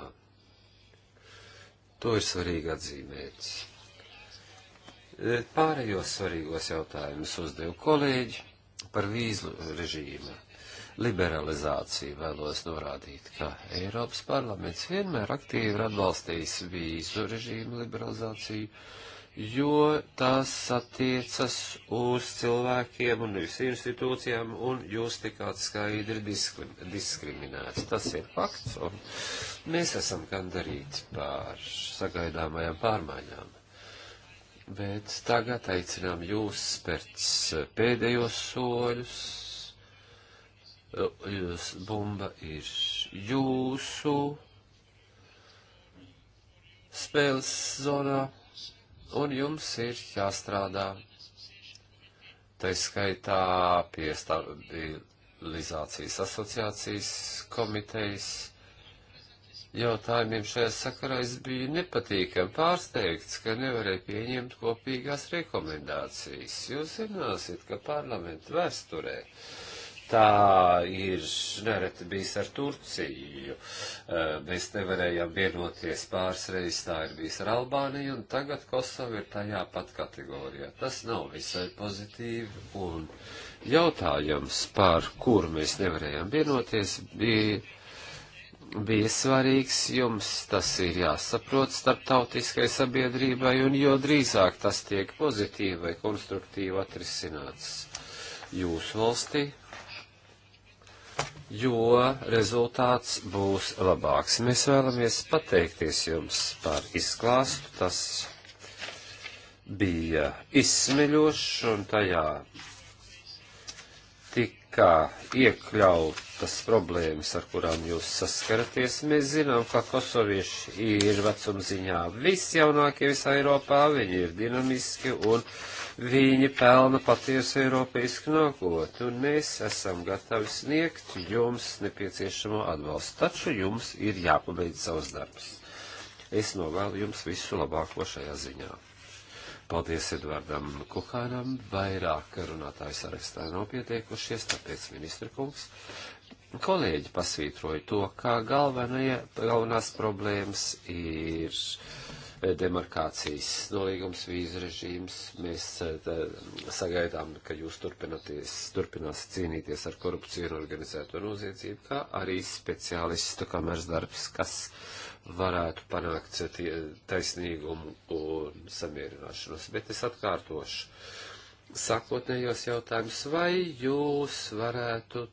To ir svarīgi atzīmēt. Pārējos svarīgos jautājumus uzdevu kolēģi par vīzu režīmu liberalizāciju. Vēlos norādīt, ka Eiropas parlaments vienmēr aktīvi ir atbalstījis vīzu režīmu liberalizāciju, jo tas attiecas uz cilvēkiem un uz institūcijām, un jūs tikāt skaidri diskrim, diskriminēts. Tas ir fakts, un mēs esam gandarīti pār sagaidāmajām pārmaiņām. Bet tagad aicinām jūs spērt pēdējos soļus jūs bumba ir jūsu spēles zonā, un jums ir jāstrādā. Tā skaitā pie stabilizācijas asociācijas komitejas jautājumiem šajā sakarā es biju nepatīkami pārsteigts, ka nevarēju pieņemt kopīgās rekomendācijas. Jūs zināsiet, ka parlamentu vēsturē uh, tā ir nereti bijis ar Turciju. Mēs nevarējām vienoties pāris reizes, tā ir bijis ar Albāniju, un tagad Kosova ir tajā pat kategorijā. Tas nav visai pozitīvi, un jautājums, par kur mēs nevarējām vienoties, bija, bija svarīgs jums, tas ir jāsaprot starptautiskai sabiedrībai, un jo drīzāk tas tiek pozitīvi vai konstruktīvi atrisināts jūsu valstī jo rezultāts būs labāks. Mēs vēlamies pateikties jums par izklāstu. Tas bija izsmeļošs un tajā tika iekļautas problēmas, ar kurām jūs saskaraties. Mēs zinām, ka kosovieši ir vecumziņā visjaunākie visā Eiropā, viņi ir dinamiski un viņi pelna patiesu Eiropisku nākotni, un mēs esam gatavi sniegt jums nepieciešamo atbalstu. Taču jums ir jāpabeidz savs darbs. Es novēlu jums visu labāko šajā ziņā. Paldies Edvardam Kukānam, vairāk runātāju sarakstā nav pieteikušies, tāpēc ministra kungs. Kolēģi pasvītroja to, kā galvenās problēmas ir demarkācijas nolīgums, vīzu režīms. Mēs tā, eh, sagaidām, ka jūs turpināsiet cīnīties ar korupciju un organizēto noziedzību, kā arī speciālistu kameras darbs, kas varētu panākt tie, taisnīgumu un samierināšanos. Bet es atkārtošu. Sākotnējos jautājumus, vai jūs varētu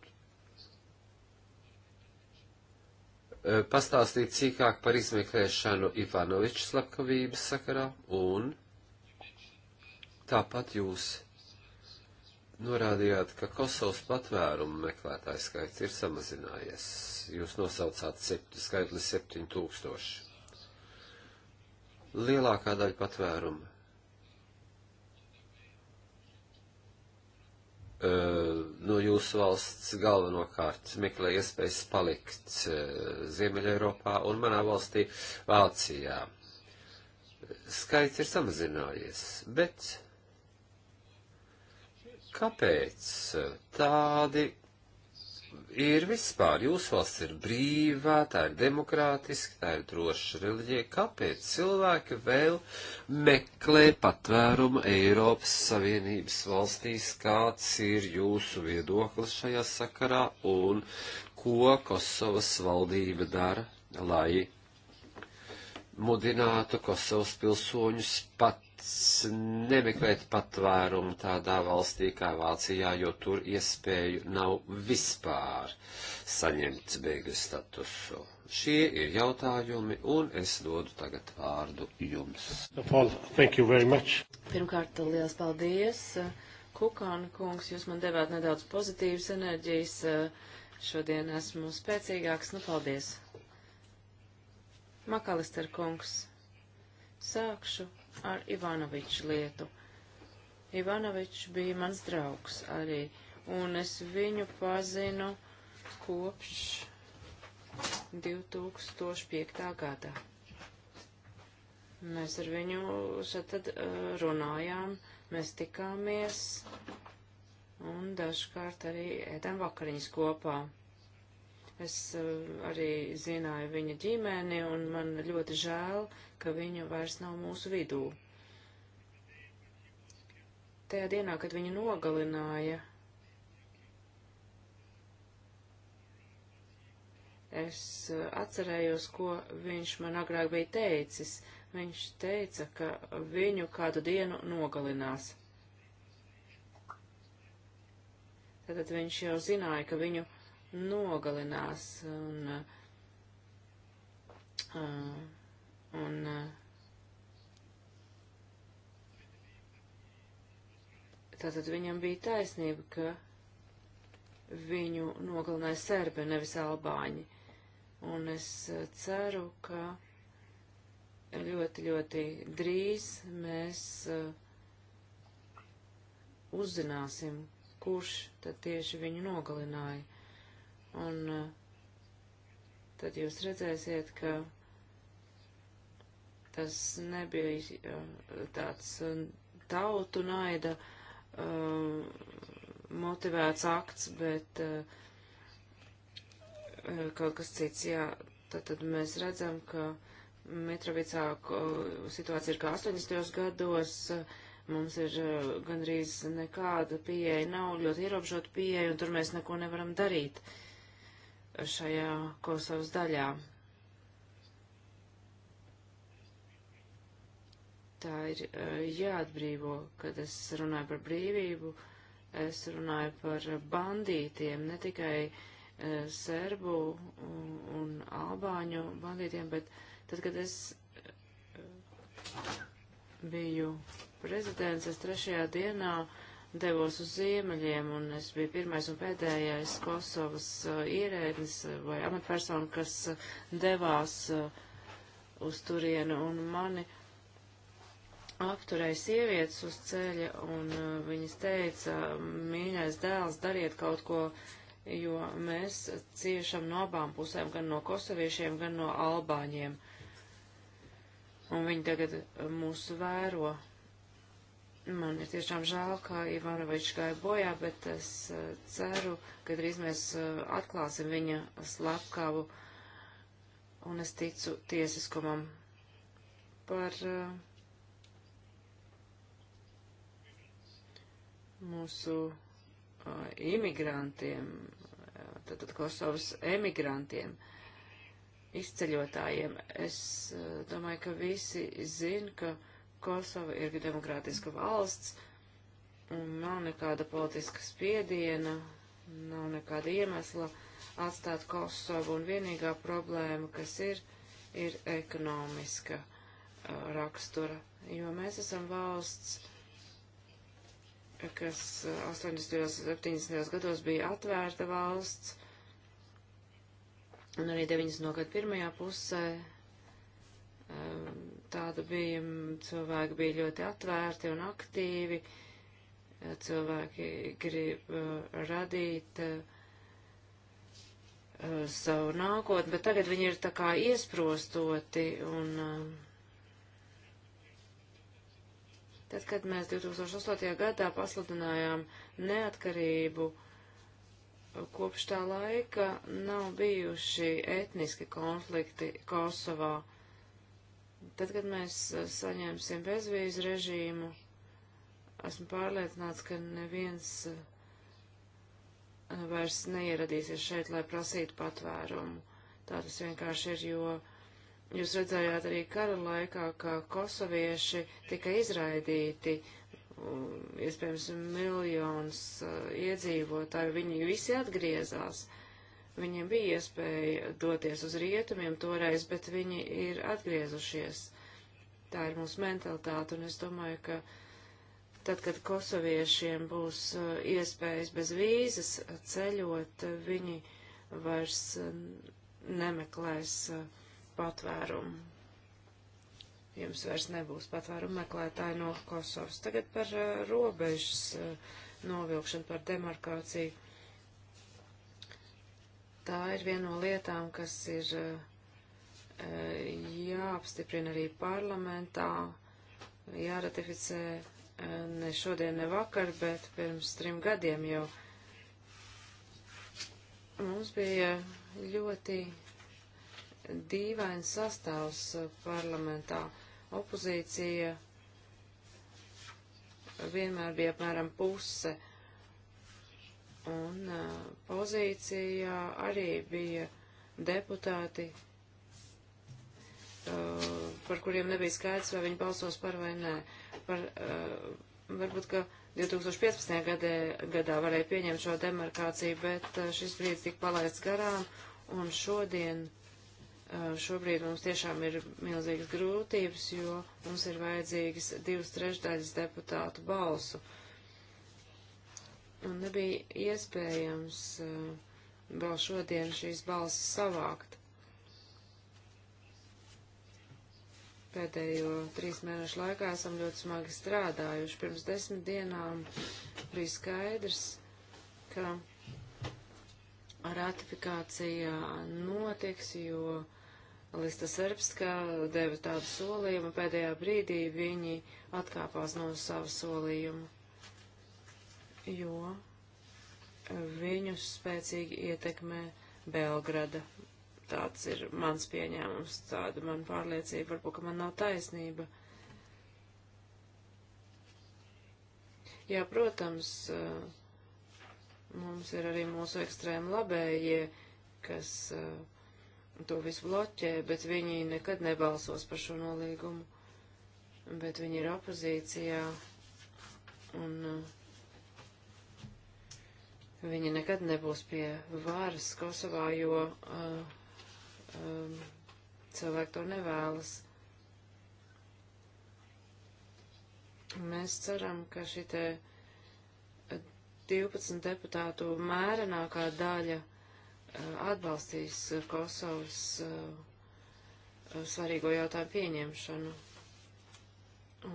Eh, pastāstīt cīkāk par izmeklēšanu Ivanoviča slepkavības sakarā un tāpat jūs norādījāt, ka Kosovas patvērumu meklētāju skaits ir samazinājies. Jūs nosaucāt septi, skaitli 7000. Lielākā daļa patvērumu Eh, no jūsu valsts galvenokārt meklē iespējas palikt eh, Ziemeļa Eiropā un manā valstī Vācijā. Skaits ir samazinājies, bet kāpēc eh, tādi ir vispār? Jūsu valsts ir brīvā, tā ir demokrātiska, tā ir droša reliģija. Kāpēc cilvēki vēl meklē patvērumu Eiropas Savienības valstīs? Kāds ir jūsu viedoklis šajā sakarā un ko Kosovas valdība dara, lai mudinātu Kosovas pilsoņus pats nemeklēt patvērumu tādā valstī kā Vācijā, jo tur iespēju nav vispār saņemt bēgļu statusu. Šie ir jautājumi, un es dodu tagad vārdu jums. Paul, thank you very much. Pirmkārt, liels paldies. Kukāna kungs, jūs man devāt nedaudz pozitīvas enerģijas. Šodien esmu spēcīgāks. Nu, paldies. Makalister kungs, sākšu ar Ivanoviču lietu. Ivanovičs bija mans draugs arī, un es viņu pazinu kopš 2005. gadā. Mēs ar viņu tad runājām, mēs tikāmies un dažkārt arī ēdām vakariņas kopā. Es eh, arī zināju viņa ģimeni, un man ļoti žēl, ka viņa vairs nav mūsu vidū. Tajā dienā, kad viņu nogalināja, es eh, atcerējos, ko viņš man agrāk bija teicis. Viņš teica, ka viņu kādu dienu nogalinās. Tātad viņš jau zināja, ka viņu nogalinās nogalinās un, uh, un, un uh, tātad viņam bija taisnība, ka viņu nogalināja serbi, nevis albāņi. Un es uh, ceru, ka ļoti, ļoti drīz mēs uzzināsim, kurš tad tieši viņu nogalināja. Un uh, tad jūs redzēsiet, ka tas nebija uh, tāds uh, tautu naida motivēts akts, bet kaut kas cits, jā. Tad, tad mēs redzam, ka Mitrovicā situācija ir kā 80. gados, mums ir gandrīz nekāda pieeja, nav ļoti ierobežota pieeja, un tur mēs neko nevaram darīt. Uh, šajā Kosovas daļā. Tā ir eh, jāatbrīvo, kad es runāju par brīvību, es runāju par bandītiem, ne tikai uh, serbu un, un albāņu bandītiem, bet tad, kad es eh, biju prezidents, es trešajā dienā uh, devos uz ziemeļiem, un es biju pirmais un pēdējais Kosovas uh, ierēdnis uh, vai amatpersona, kas uh, devās uh, uz turienu, un mani apturēja sievietes uz ceļa, un uh, viņas teica, mīļais dēls, dariet kaut ko, jo mēs ciešam no abām pusēm, gan no kosoviešiem, gan no albāņiem. Un viņi tagad mūsu vēro Man ir tiešām žēl, ka Ivanovičs gāja bojā, bet es eh, ceru, ka drīz mēs eh, atklāsim viņa slepkavu un es ticu tiesiskumam par eh, mūsu imigrantiem, tātad Kosovas emigrantiem, izceļotājiem. Es domāju, ka visi zina, ka Kosova ir demokrātiska valsts un nav nekāda politiska spiediena, nav nekāda iemesla atstāt Kosovu un vienīgā problēma, kas ir, ir ekonomiska uh, rakstura, jo mēs esam valsts, kas 80. un 70. gados bija atvērta valsts, un arī 90. gadu pirmajā pusē um, tādu bija, cilvēki bija ļoti atvērti un aktīvi, cilvēki grib uh, radīt uh, uh, savu nākotni, bet tagad viņi ir tā kā iesprostoti un. Uh, tad, kad mēs 2008. gadā pasludinājām neatkarību, kopš tā laika nav bijuši etniski konflikti Kosovā. Uh, Tad, kad mēs eh, saņemsim bezvīzu režīmu, esmu pārliecināts, ka neviens eh, vairs neieradīsies šeit, lai prasītu patvērumu. Tā tas vienkārši ir, jo jūs redzējāt arī kara laikā, ka kosovieši tika izraidīti, iespējams, miljons eh, iedzīvotāju, viņi visi atgriezās. Uh, Viņiem bija iespēja doties uz rietumiem toreiz, bet viņi ir atgriezušies. Tā ir mūsu mentalitāte, un es domāju, ka tad, kad kosoviešiem būs uh, iespējas bez vīzas ceļot, viņi vairs uh, nemeklēs uh, patvērumu. Jums vairs nebūs patvērumu meklētāji no Kosovas. Tagad par robežas novilkšanu, par demarkāciju tā ir viena no lietām, kas ir eh, jāapstiprina arī parlamentā, jāratificē eh, ne šodien, ne vakar, bet pirms trim gadiem jau. Mums bija ļoti dīvains sastāvs parlamentā. Opozīcija vienmēr bija apmēram puse Un pozīcijā arī bija deputāti, par kuriem nebija skaidrs, vai viņi balsos par vai nē. Par, varbūt, ka 2015. Gadē, gadā varēja pieņemt šo demarkāciju, bet šis brīdis tika palaists garām, un šodien, šobrīd mums tiešām ir milzīgas grūtības, jo mums ir vajadzīgas divas trešdaļas deputātu balsu. Uh, un nebija iespējams uh, vēl šodien šīs balsis savākt. Pēdējo trīs mēnešu laikā esam ļoti smagi strādājuši. Pirms desmit dienām bija skaidrs, ka ratifikācija notiks, jo Lista Serbska deva tādu solījumu, pēdējā brīdī viņi atkāpās no sava solījuma jo viņus spēcīgi ietekmē Belgrada. Tāds ir mans pieņēmums, tāda man pārliecība, varbūt, ka man nav taisnība. Jā, protams, eh, mums ir arī mūsu ekstrēma labējie, kas eh, to visu bloķē, bet viņi nekad nebalsos par šo nolīgumu, bet viņi ir opozīcijā un uh, Viņa nekad nebūs pie varas Kosovā, jo uh, um, cilvēki to nevēlas. Mēs ceram, ka šī te 12 uh, deputātu mērenākā daļa uh, atbalstīs Kosovas uh, svarīgo jautājumu pieņemšanu.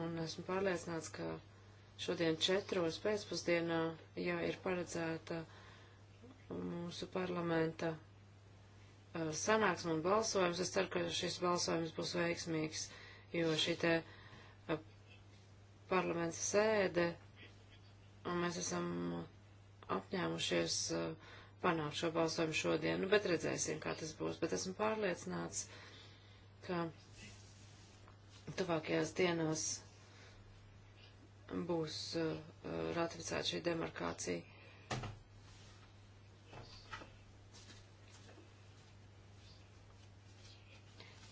Un esmu pārliecināts, ka Šodien četros pēcpusdienā, ja ir paredzēta mūsu parlamenta sanāksme un balsojums, es ceru, ka šis balsojums būs veiksmīgs, jo šī te parlamenta sēde, un mēs esam apņēmušies panākt šo balsojumu šodien, nu, bet redzēsim, kā tas būs, bet esmu pārliecināts, ka tuvākajās dienās būs uh, ratificēta šī demarkācija.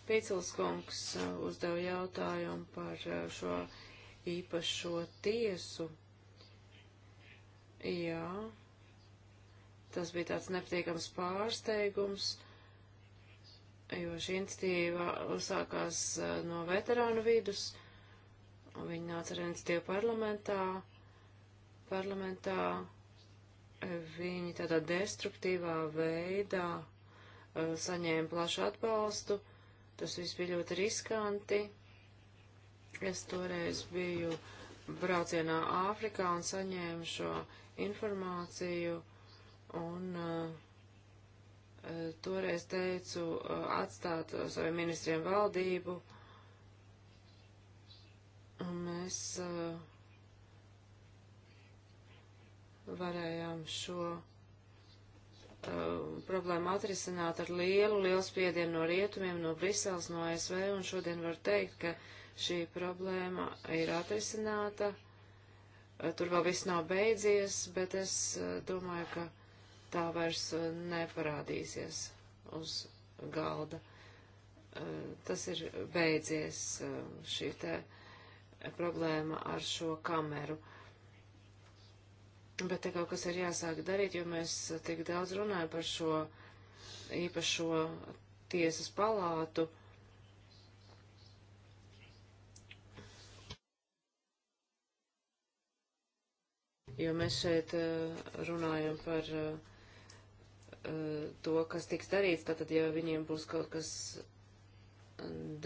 Pīcils kungs uh, uzdeva jautājumu par uh, šo īpašo tiesu. Jā, tas bija tāds nepatīkams pārsteigums, jo šī institīva uzsākās no veterānu vidus. Uh, Viņi nāca ar iniciatīvu parlamentā. Parlamentā viņi tādā destruktīvā veidā uh, saņēma plašu atbalstu. Tas viss bija ļoti riskanti. Es toreiz biju braucienā Āfrikā un saņēmu šo informāciju un uh, uh toreiz teicu uh, atstāt saviem ministriem valdību, uh, mēs eh, varējām šo eh, problēmu atrisināt ar lielu, lielu spiedienu no rietumiem, no Briseles, no ASV, un šodien var teikt, ka šī problēma ir atrisināta. Eh, tur vēl viss nav beidzies, bet es domāju, ka tā vairs neparādīsies uz galda. Tas ir beidzies šī te. Tā problēma ar šo kameru. Bet te kaut kas ir jāsāk darīt, jo mēs tik daudz runājam par šo īpašo tiesas palātu. Jo mēs šeit eh, runājam par eh, eh, to, kas tiks darīts, tātad, ja viņiem būs kaut kas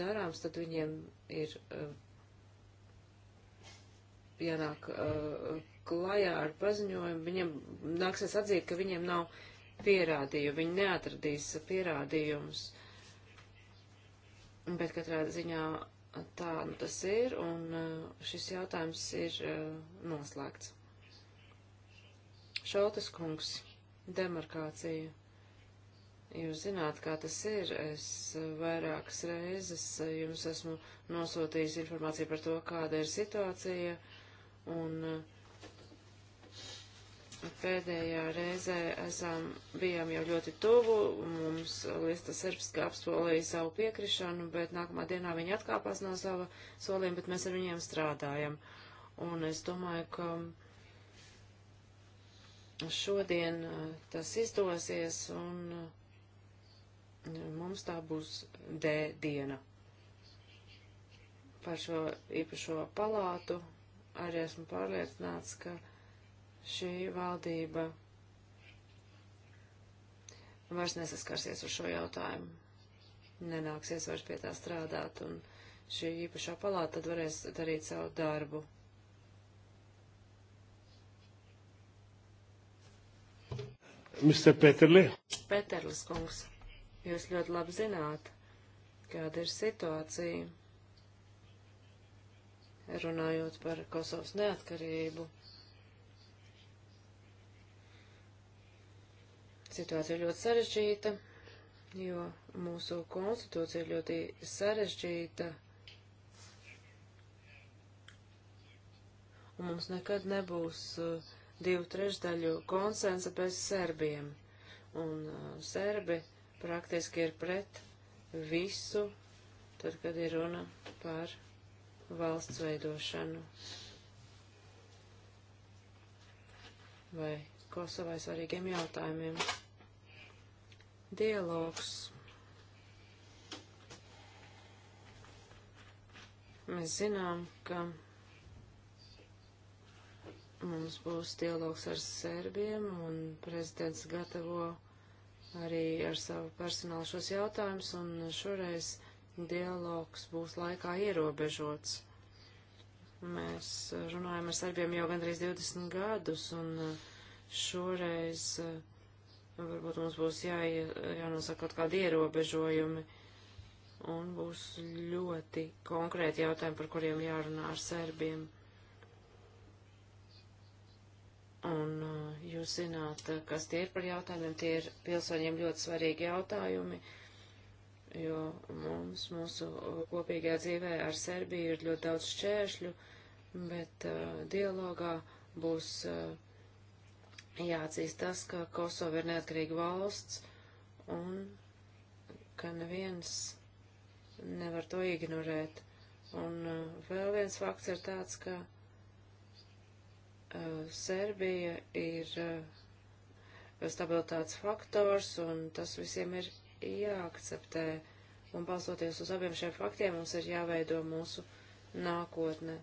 darāms, tad viņiem ir pienāk uh, klajā ar paziņojumu, viņiem nāksies atzīt, ka viņiem nav pierādījumu, viņi neatradīs pierādījumus. Bet katrā ziņā tā nu, tas ir, un uh, šis jautājums ir uh, noslēgts. Šautas kungs, demarkācija. Jūs zināt, kā tas ir. Es vairākas reizes uh, jums esmu nosūtījis informāciju par to, kāda ir situācija. Uh, Un uh, pēdējā reizē esam, bijām jau ļoti tuvu, mums Lista Serbska apsolīja savu piekrišanu, bet nākamā dienā viņi atkāpās no sava solījuma, bet mēs ar viņiem strādājam. Un es domāju, ka šodien uh, tas izdosies un uh, mums tā būs D diena par šo īpašo palātu arī esmu pārliecināts, ka šī valdība vairs nesaskarsies ar šo jautājumu. Nenāksies vairs pie tā strādāt, un šī īpašā palāta tad varēs darīt savu darbu. Mr. Peterli. Peterlis kungs, jūs ļoti labi zināt, kāda ir situācija runājot par Kosovas neatkarību. Situācija ir ļoti sarežģīta, jo mūsu konstitūcija ir ļoti sarežģīta. Un mums nekad nebūs uh, divu trešdaļu konsensa bez serbiem. Un uh, serbi praktiski ir pret visu, tad, kad ir runa par valsts veidošanu. Vai Kosovai svarīgiem jautājumiem. Dialogs. Mēs zinām, ka mums būs dialogs ar sērbiem, un prezidents gatavo arī ar savu personālu šos jautājumus, un šoreiz dialogs būs laikā ierobežots. Mēs eh, runājam ar serbiem jau gandrīz 20 gadus, un eh, šoreiz eh, varbūt mums būs jā, jānosaka kaut kādi ierobežojumi, un būs ļoti konkrēti jautājumi, par kuriem jārunā ar serbiem. Un jūs zināt, kas tie ir par jautājumiem, tie ir pilsoņiem ļoti svarīgi jautājumi jo mums mūsu uh, kopīgajā dzīvē ar Serbiju ir ļoti daudz šķēršļu, bet uh, dialogā būs uh, jāatzīst tas, ka Kosova ir neatkarīga valsts un ka neviens nevar to ignorēt. Un uh, vēl viens fakts ir tāds, ka uh, Serbija ir uh, stabilitātes faktors, un tas visiem ir jāakceptē, un balstoties uz abiem šiem faktiem mums ir jāveido mūsu nākotne.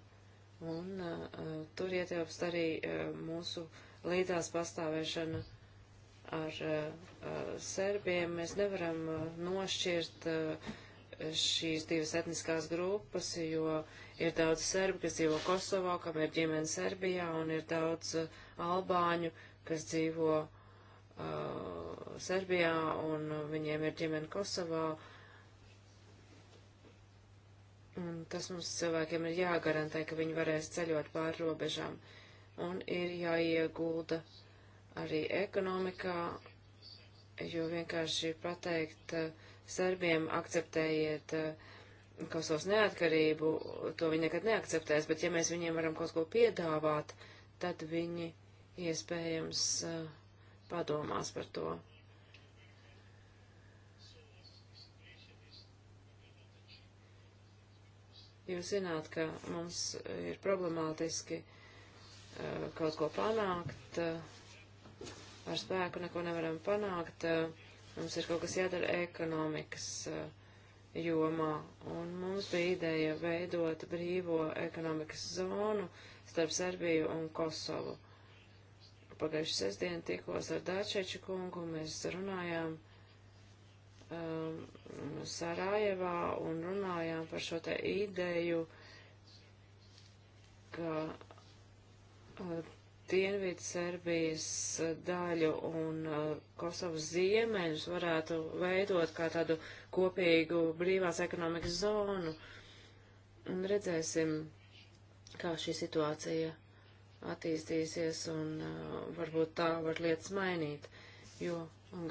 Un uh, uh tur ietilpst arī uh, mūsu līdzās pastāvēšana ar uh, uh, serbiem. Mēs nevaram uh, nošķirt uh, šīs divas etniskās grupas, jo ir daudz serbi, kas dzīvo Kosovā, kam ir ģimene Serbijā, un ir daudz uh, albāņu, kas dzīvo uh, Serbijā un viņiem ir ģimene Kosovā. Un tas mums cilvēkiem ir jāgarantē, ka viņi varēs ceļot pāri robežām. Un ir jāiegulda arī ekonomikā, jo vienkārši pateikt uh, Serbiem akceptējiet uh, Kosovas neatkarību, to viņi nekad neakceptēs, bet ja mēs viņiem varam kaut ko piedāvāt, tad viņi iespējams uh, padomās par to. Jūs zināt, ka mums ir problemātiski uh, kaut ko panākt, uh, ar spēku neko nevaram panākt, uh, mums ir kaut kas jādara ekonomikas jomā, un mums bija ideja veidot brīvo ekonomikas zonu starp Serbiju un Kosovu. Pagājušajā sestdien tikos ar Dārčeču kungu, mēs runājām um, Sarajevā un runājām par šo te ideju, ka uh, Dienvidu Serbijas daļu un uh, Kosovas ziemeļus varētu veidot kā tādu kopīgu brīvās ekonomikas zonu. Un redzēsim, kā šī situācija attīstīsies un uh, varbūt tā var lietas mainīt, jo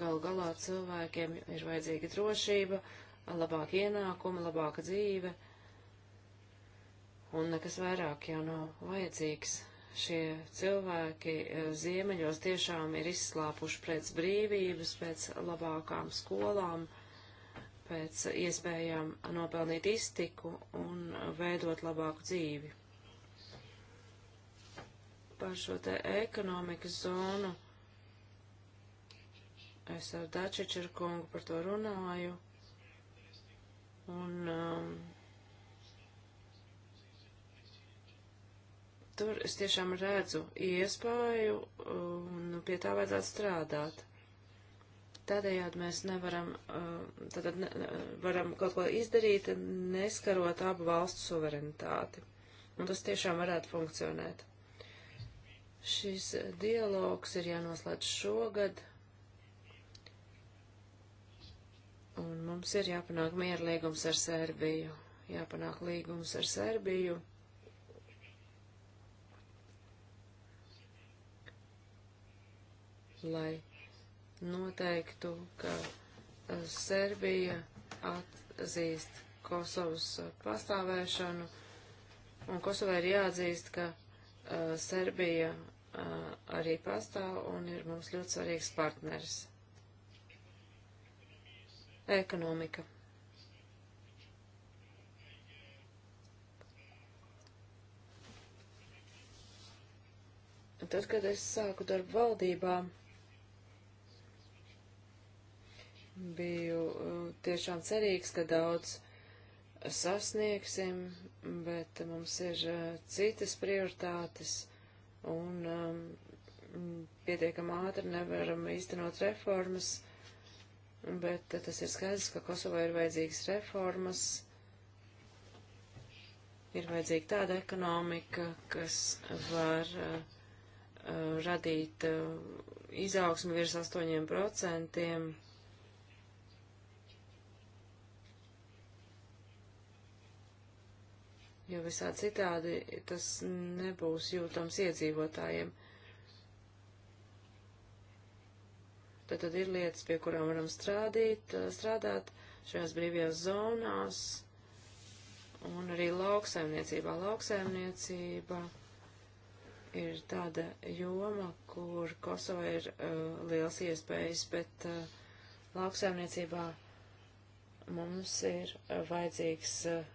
gal galā cilvēkiem ir vajadzīga drošība, labāka ienākuma, labāka dzīve, un nekas vairāk jau nav vajadzīgs. Šie cilvēki uh, ziemeļos tiešām ir izslāpuši pēc brīvības, pēc labākām skolām, pēc iespējām nopelnīt iztiku un uh, veidot labāku dzīvi par šo te ekonomikas zonu. Es ar Dačiču kungu par to runāju. Un um, tur es tiešām redzu iespēju un um, nu, pie tā vajadzētu strādāt. Tādējādi mēs nevaram, um, tātad ne, varam kaut ko izdarīt, neskarot abu valstu suverenitāti. Un tas tiešām varētu funkcionēt. Šis dialogs ir jānoslēdz šogad, un mums ir jāpanāk mieru līgums ar Serbiju, jāpanāk līgums ar Serbiju. lai noteiktu, ka eh, Serbija atzīst Kosovas eh, pastāvēšanu, un Kosovai ir jāatzīst, ka uh, Serbija arī pastāv un ir mums ļoti svarīgs partners. Ekonomika. Tad, kad es sāku darbu valdībā, biju tiešām cerīgs, ka daudz sasniegsim, bet mums ir citas prioritātes un um, pietiekam ātri nevaram īstenot reformas, bet tas ir skaidrs, ka Kosovai ir vajadzīgas reformas, ir vajadzīga tāda ekonomika, kas var uh, radīt uh, izaugsmu virs 8%. jo visā citādi tas nebūs jūtams iedzīvotājiem. Tad, tad ir lietas, pie kurām varam strādīt, eh, strādāt šajās brīvajās zonās un arī lauksaimniecībā. Lauksaimniecība ir tāda joma, kur Kosova ir uh, liels iespējas, bet uh, lauksaimniecībā mums ir uh, vajadzīgs uh,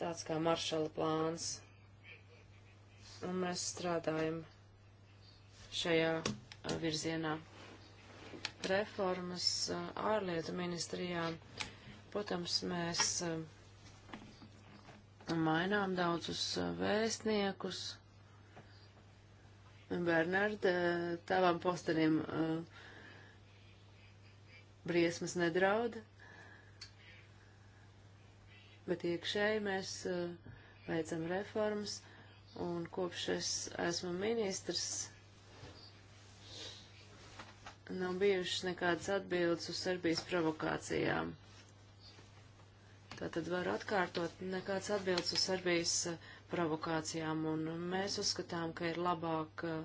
tāds kā maršala plāns. Un mēs strādājam šajā virzienā. Reformas ārlietu ministrijā, protams, mēs mainām daudzus vēstniekus. Bernard, tavam postenim briesmas nedrauda bet iekšēji mēs eh, veicam reformas, un kopš es esmu ministrs, nav bijušas nekādas atbildes uz Serbijas provokācijām. Tātad var atkārtot nekādas atbildes uz Serbijas eh, provokācijām, un mēs uzskatām, ka ir labāk eh,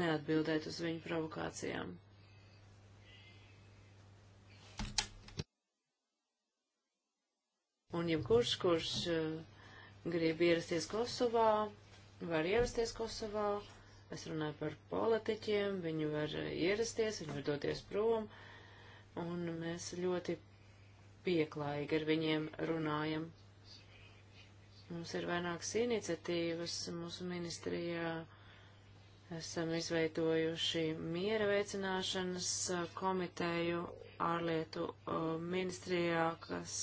neatbildēt uz viņu provokācijām. Un jebkurš, ja kurš uh, grib ierasties Kosovā, var ierasties Kosovā. Es runāju par politiķiem, viņi var eh, ierasties, viņi var doties prom. Un mēs ļoti pieklājīgi ar viņiem runājam. Mums ir vairākas iniciatīvas mūsu ministrijā. Esam izveidojuši miera veicināšanas eh, komiteju ārlietu ministrijā, kas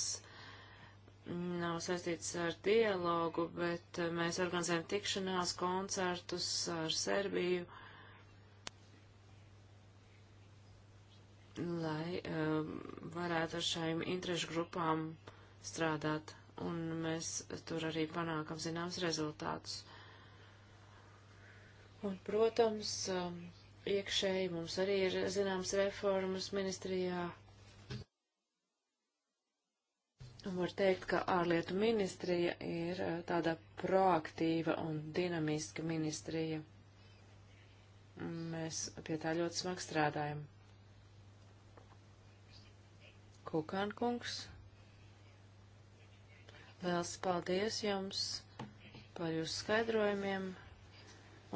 nav saistīts ar dialogu, bet eh, mēs organizējam tikšanās, koncertus ar Serbiju, lai um, varētu ar šīm interešu grupām strādāt, un mēs tur arī panākam zināms rezultātus. Un, protams, eh, iekšēji mums arī ir zināms reformas ministrijā Var teikt, ka ārlietu ministrija ir eh, tāda proaktīva un dinamiska ministrija. Mēs pie tā ļoti smag strādājam. Kukankungs, liels paldies jums par jūsu skaidrojumiem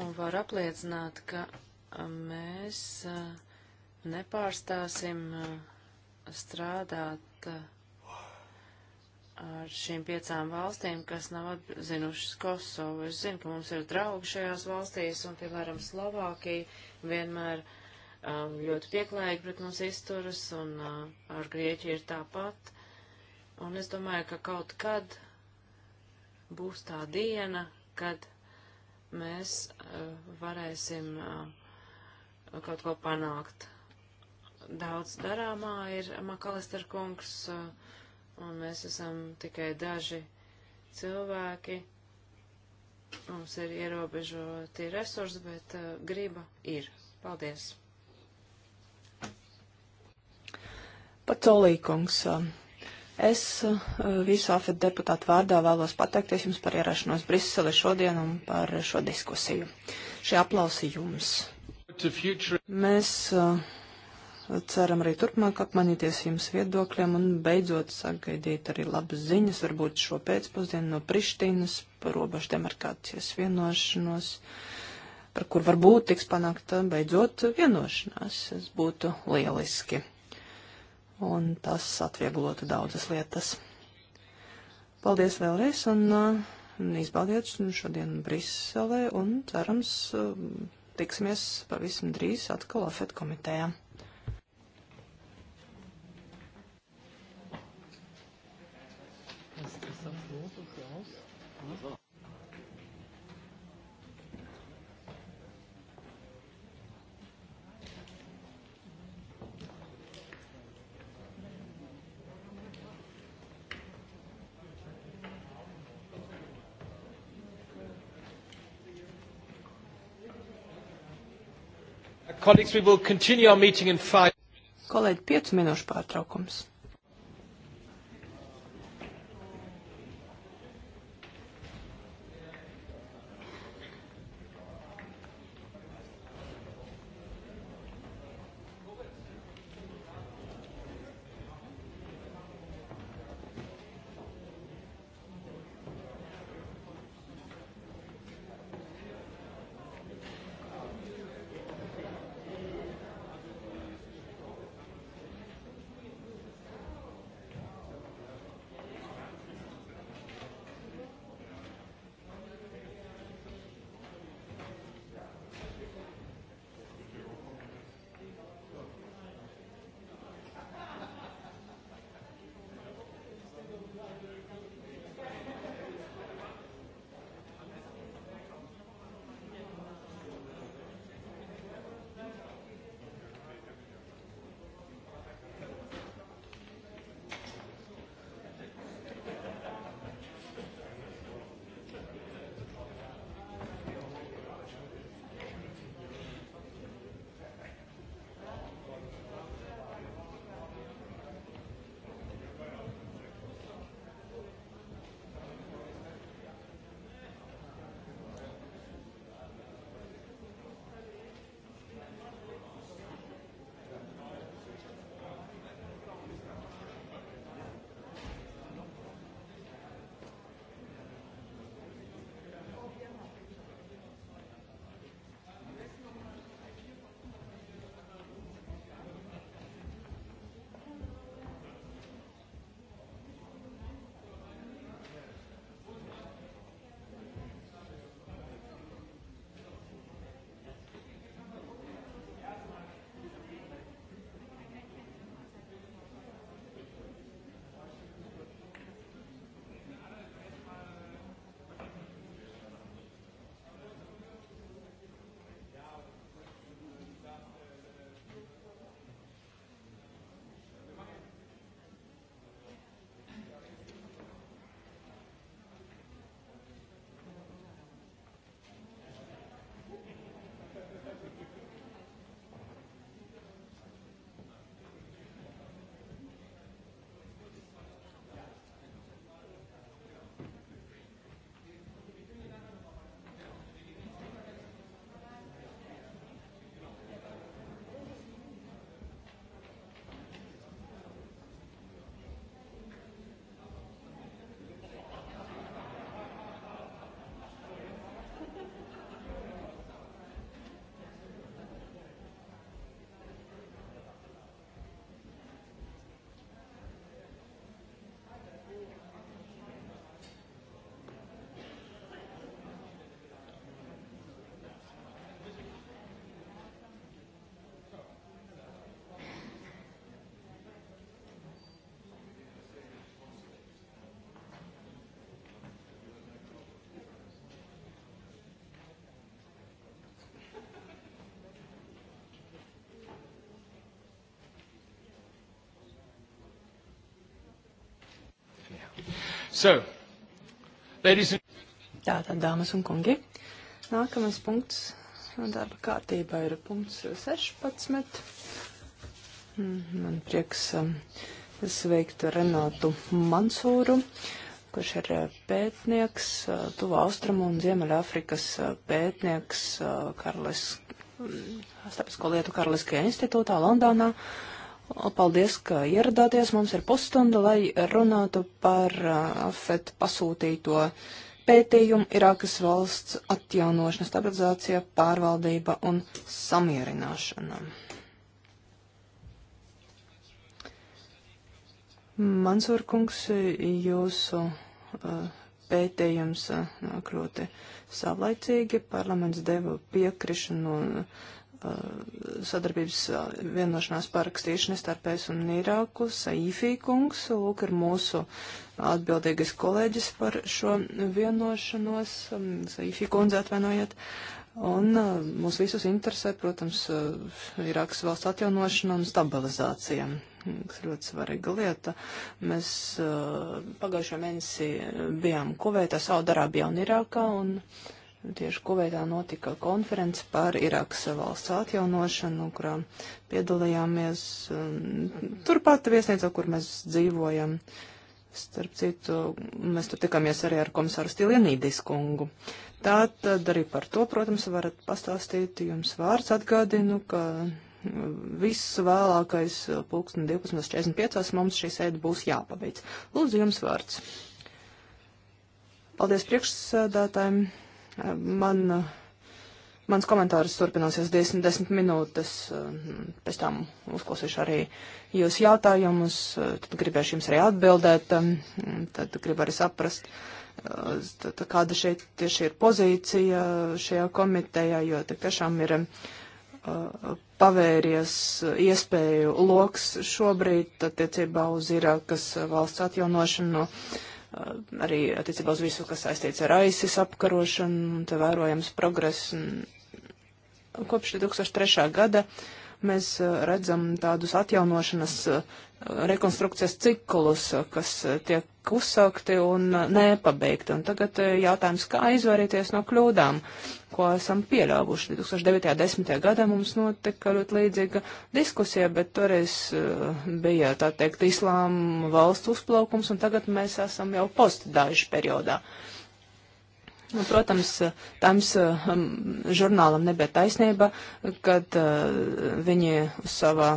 un var apliecināt, ka eh, mēs eh, nepārstāsim strādāt ar šīm piecām valstīm, kas nav atzinušas Kosovu. Es zinu, ka mums ir draugi šajās valstīs, un, piemēram, Slovākija vienmēr um, ļoti pieklājīgi pret mums izturas, un uh, ar Grieķiju ir tāpat. Un es domāju, ka kaut kad būs tā diena, kad mēs uh, varēsim uh, kaut ko panākt. Daudz darāmā ir Makalister kungs. Uh, un mēs esam tikai daži cilvēki. Mums ir ierobežoti resursi, bet uh, griba ir. Paldies! Pacolīkungs, uh, es uh, visu afet deputātu vārdā vēlos pateikties jums par ierašanos Brisele šodien un par šo diskusiju. Šie aplausi jums. Mēs uh, Ceram arī turpmāk apmainīties jums viedokļiem un beidzot sagaidīt arī labas ziņas, varbūt šo pēcpusdienu no Prištīnas par robežu demarkācijas vienošanos, par kur varbūt tiks panākta beidzot vienošanās. Tas būtu lieliski. Un tas atvieglotu daudzas lietas. Paldies vēlreiz un uh, izbaudiet šodien Briselē un cerams uh, tiksimies pavisam drīz atkal AFET komitejā. Kolēģi, 5 minūšu pārtraukums. So, ladies and... Tātad, dāmas un kungi, nākamais punkts darba kārtībā ir punkts 16. Mm, man prieks um, sveikt Renātu Mansūru, kurš ir uh, pētnieks, uh, tuvā austrumu un Ziemeļāfrikas uh, pētnieks Karlis, mm, starpsko lietu Karaliskajā institūtā Londonā. Uh, Paldies, ka ieradāties. Mums ir pusstunda, lai runātu par uh, FED pasūtīto pētījumu Irākas valsts atjaunošana, stabilizācija, pārvaldība un samierināšana. Mansurkungs, jūsu uh, pētījums uh, nāk ļoti savlaicīgi. Parlaments deva piekrišanu Uh, sadarbības uh, vienošanās parakstīšanas starp es un Irāku, Saifī kungs, lūk, ir mūsu atbildīgais kolēģis par šo vienošanos, um, Saifī kundze atvainojiet, un uh, mūs visus interesē, protams, Irākas valsts atjaunošana un stabilizācija, kas ir ļoti svarīga lieta. Mēs pagājušajā mēnesī bijām Kuveitā, Saudarābijā un Irākā, un Tieši Kuveitā notika konference par Irākas valsts atjaunošanu, kurā piedalījāmies turpat viesnīcā, kur mēs dzīvojam. Starp citu, mēs tur tikāmies arī ar komisāru Stilienīdis kungu. Tātad arī par to, protams, varat pastāstīt jums vārds atgādinu, ka viss vēlākais pulksten 12.45 mums šī sēde būs jāpabeidz. Lūdzu, jums vārds. Paldies priekšsēdētājiem. Man, mans komentārs turpināsies 10, 10 minūtes, pēc tam uzklausīšu arī jūs jautājumus, tad gribēšu jums arī atbildēt, um, tad gribu arī saprast, uh, tad, kāda šeit tieši ir pozīcija šajā komitejā, jo tik tiešām ir uh, pavērties iespēju loks šobrīd attiecībā uz Irākas valsts atjaunošanu no arī attiecībā uz visu, kas saistīts ar ISIS apkarošanu, un te vērojams progress. Kopš 2003. gada mēs redzam tādus atjaunošanas uh, rekonstrukcijas ciklus, kas tiek uzsākti un nepabeigti. Un tagad eh, jautājums, kā izvairīties no kļūdām, ko esam pieļāvuši. 2009. 10. gadā mums notika ļoti līdzīga diskusija, bet toreiz eh, bija, tā teikt, islāma valsts uzplaukums, un tagad mēs esam jau postdāžu periodā. Uh, Nu, protams, Times um, žurnālam nebija taisnība, kad uh, viņi uz, savā,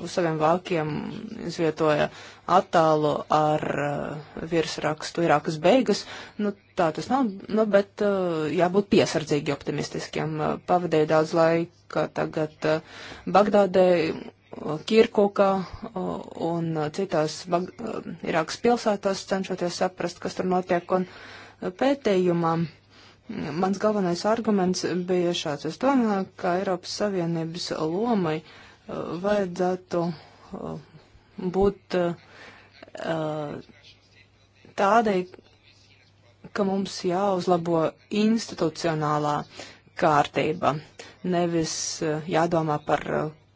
uz saviem vākiem izvietoja attālu ar uh, virsrakstu Irākas beigas. Nu, tā tas nav, nu, bet uh, jābūt piesardzīgi optimistiskiem. Uh, pavadīja daudz laika tagad uh, Bagdādē. Kirkukā uh, un citās uh, Irākas pilsētās cenšoties saprast, kas tur notiek. Un, uh, pētījumam. Mans galvenais arguments bija šāds. Es domāju, ka Eiropas Savienības lomai uh, vajadzētu uh, būt uh, tādai, ka mums jāuzlabo institucionālā kārtība, nevis jādomā par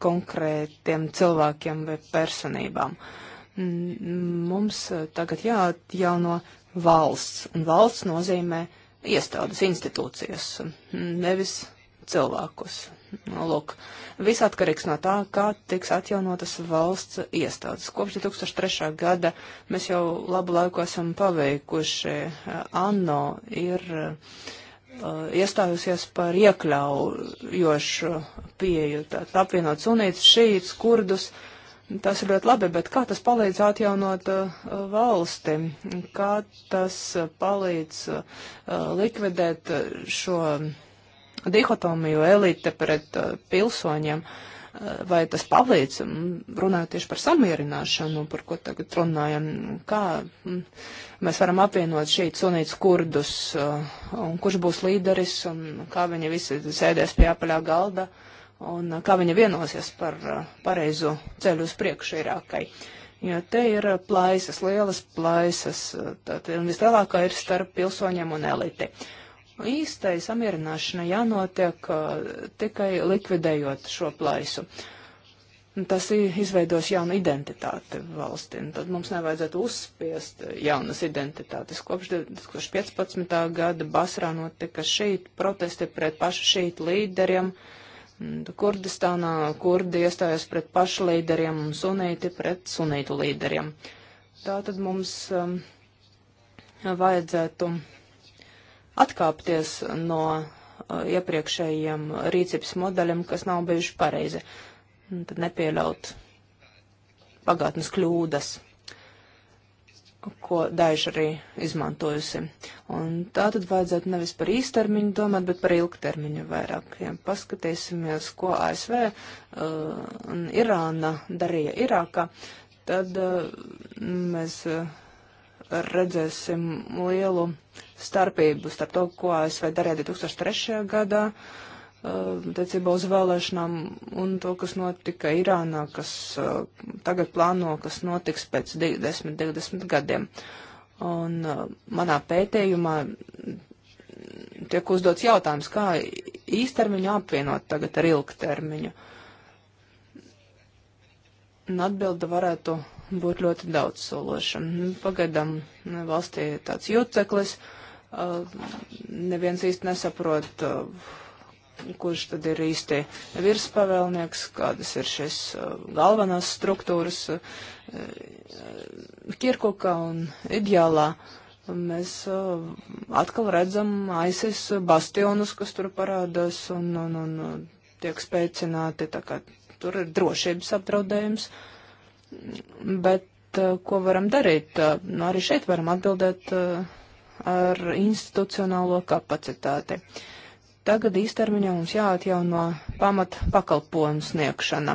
konkrētiem cilvēkiem vai personībām. Mums tagad jāatjauno valsts, un valsts nozīmē iestādes, institūcijas, nevis cilvēkus. Nu, lūk, viss atkarīgs no tā, kā tiks atjaunotas valsts iestādes. Kopš 2003. gada mēs jau labu laiku esam paveikuši. ANO ir uh, iestājusies par iekļaujošu pieju, tātad apvienot sunītus, šīts, kurdus, uh, Tas ir ļoti labi, bet kā tas palīdz atjaunot uh, valsti, kā tas uh, palīdz uh, likvidēt uh, šo dihotomiju elite pret uh, pilsoņiem, uh, vai tas palīdz, um, runājot tieši par samierināšanu, par ko tagad runājam, kā mm, mēs varam apvienot šīt sunītas kurdus, un kurš būs līderis, un kā viņi visi sēdēs pie apaļā galda un uh, kā viņa vienosies par uh, pareizo ceļu uz priekšu Irākai. Jo te ir uh, plaisas, lielas plaisas, tad vislielākā ir starp pilsoņiem un eliti. Īstai samierināšana jānotiek tikai likvidējot šo plaisu. Tas izveidos jaunu identitāti valsti, un tad mums nevajadzētu uzspiest jaunas identitātes. Kopš 2015. gada Basrā notika šeit protesti pret pašu šeit līderiem. Uh, Kurdistānā kurdi iestājas pret pašu līderiem un sunīti pret sunītu līderiem. Tā tad mums um, vajadzētu atkāpties no uh, iepriekšējiem rīcības modeļiem, kas nav bijuši pareizi. Un tad nepieļaut pagātnes kļūdas ko Daesh arī izmantojusi. Un tā tad vajadzētu nevis par īstermiņu domāt, bet par ilgtermiņu vairāk. Ja paskatīsimies, ko ASV uh, un Irāna darīja Irākā, tad uh, mēs uh, redzēsim lielu starpību starp to, ko ASV darīja 2003. gadā. Uh, attiecībā uz vēlēšanām un to, kas notika Irānā, kas uh, tagad plāno, kas notiks pēc 10, 20 gadiem. Un uh, manā pētījumā tiek uzdots jautājums, kā īstermiņu apvienot tagad ar ilgtermiņu. Un atbilda varētu būt ļoti daudz sološa. Pagaidām valstī tāds jūceklis, uh, neviens īsti nesaprot, uh, kurš tad ir īsti virspavēlnieks, kādas ir šīs uh, galvenās struktūras uh, uh, Kirkukā un Ideālā. Mēs atkal redzam aizsis bastionus, kas tur parādās un, un, un tiek spēcināti, tā kā tur ir drošības apdraudējums. Bet ko varam darīt? Nu, arī šeit varam atbildēt ar institucionālo kapacitāti. Uh, Tagad īstermiņā mums jāatjauno pamat pakalpojumu sniegšana.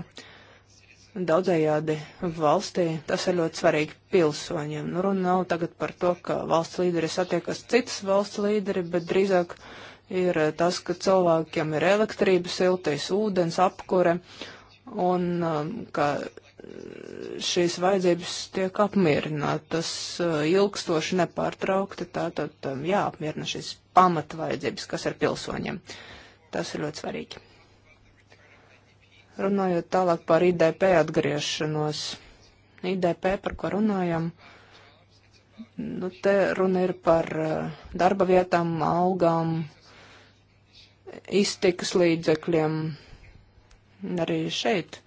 Daudzējādi valstī tas ir ļoti svarīgi pilsoņiem. Nu, runa nav tagad par to, ka valsts līderi satiekas citas valsts līderi, bet drīzāk ir tas, ka cilvēkiem ir elektrība, siltais ūdens, apkure un um, ka šīs vajadzības tiek apmierinātas uh, ilgstoši nepārtraukti, tātad um, jāapmierina šīs pamatvaidzības, kas ir pilsoņiem. Tas ir ļoti svarīgi. Runājot tālāk par IDP atgriešanos. IDP, par ko runājam, nu, te runa ir par eh, darba vietām, algām, iztikas līdzekļiem. Arī šeit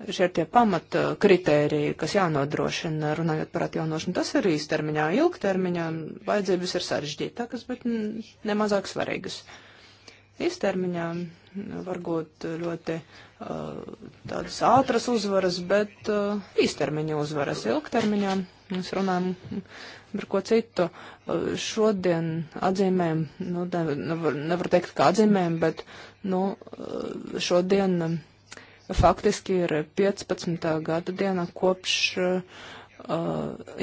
Šie ir tie pamata eh, kritēriji, kas jānodrošina, runājot par atjaunošanu. Tas ir īstermiņā, ilgtermiņā vajadzības ir sarežģītākas, bet nemazāk svarīgas. Īstermiņā varbūt ļoti uh, tādas ātras uzvaras, bet uh, īstermiņa uzvaras ilgtermiņā. Mēs runājam hm, par ko citu. Uh, šodien atzīmēm, nu, nevar, nevar teikt, kā atzīmēm, bet, nu, šodien Faktiski ir 15. gada diena kopš uh,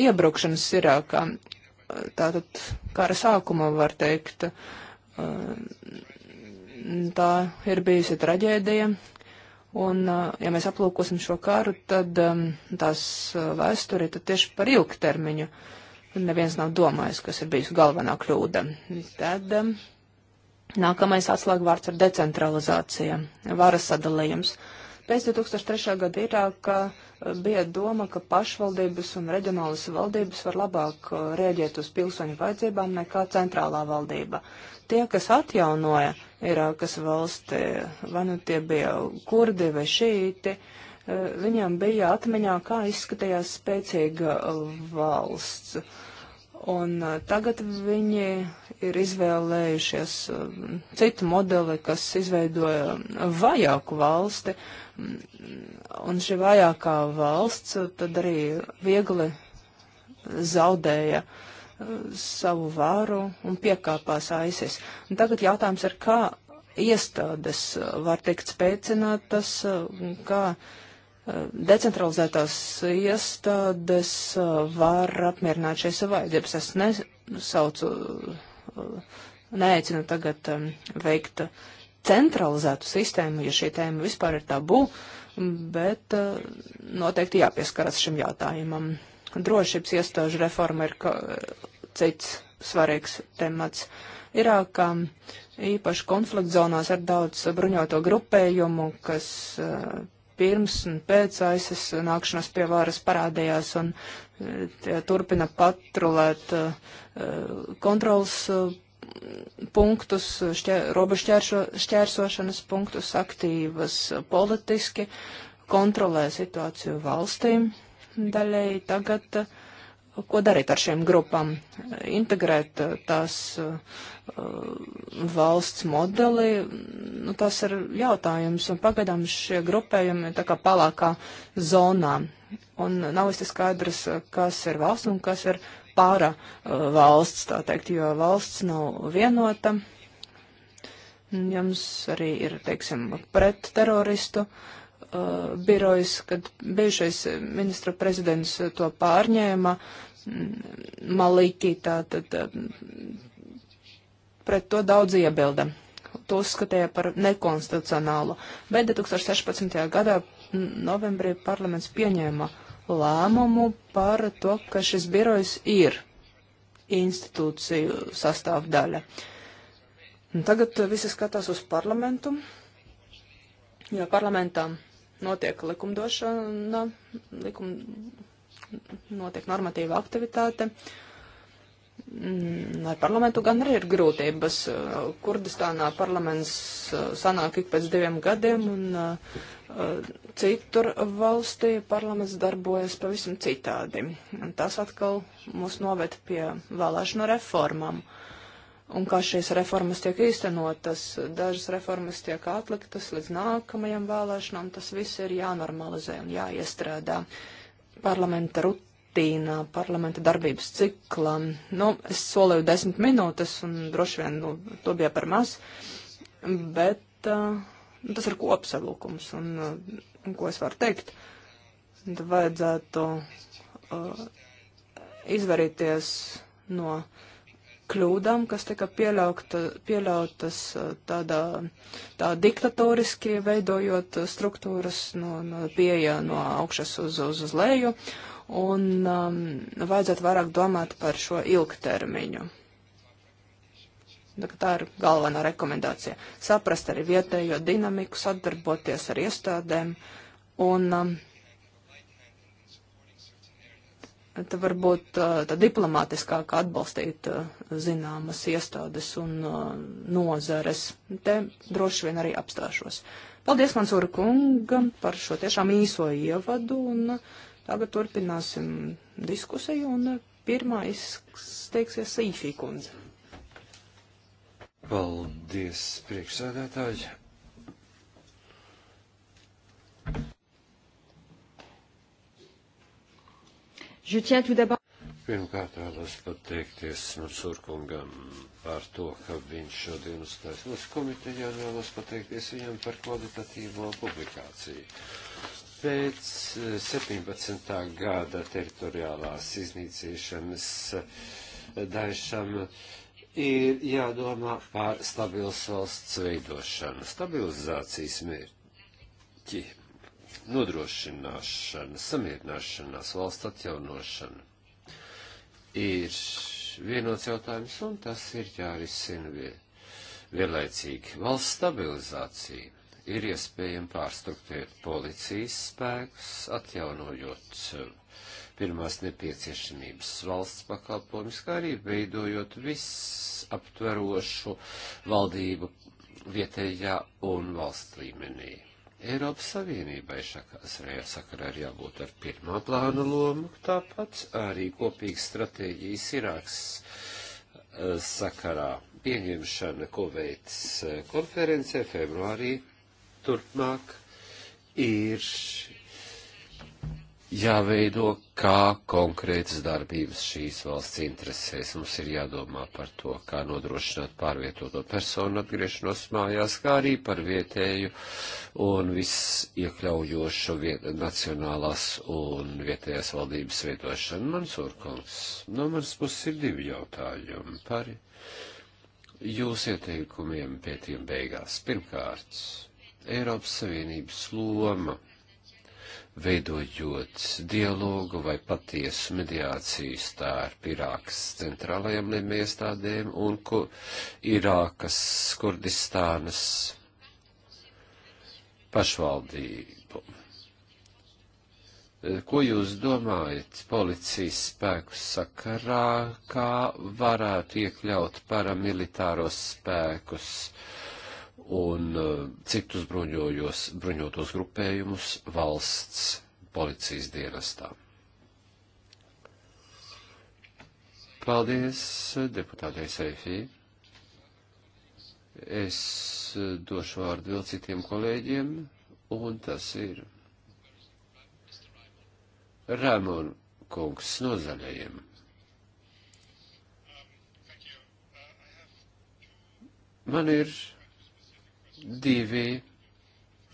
iebraukšanas Irākā. Tātad kara sākuma var teikt. Uh, tā ir bijusi traģēdija. Un, uh, ja mēs aplūkosim šo karu, tad um, tās uh, vēsture ir tieši par ilgtermiņu. Neviens nav domājis, kas ir bijusi galvenā kļūda. Tad, um, Nākamais atslēgvārds ir decentralizācija, varas sadalījums. Uh, Pēc 2003. gada Irāka eh, bija doma, ka pašvaldības un reģionālas valdības var labāk eh, rēģēt uz pilsoņu vajadzībām nekā centrālā valdība. Tie, kas atjaunoja Irākas valsti, vai nu tie bija kurdi vai šīti, eh, viņiem bija atmiņā, kā izskatījās spēcīga valsts Un uh, tagad viņi ir izvēlējušies uh, citu modeli, kas izveidoja vajāku valsti. Un šī vajākā valsts uh, tad arī viegli zaudēja savu varu un piekāpās aizsis. Un tagad jautājums ir, kā iestādes var tikt spēcinātas, kā. Uh, decentralizētās iestādes uh, var apmierināt šīs vajadzības. Es nesaucu, uh, neaicinu tagad um, veikt centralizētu sistēmu, ja šī tēma vispār ir tabū, bet uh, noteikti jāpieskaras šim jautājumam. Drošības iestāžu reforma ir cits svarīgs temats. Irākā īpaši konflikt zonās ar daudz bruņoto grupējumu, kas pirms un pēc aizsas nākšanas pie varas parādījās un tie turpina patrulēt e, e, kontrols e, punktus, šķēr, robežu šķērsošanas punktus, aktīvas politiski, kontrolē situāciju valstīm daļēji tagad. Uh, ko darīt ar šiem grupām. Integrēt eh, tās eh, valsts modeli, nu, tas ir jautājums, un pagaidām šie grupējumi tā kā palākā zonā. Un nav īsti skaidrs, kas ir valsts un kas ir pāra eh, valsts, tā teikt, jo valsts nav vienota. Jums arī ir, teiksim, pret teroristu uh, birojas, kad bijušais ministra prezidents to pārņēma, malīķi, tātad pret to daudz iebilda. To uzskatīja par nekonstitucionālu. Bet 2016. gadā novembrī parlaments pieņēma lēmumu par to, ka šis birojs ir institūciju sastāvdaļa. Un tagad visi skatās uz parlamentu, jo parlamentā notiek likumdošana, likum, notiek normatīva aktivitāte. Mm, Ar parlamentu gan arī ir grūtības. Eh, Kurdistānā parlaments eh, sanāk ik pēc diviem gadiem, un eh, citur valstī parlaments darbojas pavisam citādi. Un tas atkal mūs noved pie vēlēšanu reformām. Un kā šīs reformas tiek īstenotas, dažas reformas tiek atliktas līdz nākamajam vēlēšanām, tas viss ir jānormalizē un jāiestrādā. Uh, parlamenta rutīnā, parlamenta darbības ciklā. Nu, es solīju desmit minūtes, un droši vien nu, to bija par maz, bet uh, tas ir kopsavilkums, un uh, ko es varu teikt, tad vajadzētu uh, izvarīties no. Uh, kļūdām, kas tika pieļauta, pieļautas uh, tādā, tā diktatoriski veidojot uh, struktūras no, no pieeja no augšas uz, uz, uz leju, un um, vajadzētu vairāk domāt par šo ilgtermiņu. Tā ir galvenā rekomendācija. Saprast arī vietējo dinamiku, sadarboties ar iestādēm un um, tad varbūt uh, tā diplomātiskāk atbalstīt uh, zināmas iestādes un uh, nozares. Te droši vien arī apstāšos. Paldies Mansūra kungam par šo tiešām īso ievadu un tagad turpināsim diskusiju un pirmā izteiksies Sīfī kundze. Paldies, priekšsēdētāji. Pirmkārt, vēlos pateikties Mansurkungam par to, ka viņš šodien uzstājas mūsu komitejā un vēlos pateikties viņam par kvalitatīvo publikāciju. Pēc 17. Eh, gada teritoriālās iznīcīšanas eh, daišam ir jādomā par stabils valsts veidošanu, stabilizācijas mērķi nodrošināšana, samierināšanās, valsts atjaunošana ir vienots jautājums, un tas ir jārisina vienlaicīgi. Valsts stabilizācija ir iespējama pārstruktūrēt policijas spēkus, atjaunojot eh, pirmās nepieciešamības valsts pakalpojumus, kā arī veidojot visaptverošu valdību vietējā un valsts līmenī. Eiropas Savienībai šajā sakarā ir jābūt ar pirmā plāna lomu, tāpat arī kopīgas stratēģijas Irāks eh, sakarā pieņemšana Kuveitas eh, konferencē februārī turpmāk ir jāveido kā konkrētas darbības šīs valsts interesēs. Mums ir jādomā par to, kā nodrošināt pārvietoto personu atgriešanos mājās, kā arī par vietēju un viss iekļaujošu viet, nacionālās un vietējās valdības vietošanu. Mans urkungs, no manas puses ir divi jautājumi par jūsu ieteikumiem pētījuma beigās. Pirmkārt, Eiropas Savienības loma veidojot dialogu vai patiesu mediāciju starp Irākas centrālajiem lemiestādēm un ku Irākas Kurdistānas pašvaldību. Ko jūs domājat policijas spēku sakarā, kā varētu iekļaut paramilitāros spēkus? Uh, un eh, citus bruņotos grupējumus valsts policijas dienestā. Paldies, deputātei Seifī. Es eh, došu vārdu vēl citiem kolēģiem, un tas ir Rēmon kungs no zaļajiem. Man ir divi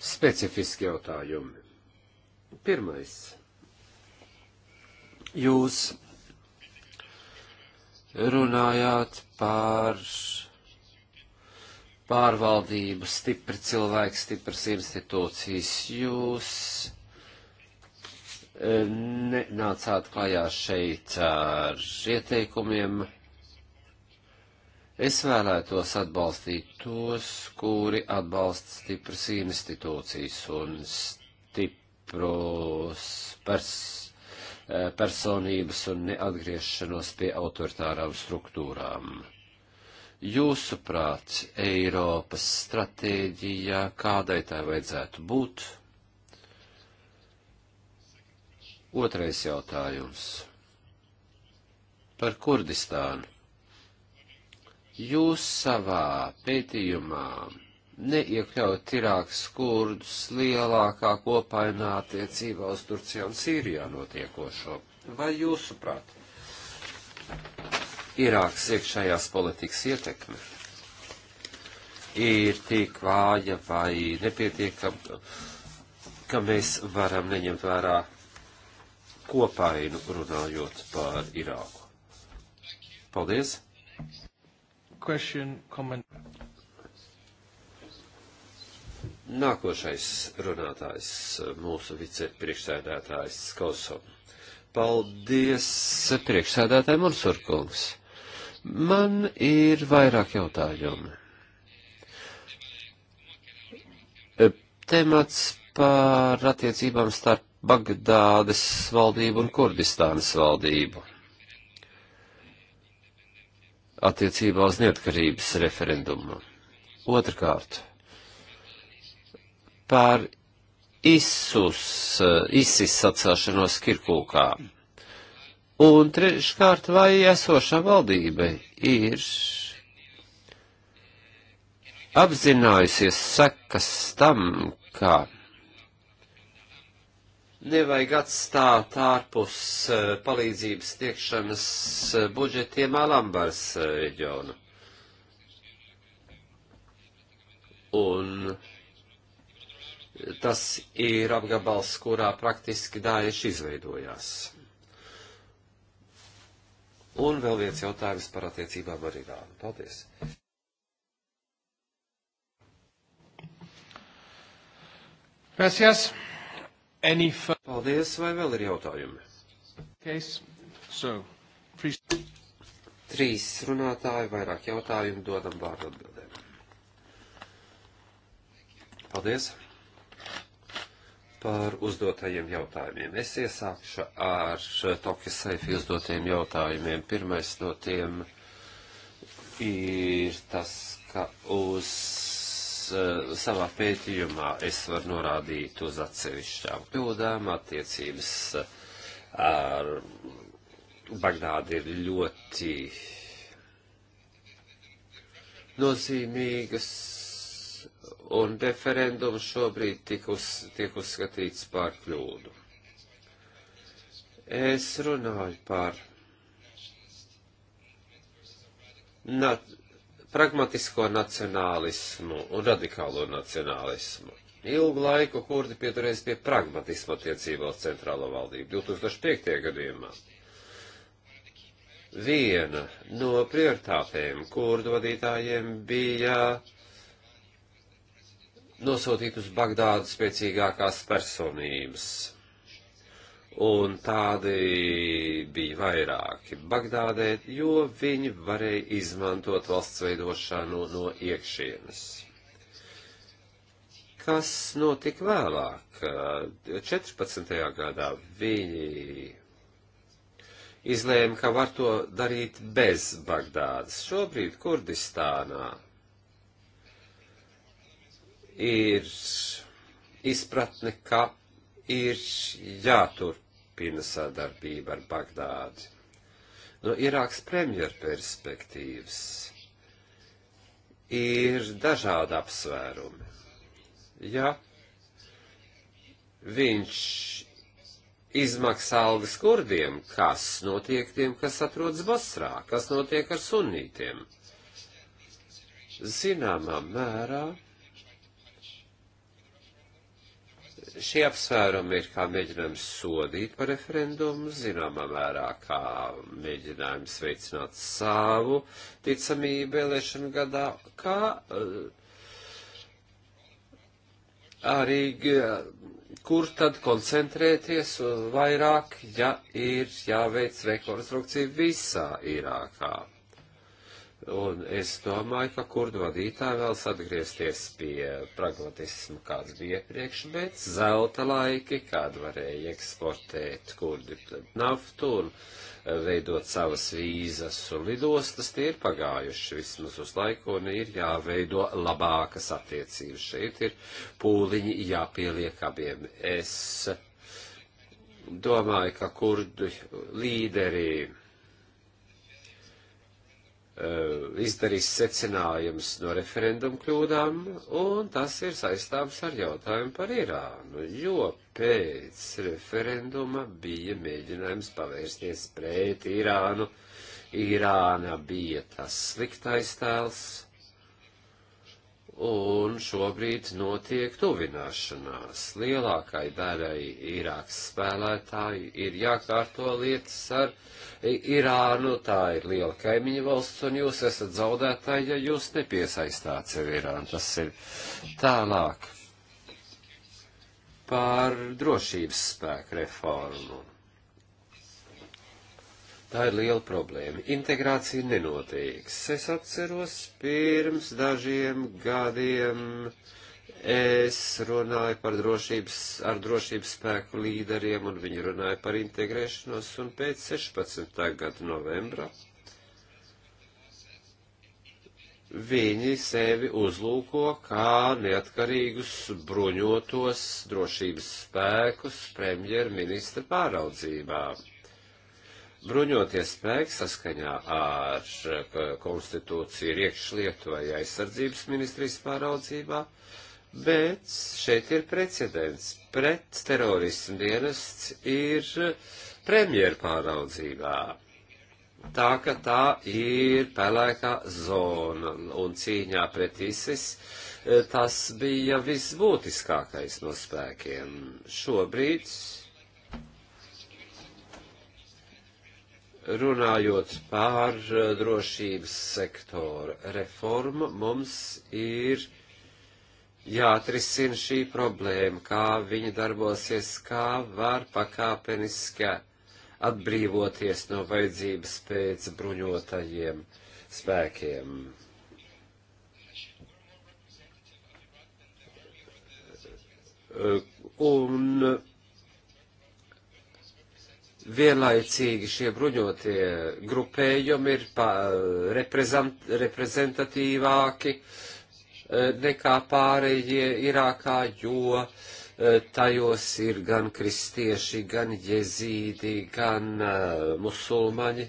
specifiski jautājumi. Pirmais. Jūs runājāt par pārvaldību, stipri cilvēki, stipras institūcijas. Jūs eh, nenācāt klajā šeit ar ieteikumiem Es vēlētos atbalstīt tos, kuri atbalsta stipras institūcijas un stiprus pers eh, personības un neatgriešanos pie autoritārām struktūrām. Jūsuprāt, Eiropas stratēģijā kādai tā vajadzētu būt? Otrais jautājums. Par Kurdistānu Jūs savā pētījumā neiekļaut Irākas kurdus lielākā kopainā attiecībā uz Turciju un Sīrijā notiekošo. Vai jūsuprāt, Irākas iekšējās politikas ietekme ir tik vāja vai nepietiekama, ka mēs varam neņemt vērā kopainu runājot par Irāku? Paldies! question, comment. Nākošais runātājs, mūsu vicepriekšsēdētājs Kauso. Paldies priekšsēdētājiem un surkungs. Man ir vairāk jautājumu. Temats par attiecībām starp Bagdādes valdību un Kurdistānas valdību attiecībā uz neatkarības referendumu. Otrkārt, pār Isus, Isis atcelšanos Kirkūkā. Un treškārt, vai esošā valdība ir apzinājusies sekas tam, kā nevajag atstāt ārpus eh, palīdzības sniegšanas eh, budžetiem Alambars eh, reģionu. Un tas ir apgabals, kurā praktiski Dāieši izveidojās. Un vēl viens jautājums par attiecībām ar Irānu. Paldies! Gracias any further... Paldies, vai vēl ir jautājumi? Case. So, please... Trīs runātāji, vairāk jautājumu, dodam vārdu atbildēm. Paldies par uzdotajiem jautājumiem. Es iesākšu ar Tokijas saifi uzdotajiem jautājumiem. Pirmais no tiem ir tas, ka uz Eh, savā pētījumā es varu norādīt uz atsevišķām kļūdām, attiecības eh, ar Bagdādi ir ļoti nozīmīgas, un referendums šobrīd tik uz, tiek uzskatīts par kļūdu. Es runāju par nat pragmatisko nacionālismu un radikālo nacionālismu. Ilgu laiku kurdi pieturēs pie pragmatisma attiecībā uz centrālo valdību 2005. gadījumā. Viena no prioritātēm kurdu vadītājiem bija nosūtīt uz Bagdādu spēcīgākās personības un tādi bija vairāki Bagdādē, jo viņi varēja izmantot valsts veidošanu no iekšienes. Kas notika vēlāk? 14. gadā viņi izlēma, ka var to darīt bez Bagdādas. Šobrīd Kurdistānā ir izpratne, ka ir jātur turpina sadarbība ar Bagdādi. No Irākas premjera perspektīvas ir dažādi apsvērumi. Ja viņš izmaksā algas kurdiem, kas notiek tiem, kas atrodas Basrā, kas notiek ar sunītiem? Zināmā mērā Šie apsvērumi ir kā mēģinājums sodīt par referendumu, zināmā mērā kā mēģinājums veicināt savu ticamību vēlēšanu gadā, kā eh, arī eh, kur tad koncentrēties vairāk, ja ir jāveic rekonstrukcija visā Irākā. Un es domāju, ka kurdu vadītāji vēlas atgriezties pie pragmatisma, kāds bija iepriekš, bet zelta laiki, kad varēja eksportēt kurdi naftu un eh, veidot savas vīzas un lidostas, tie ir pagājuši vismaz uz laiku un ir jāveido labākas attiecības. Šeit ir pūliņi jāpieliek abiem. Es domāju, ka kurdu līderi Eh, izdarīs secinājumus no referendumu kļūdām, un tas ir saistāms ar jautājumu par Irānu, jo pēc referenduma bija mēģinājums pavērsties pret Irānu. Irāna bija tas sliktais tēls, un šobrīd notiek tuvināšanās. Lielākai daļai Irākas spēlētāji ir jākārto lietas ar Irānu, tā ir liela kaimiņa valsts, un jūs esat zaudētāji, ja jūs nepiesaistāt sev Irānu. Tas ir tālāk par drošības spēku reformu Tā ir liela problēma. Integrācija nenotiekas. Es atceros, pirms dažiem gadiem es runāju par drošības, ar drošības spēku līderiem, un viņi runāja par integrēšanos, un pēc 16. gada novembra viņi sevi uzlūko kā neatkarīgus bruņotos drošības spēkus premjerministra pāraudzībā bruņoties spēki saskaņā ar konstitūciju ir iekšlietu vai aizsardzības ministrijas pāraudzībā, bet šeit ir precedents. Pret terorismu dienests ir premjeru pāraudzībā. Tā ka tā ir pelēkā zona un cīņā pret ISIS tas bija visbūtiskākais no spēkiem. Šobrīd runājot pār eh, drošības sektora reformu, mums ir jāatrisina šī problēma, kā viņa darbosies, kā var pakāpeniski atbrīvoties no vajadzības pēc bruņotajiem spēkiem. Eh, un vienlaicīgi šie bruņotie grupējumi ir reprezent, reprezentatīvāki e, nekā pārējie Irākā, jo e, tajos ir gan kristieši, gan jezīdi, gan e, musulmaņi.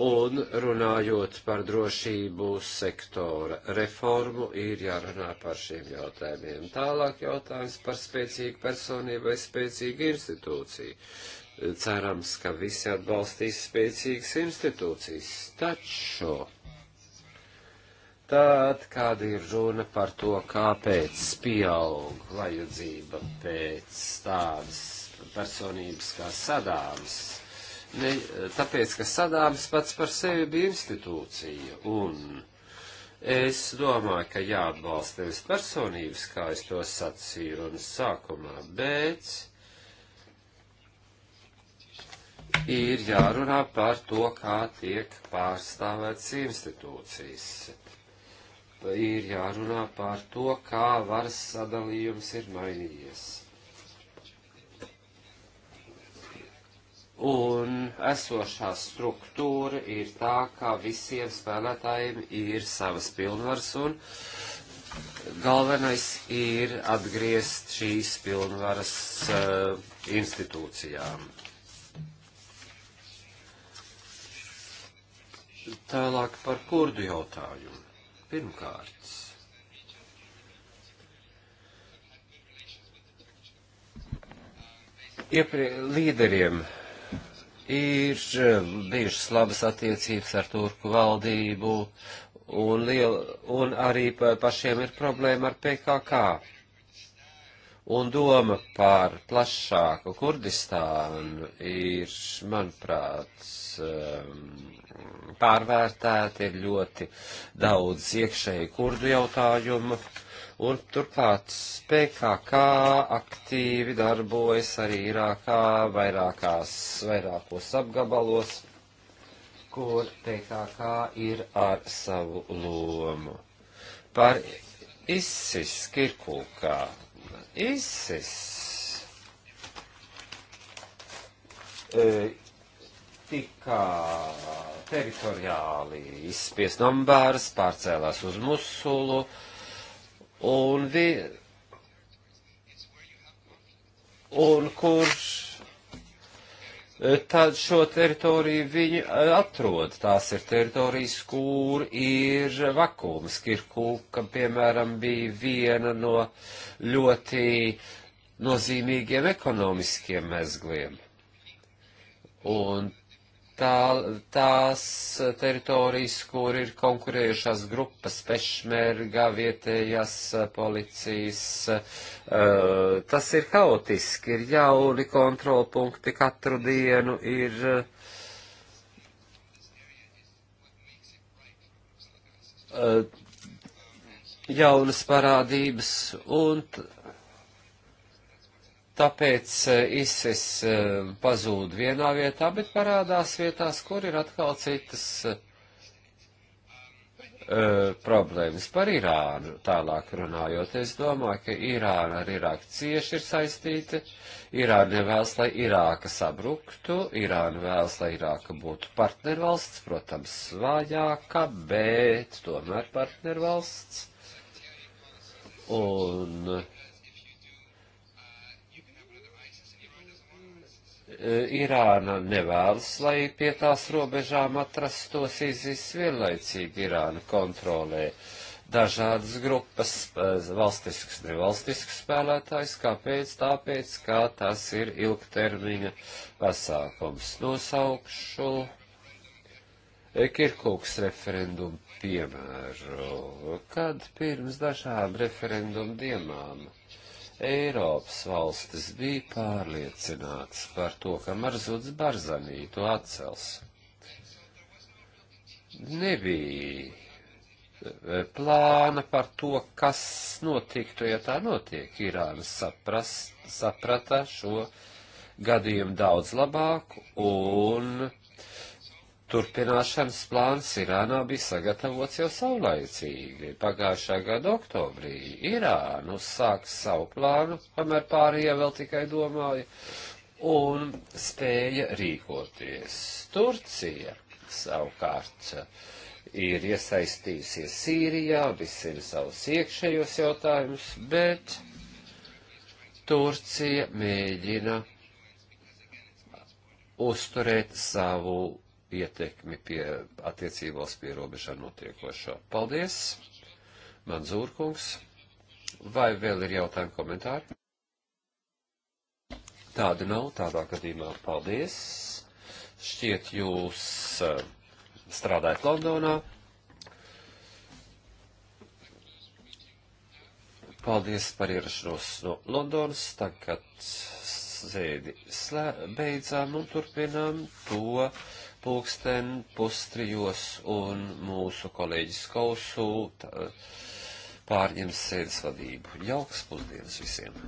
Un runājot par drošību sektora reformu, ir jārunā par šiem jautājumiem. Tālāk jautājums par spēcīgu personību vai spēcīgu institūciju. Cerams, ka visi atbalstīs spēcīgas institūcijas. Taču tad, kad ir runa par to, kāpēc pieaug vajadzība pēc tādas personības kā sadāms, ne, tāpēc, ka Sadāms pats par sevi bija institūcija. Un es domāju, ka jāatbalsta nevis personības, kā es to sacīju un sākumā, bet ir jārunā par to, kā tiek pārstāvēts institūcijas. Ir jārunā par to, kā varas sadalījums ir mainījies Un esošā struktūra ir tā, ka visiem spēlētājiem ir savas pilnvaras, un galvenais ir atgriezt šīs pilnvaras uh, institūcijām. Tālāk par kurdu jautājumu. Pirmkārt, ieprie, līderiem Ir eh, bijušas labas attiecības ar Turku valdību, un, liel, un arī pašiem ir problēma ar PKK. Un doma par plašāku Kurdistānu ir, manuprāt, eh, pārvērtēta, ir ļoti daudz iekšēju kurdu jautājumu Un turklāt PKK aktīvi darbojas arī Irākā vairākās, vairākos apgabalos, kur PKK ir ar savu lomu. Par ISIS Kirkulkā. ISIS e, tika teritoriāli izspies no Mbāras, pārcēlās uz Musulu, uh, un, vi, un kurš e, tad šo teritoriju viņi e, atrod. Tās ir teritorijas, kur ir vakums. Kirkūka, piemēram, bija viena no ļoti nozīmīgiem ekonomiskiem mezgliem. Un tā, tās teritorijas, kur ir konkurējušās grupas, pešmerga, vietējās policijas. Uh, tas ir haotiski, ir jauni kontrolpunkti katru dienu, ir. Uh, jaunas parādības, un Tāpēc eh, ISIS eh, pazūd vienā vietā, bet parādās vietās, kur ir atkal citas eh, problēmas par Irānu tālāk runājot. Es domāju, ka Irāna ar Irāku cieši ir saistīta. Irāna nevēlas, lai Irāka sabruktu, Irāna vēlas, lai Irāka būtu partnervalsts, protams, vājāka, bet tomēr partnervalsts. Un uh, E, Irāna nevēlas, lai pie tās robežām atrastos izis vienlaicīgi Irāna kontrolē dažādas grupas, e, valstisks, nevalstisks spēlētājs. Kāpēc? Tāpēc, kā tas ir ilgtermiņa pasākums. Nosaukšu e, Kirkūks referendumu piemēru, kad pirms dažām referendumu dienām Eiropas valstis bija pārliecināts par to, ka Marzuds Barzanī to atcels. Nebija e, plāna par to, kas notiktu, ja tā notiek. Irāna saprast, saprata šo gadījumu daudz labāk un turpināšanas plāns Irānā bija sagatavots jau saulaicīgi. Pagājušā gada oktobrī Irāna uzsāka savu plānu, kamēr pārējie vēl tikai domāja, un spēja rīkoties. Turcija savukārt ir iesaistījusies Sīrijā, risina savus iekšējos jautājumus, bet Turcija mēģina uzturēt savu ietekmi pie attiecībās pie robežā notiekošā. Paldies, Manzūrkungs. Vai vēl ir jautājumi komentāri? Tāda nav, tādā gadījumā paldies. Šķiet, jūs eh, strādājat Londonā. Paldies par ierašanos no Londonas. Tagad sēdi slē, beidzām un turpinām to pulksten pustrijos un mūsu kolēģis Kausu pārņems sēdes vadību. Jauks pusdienas visiem!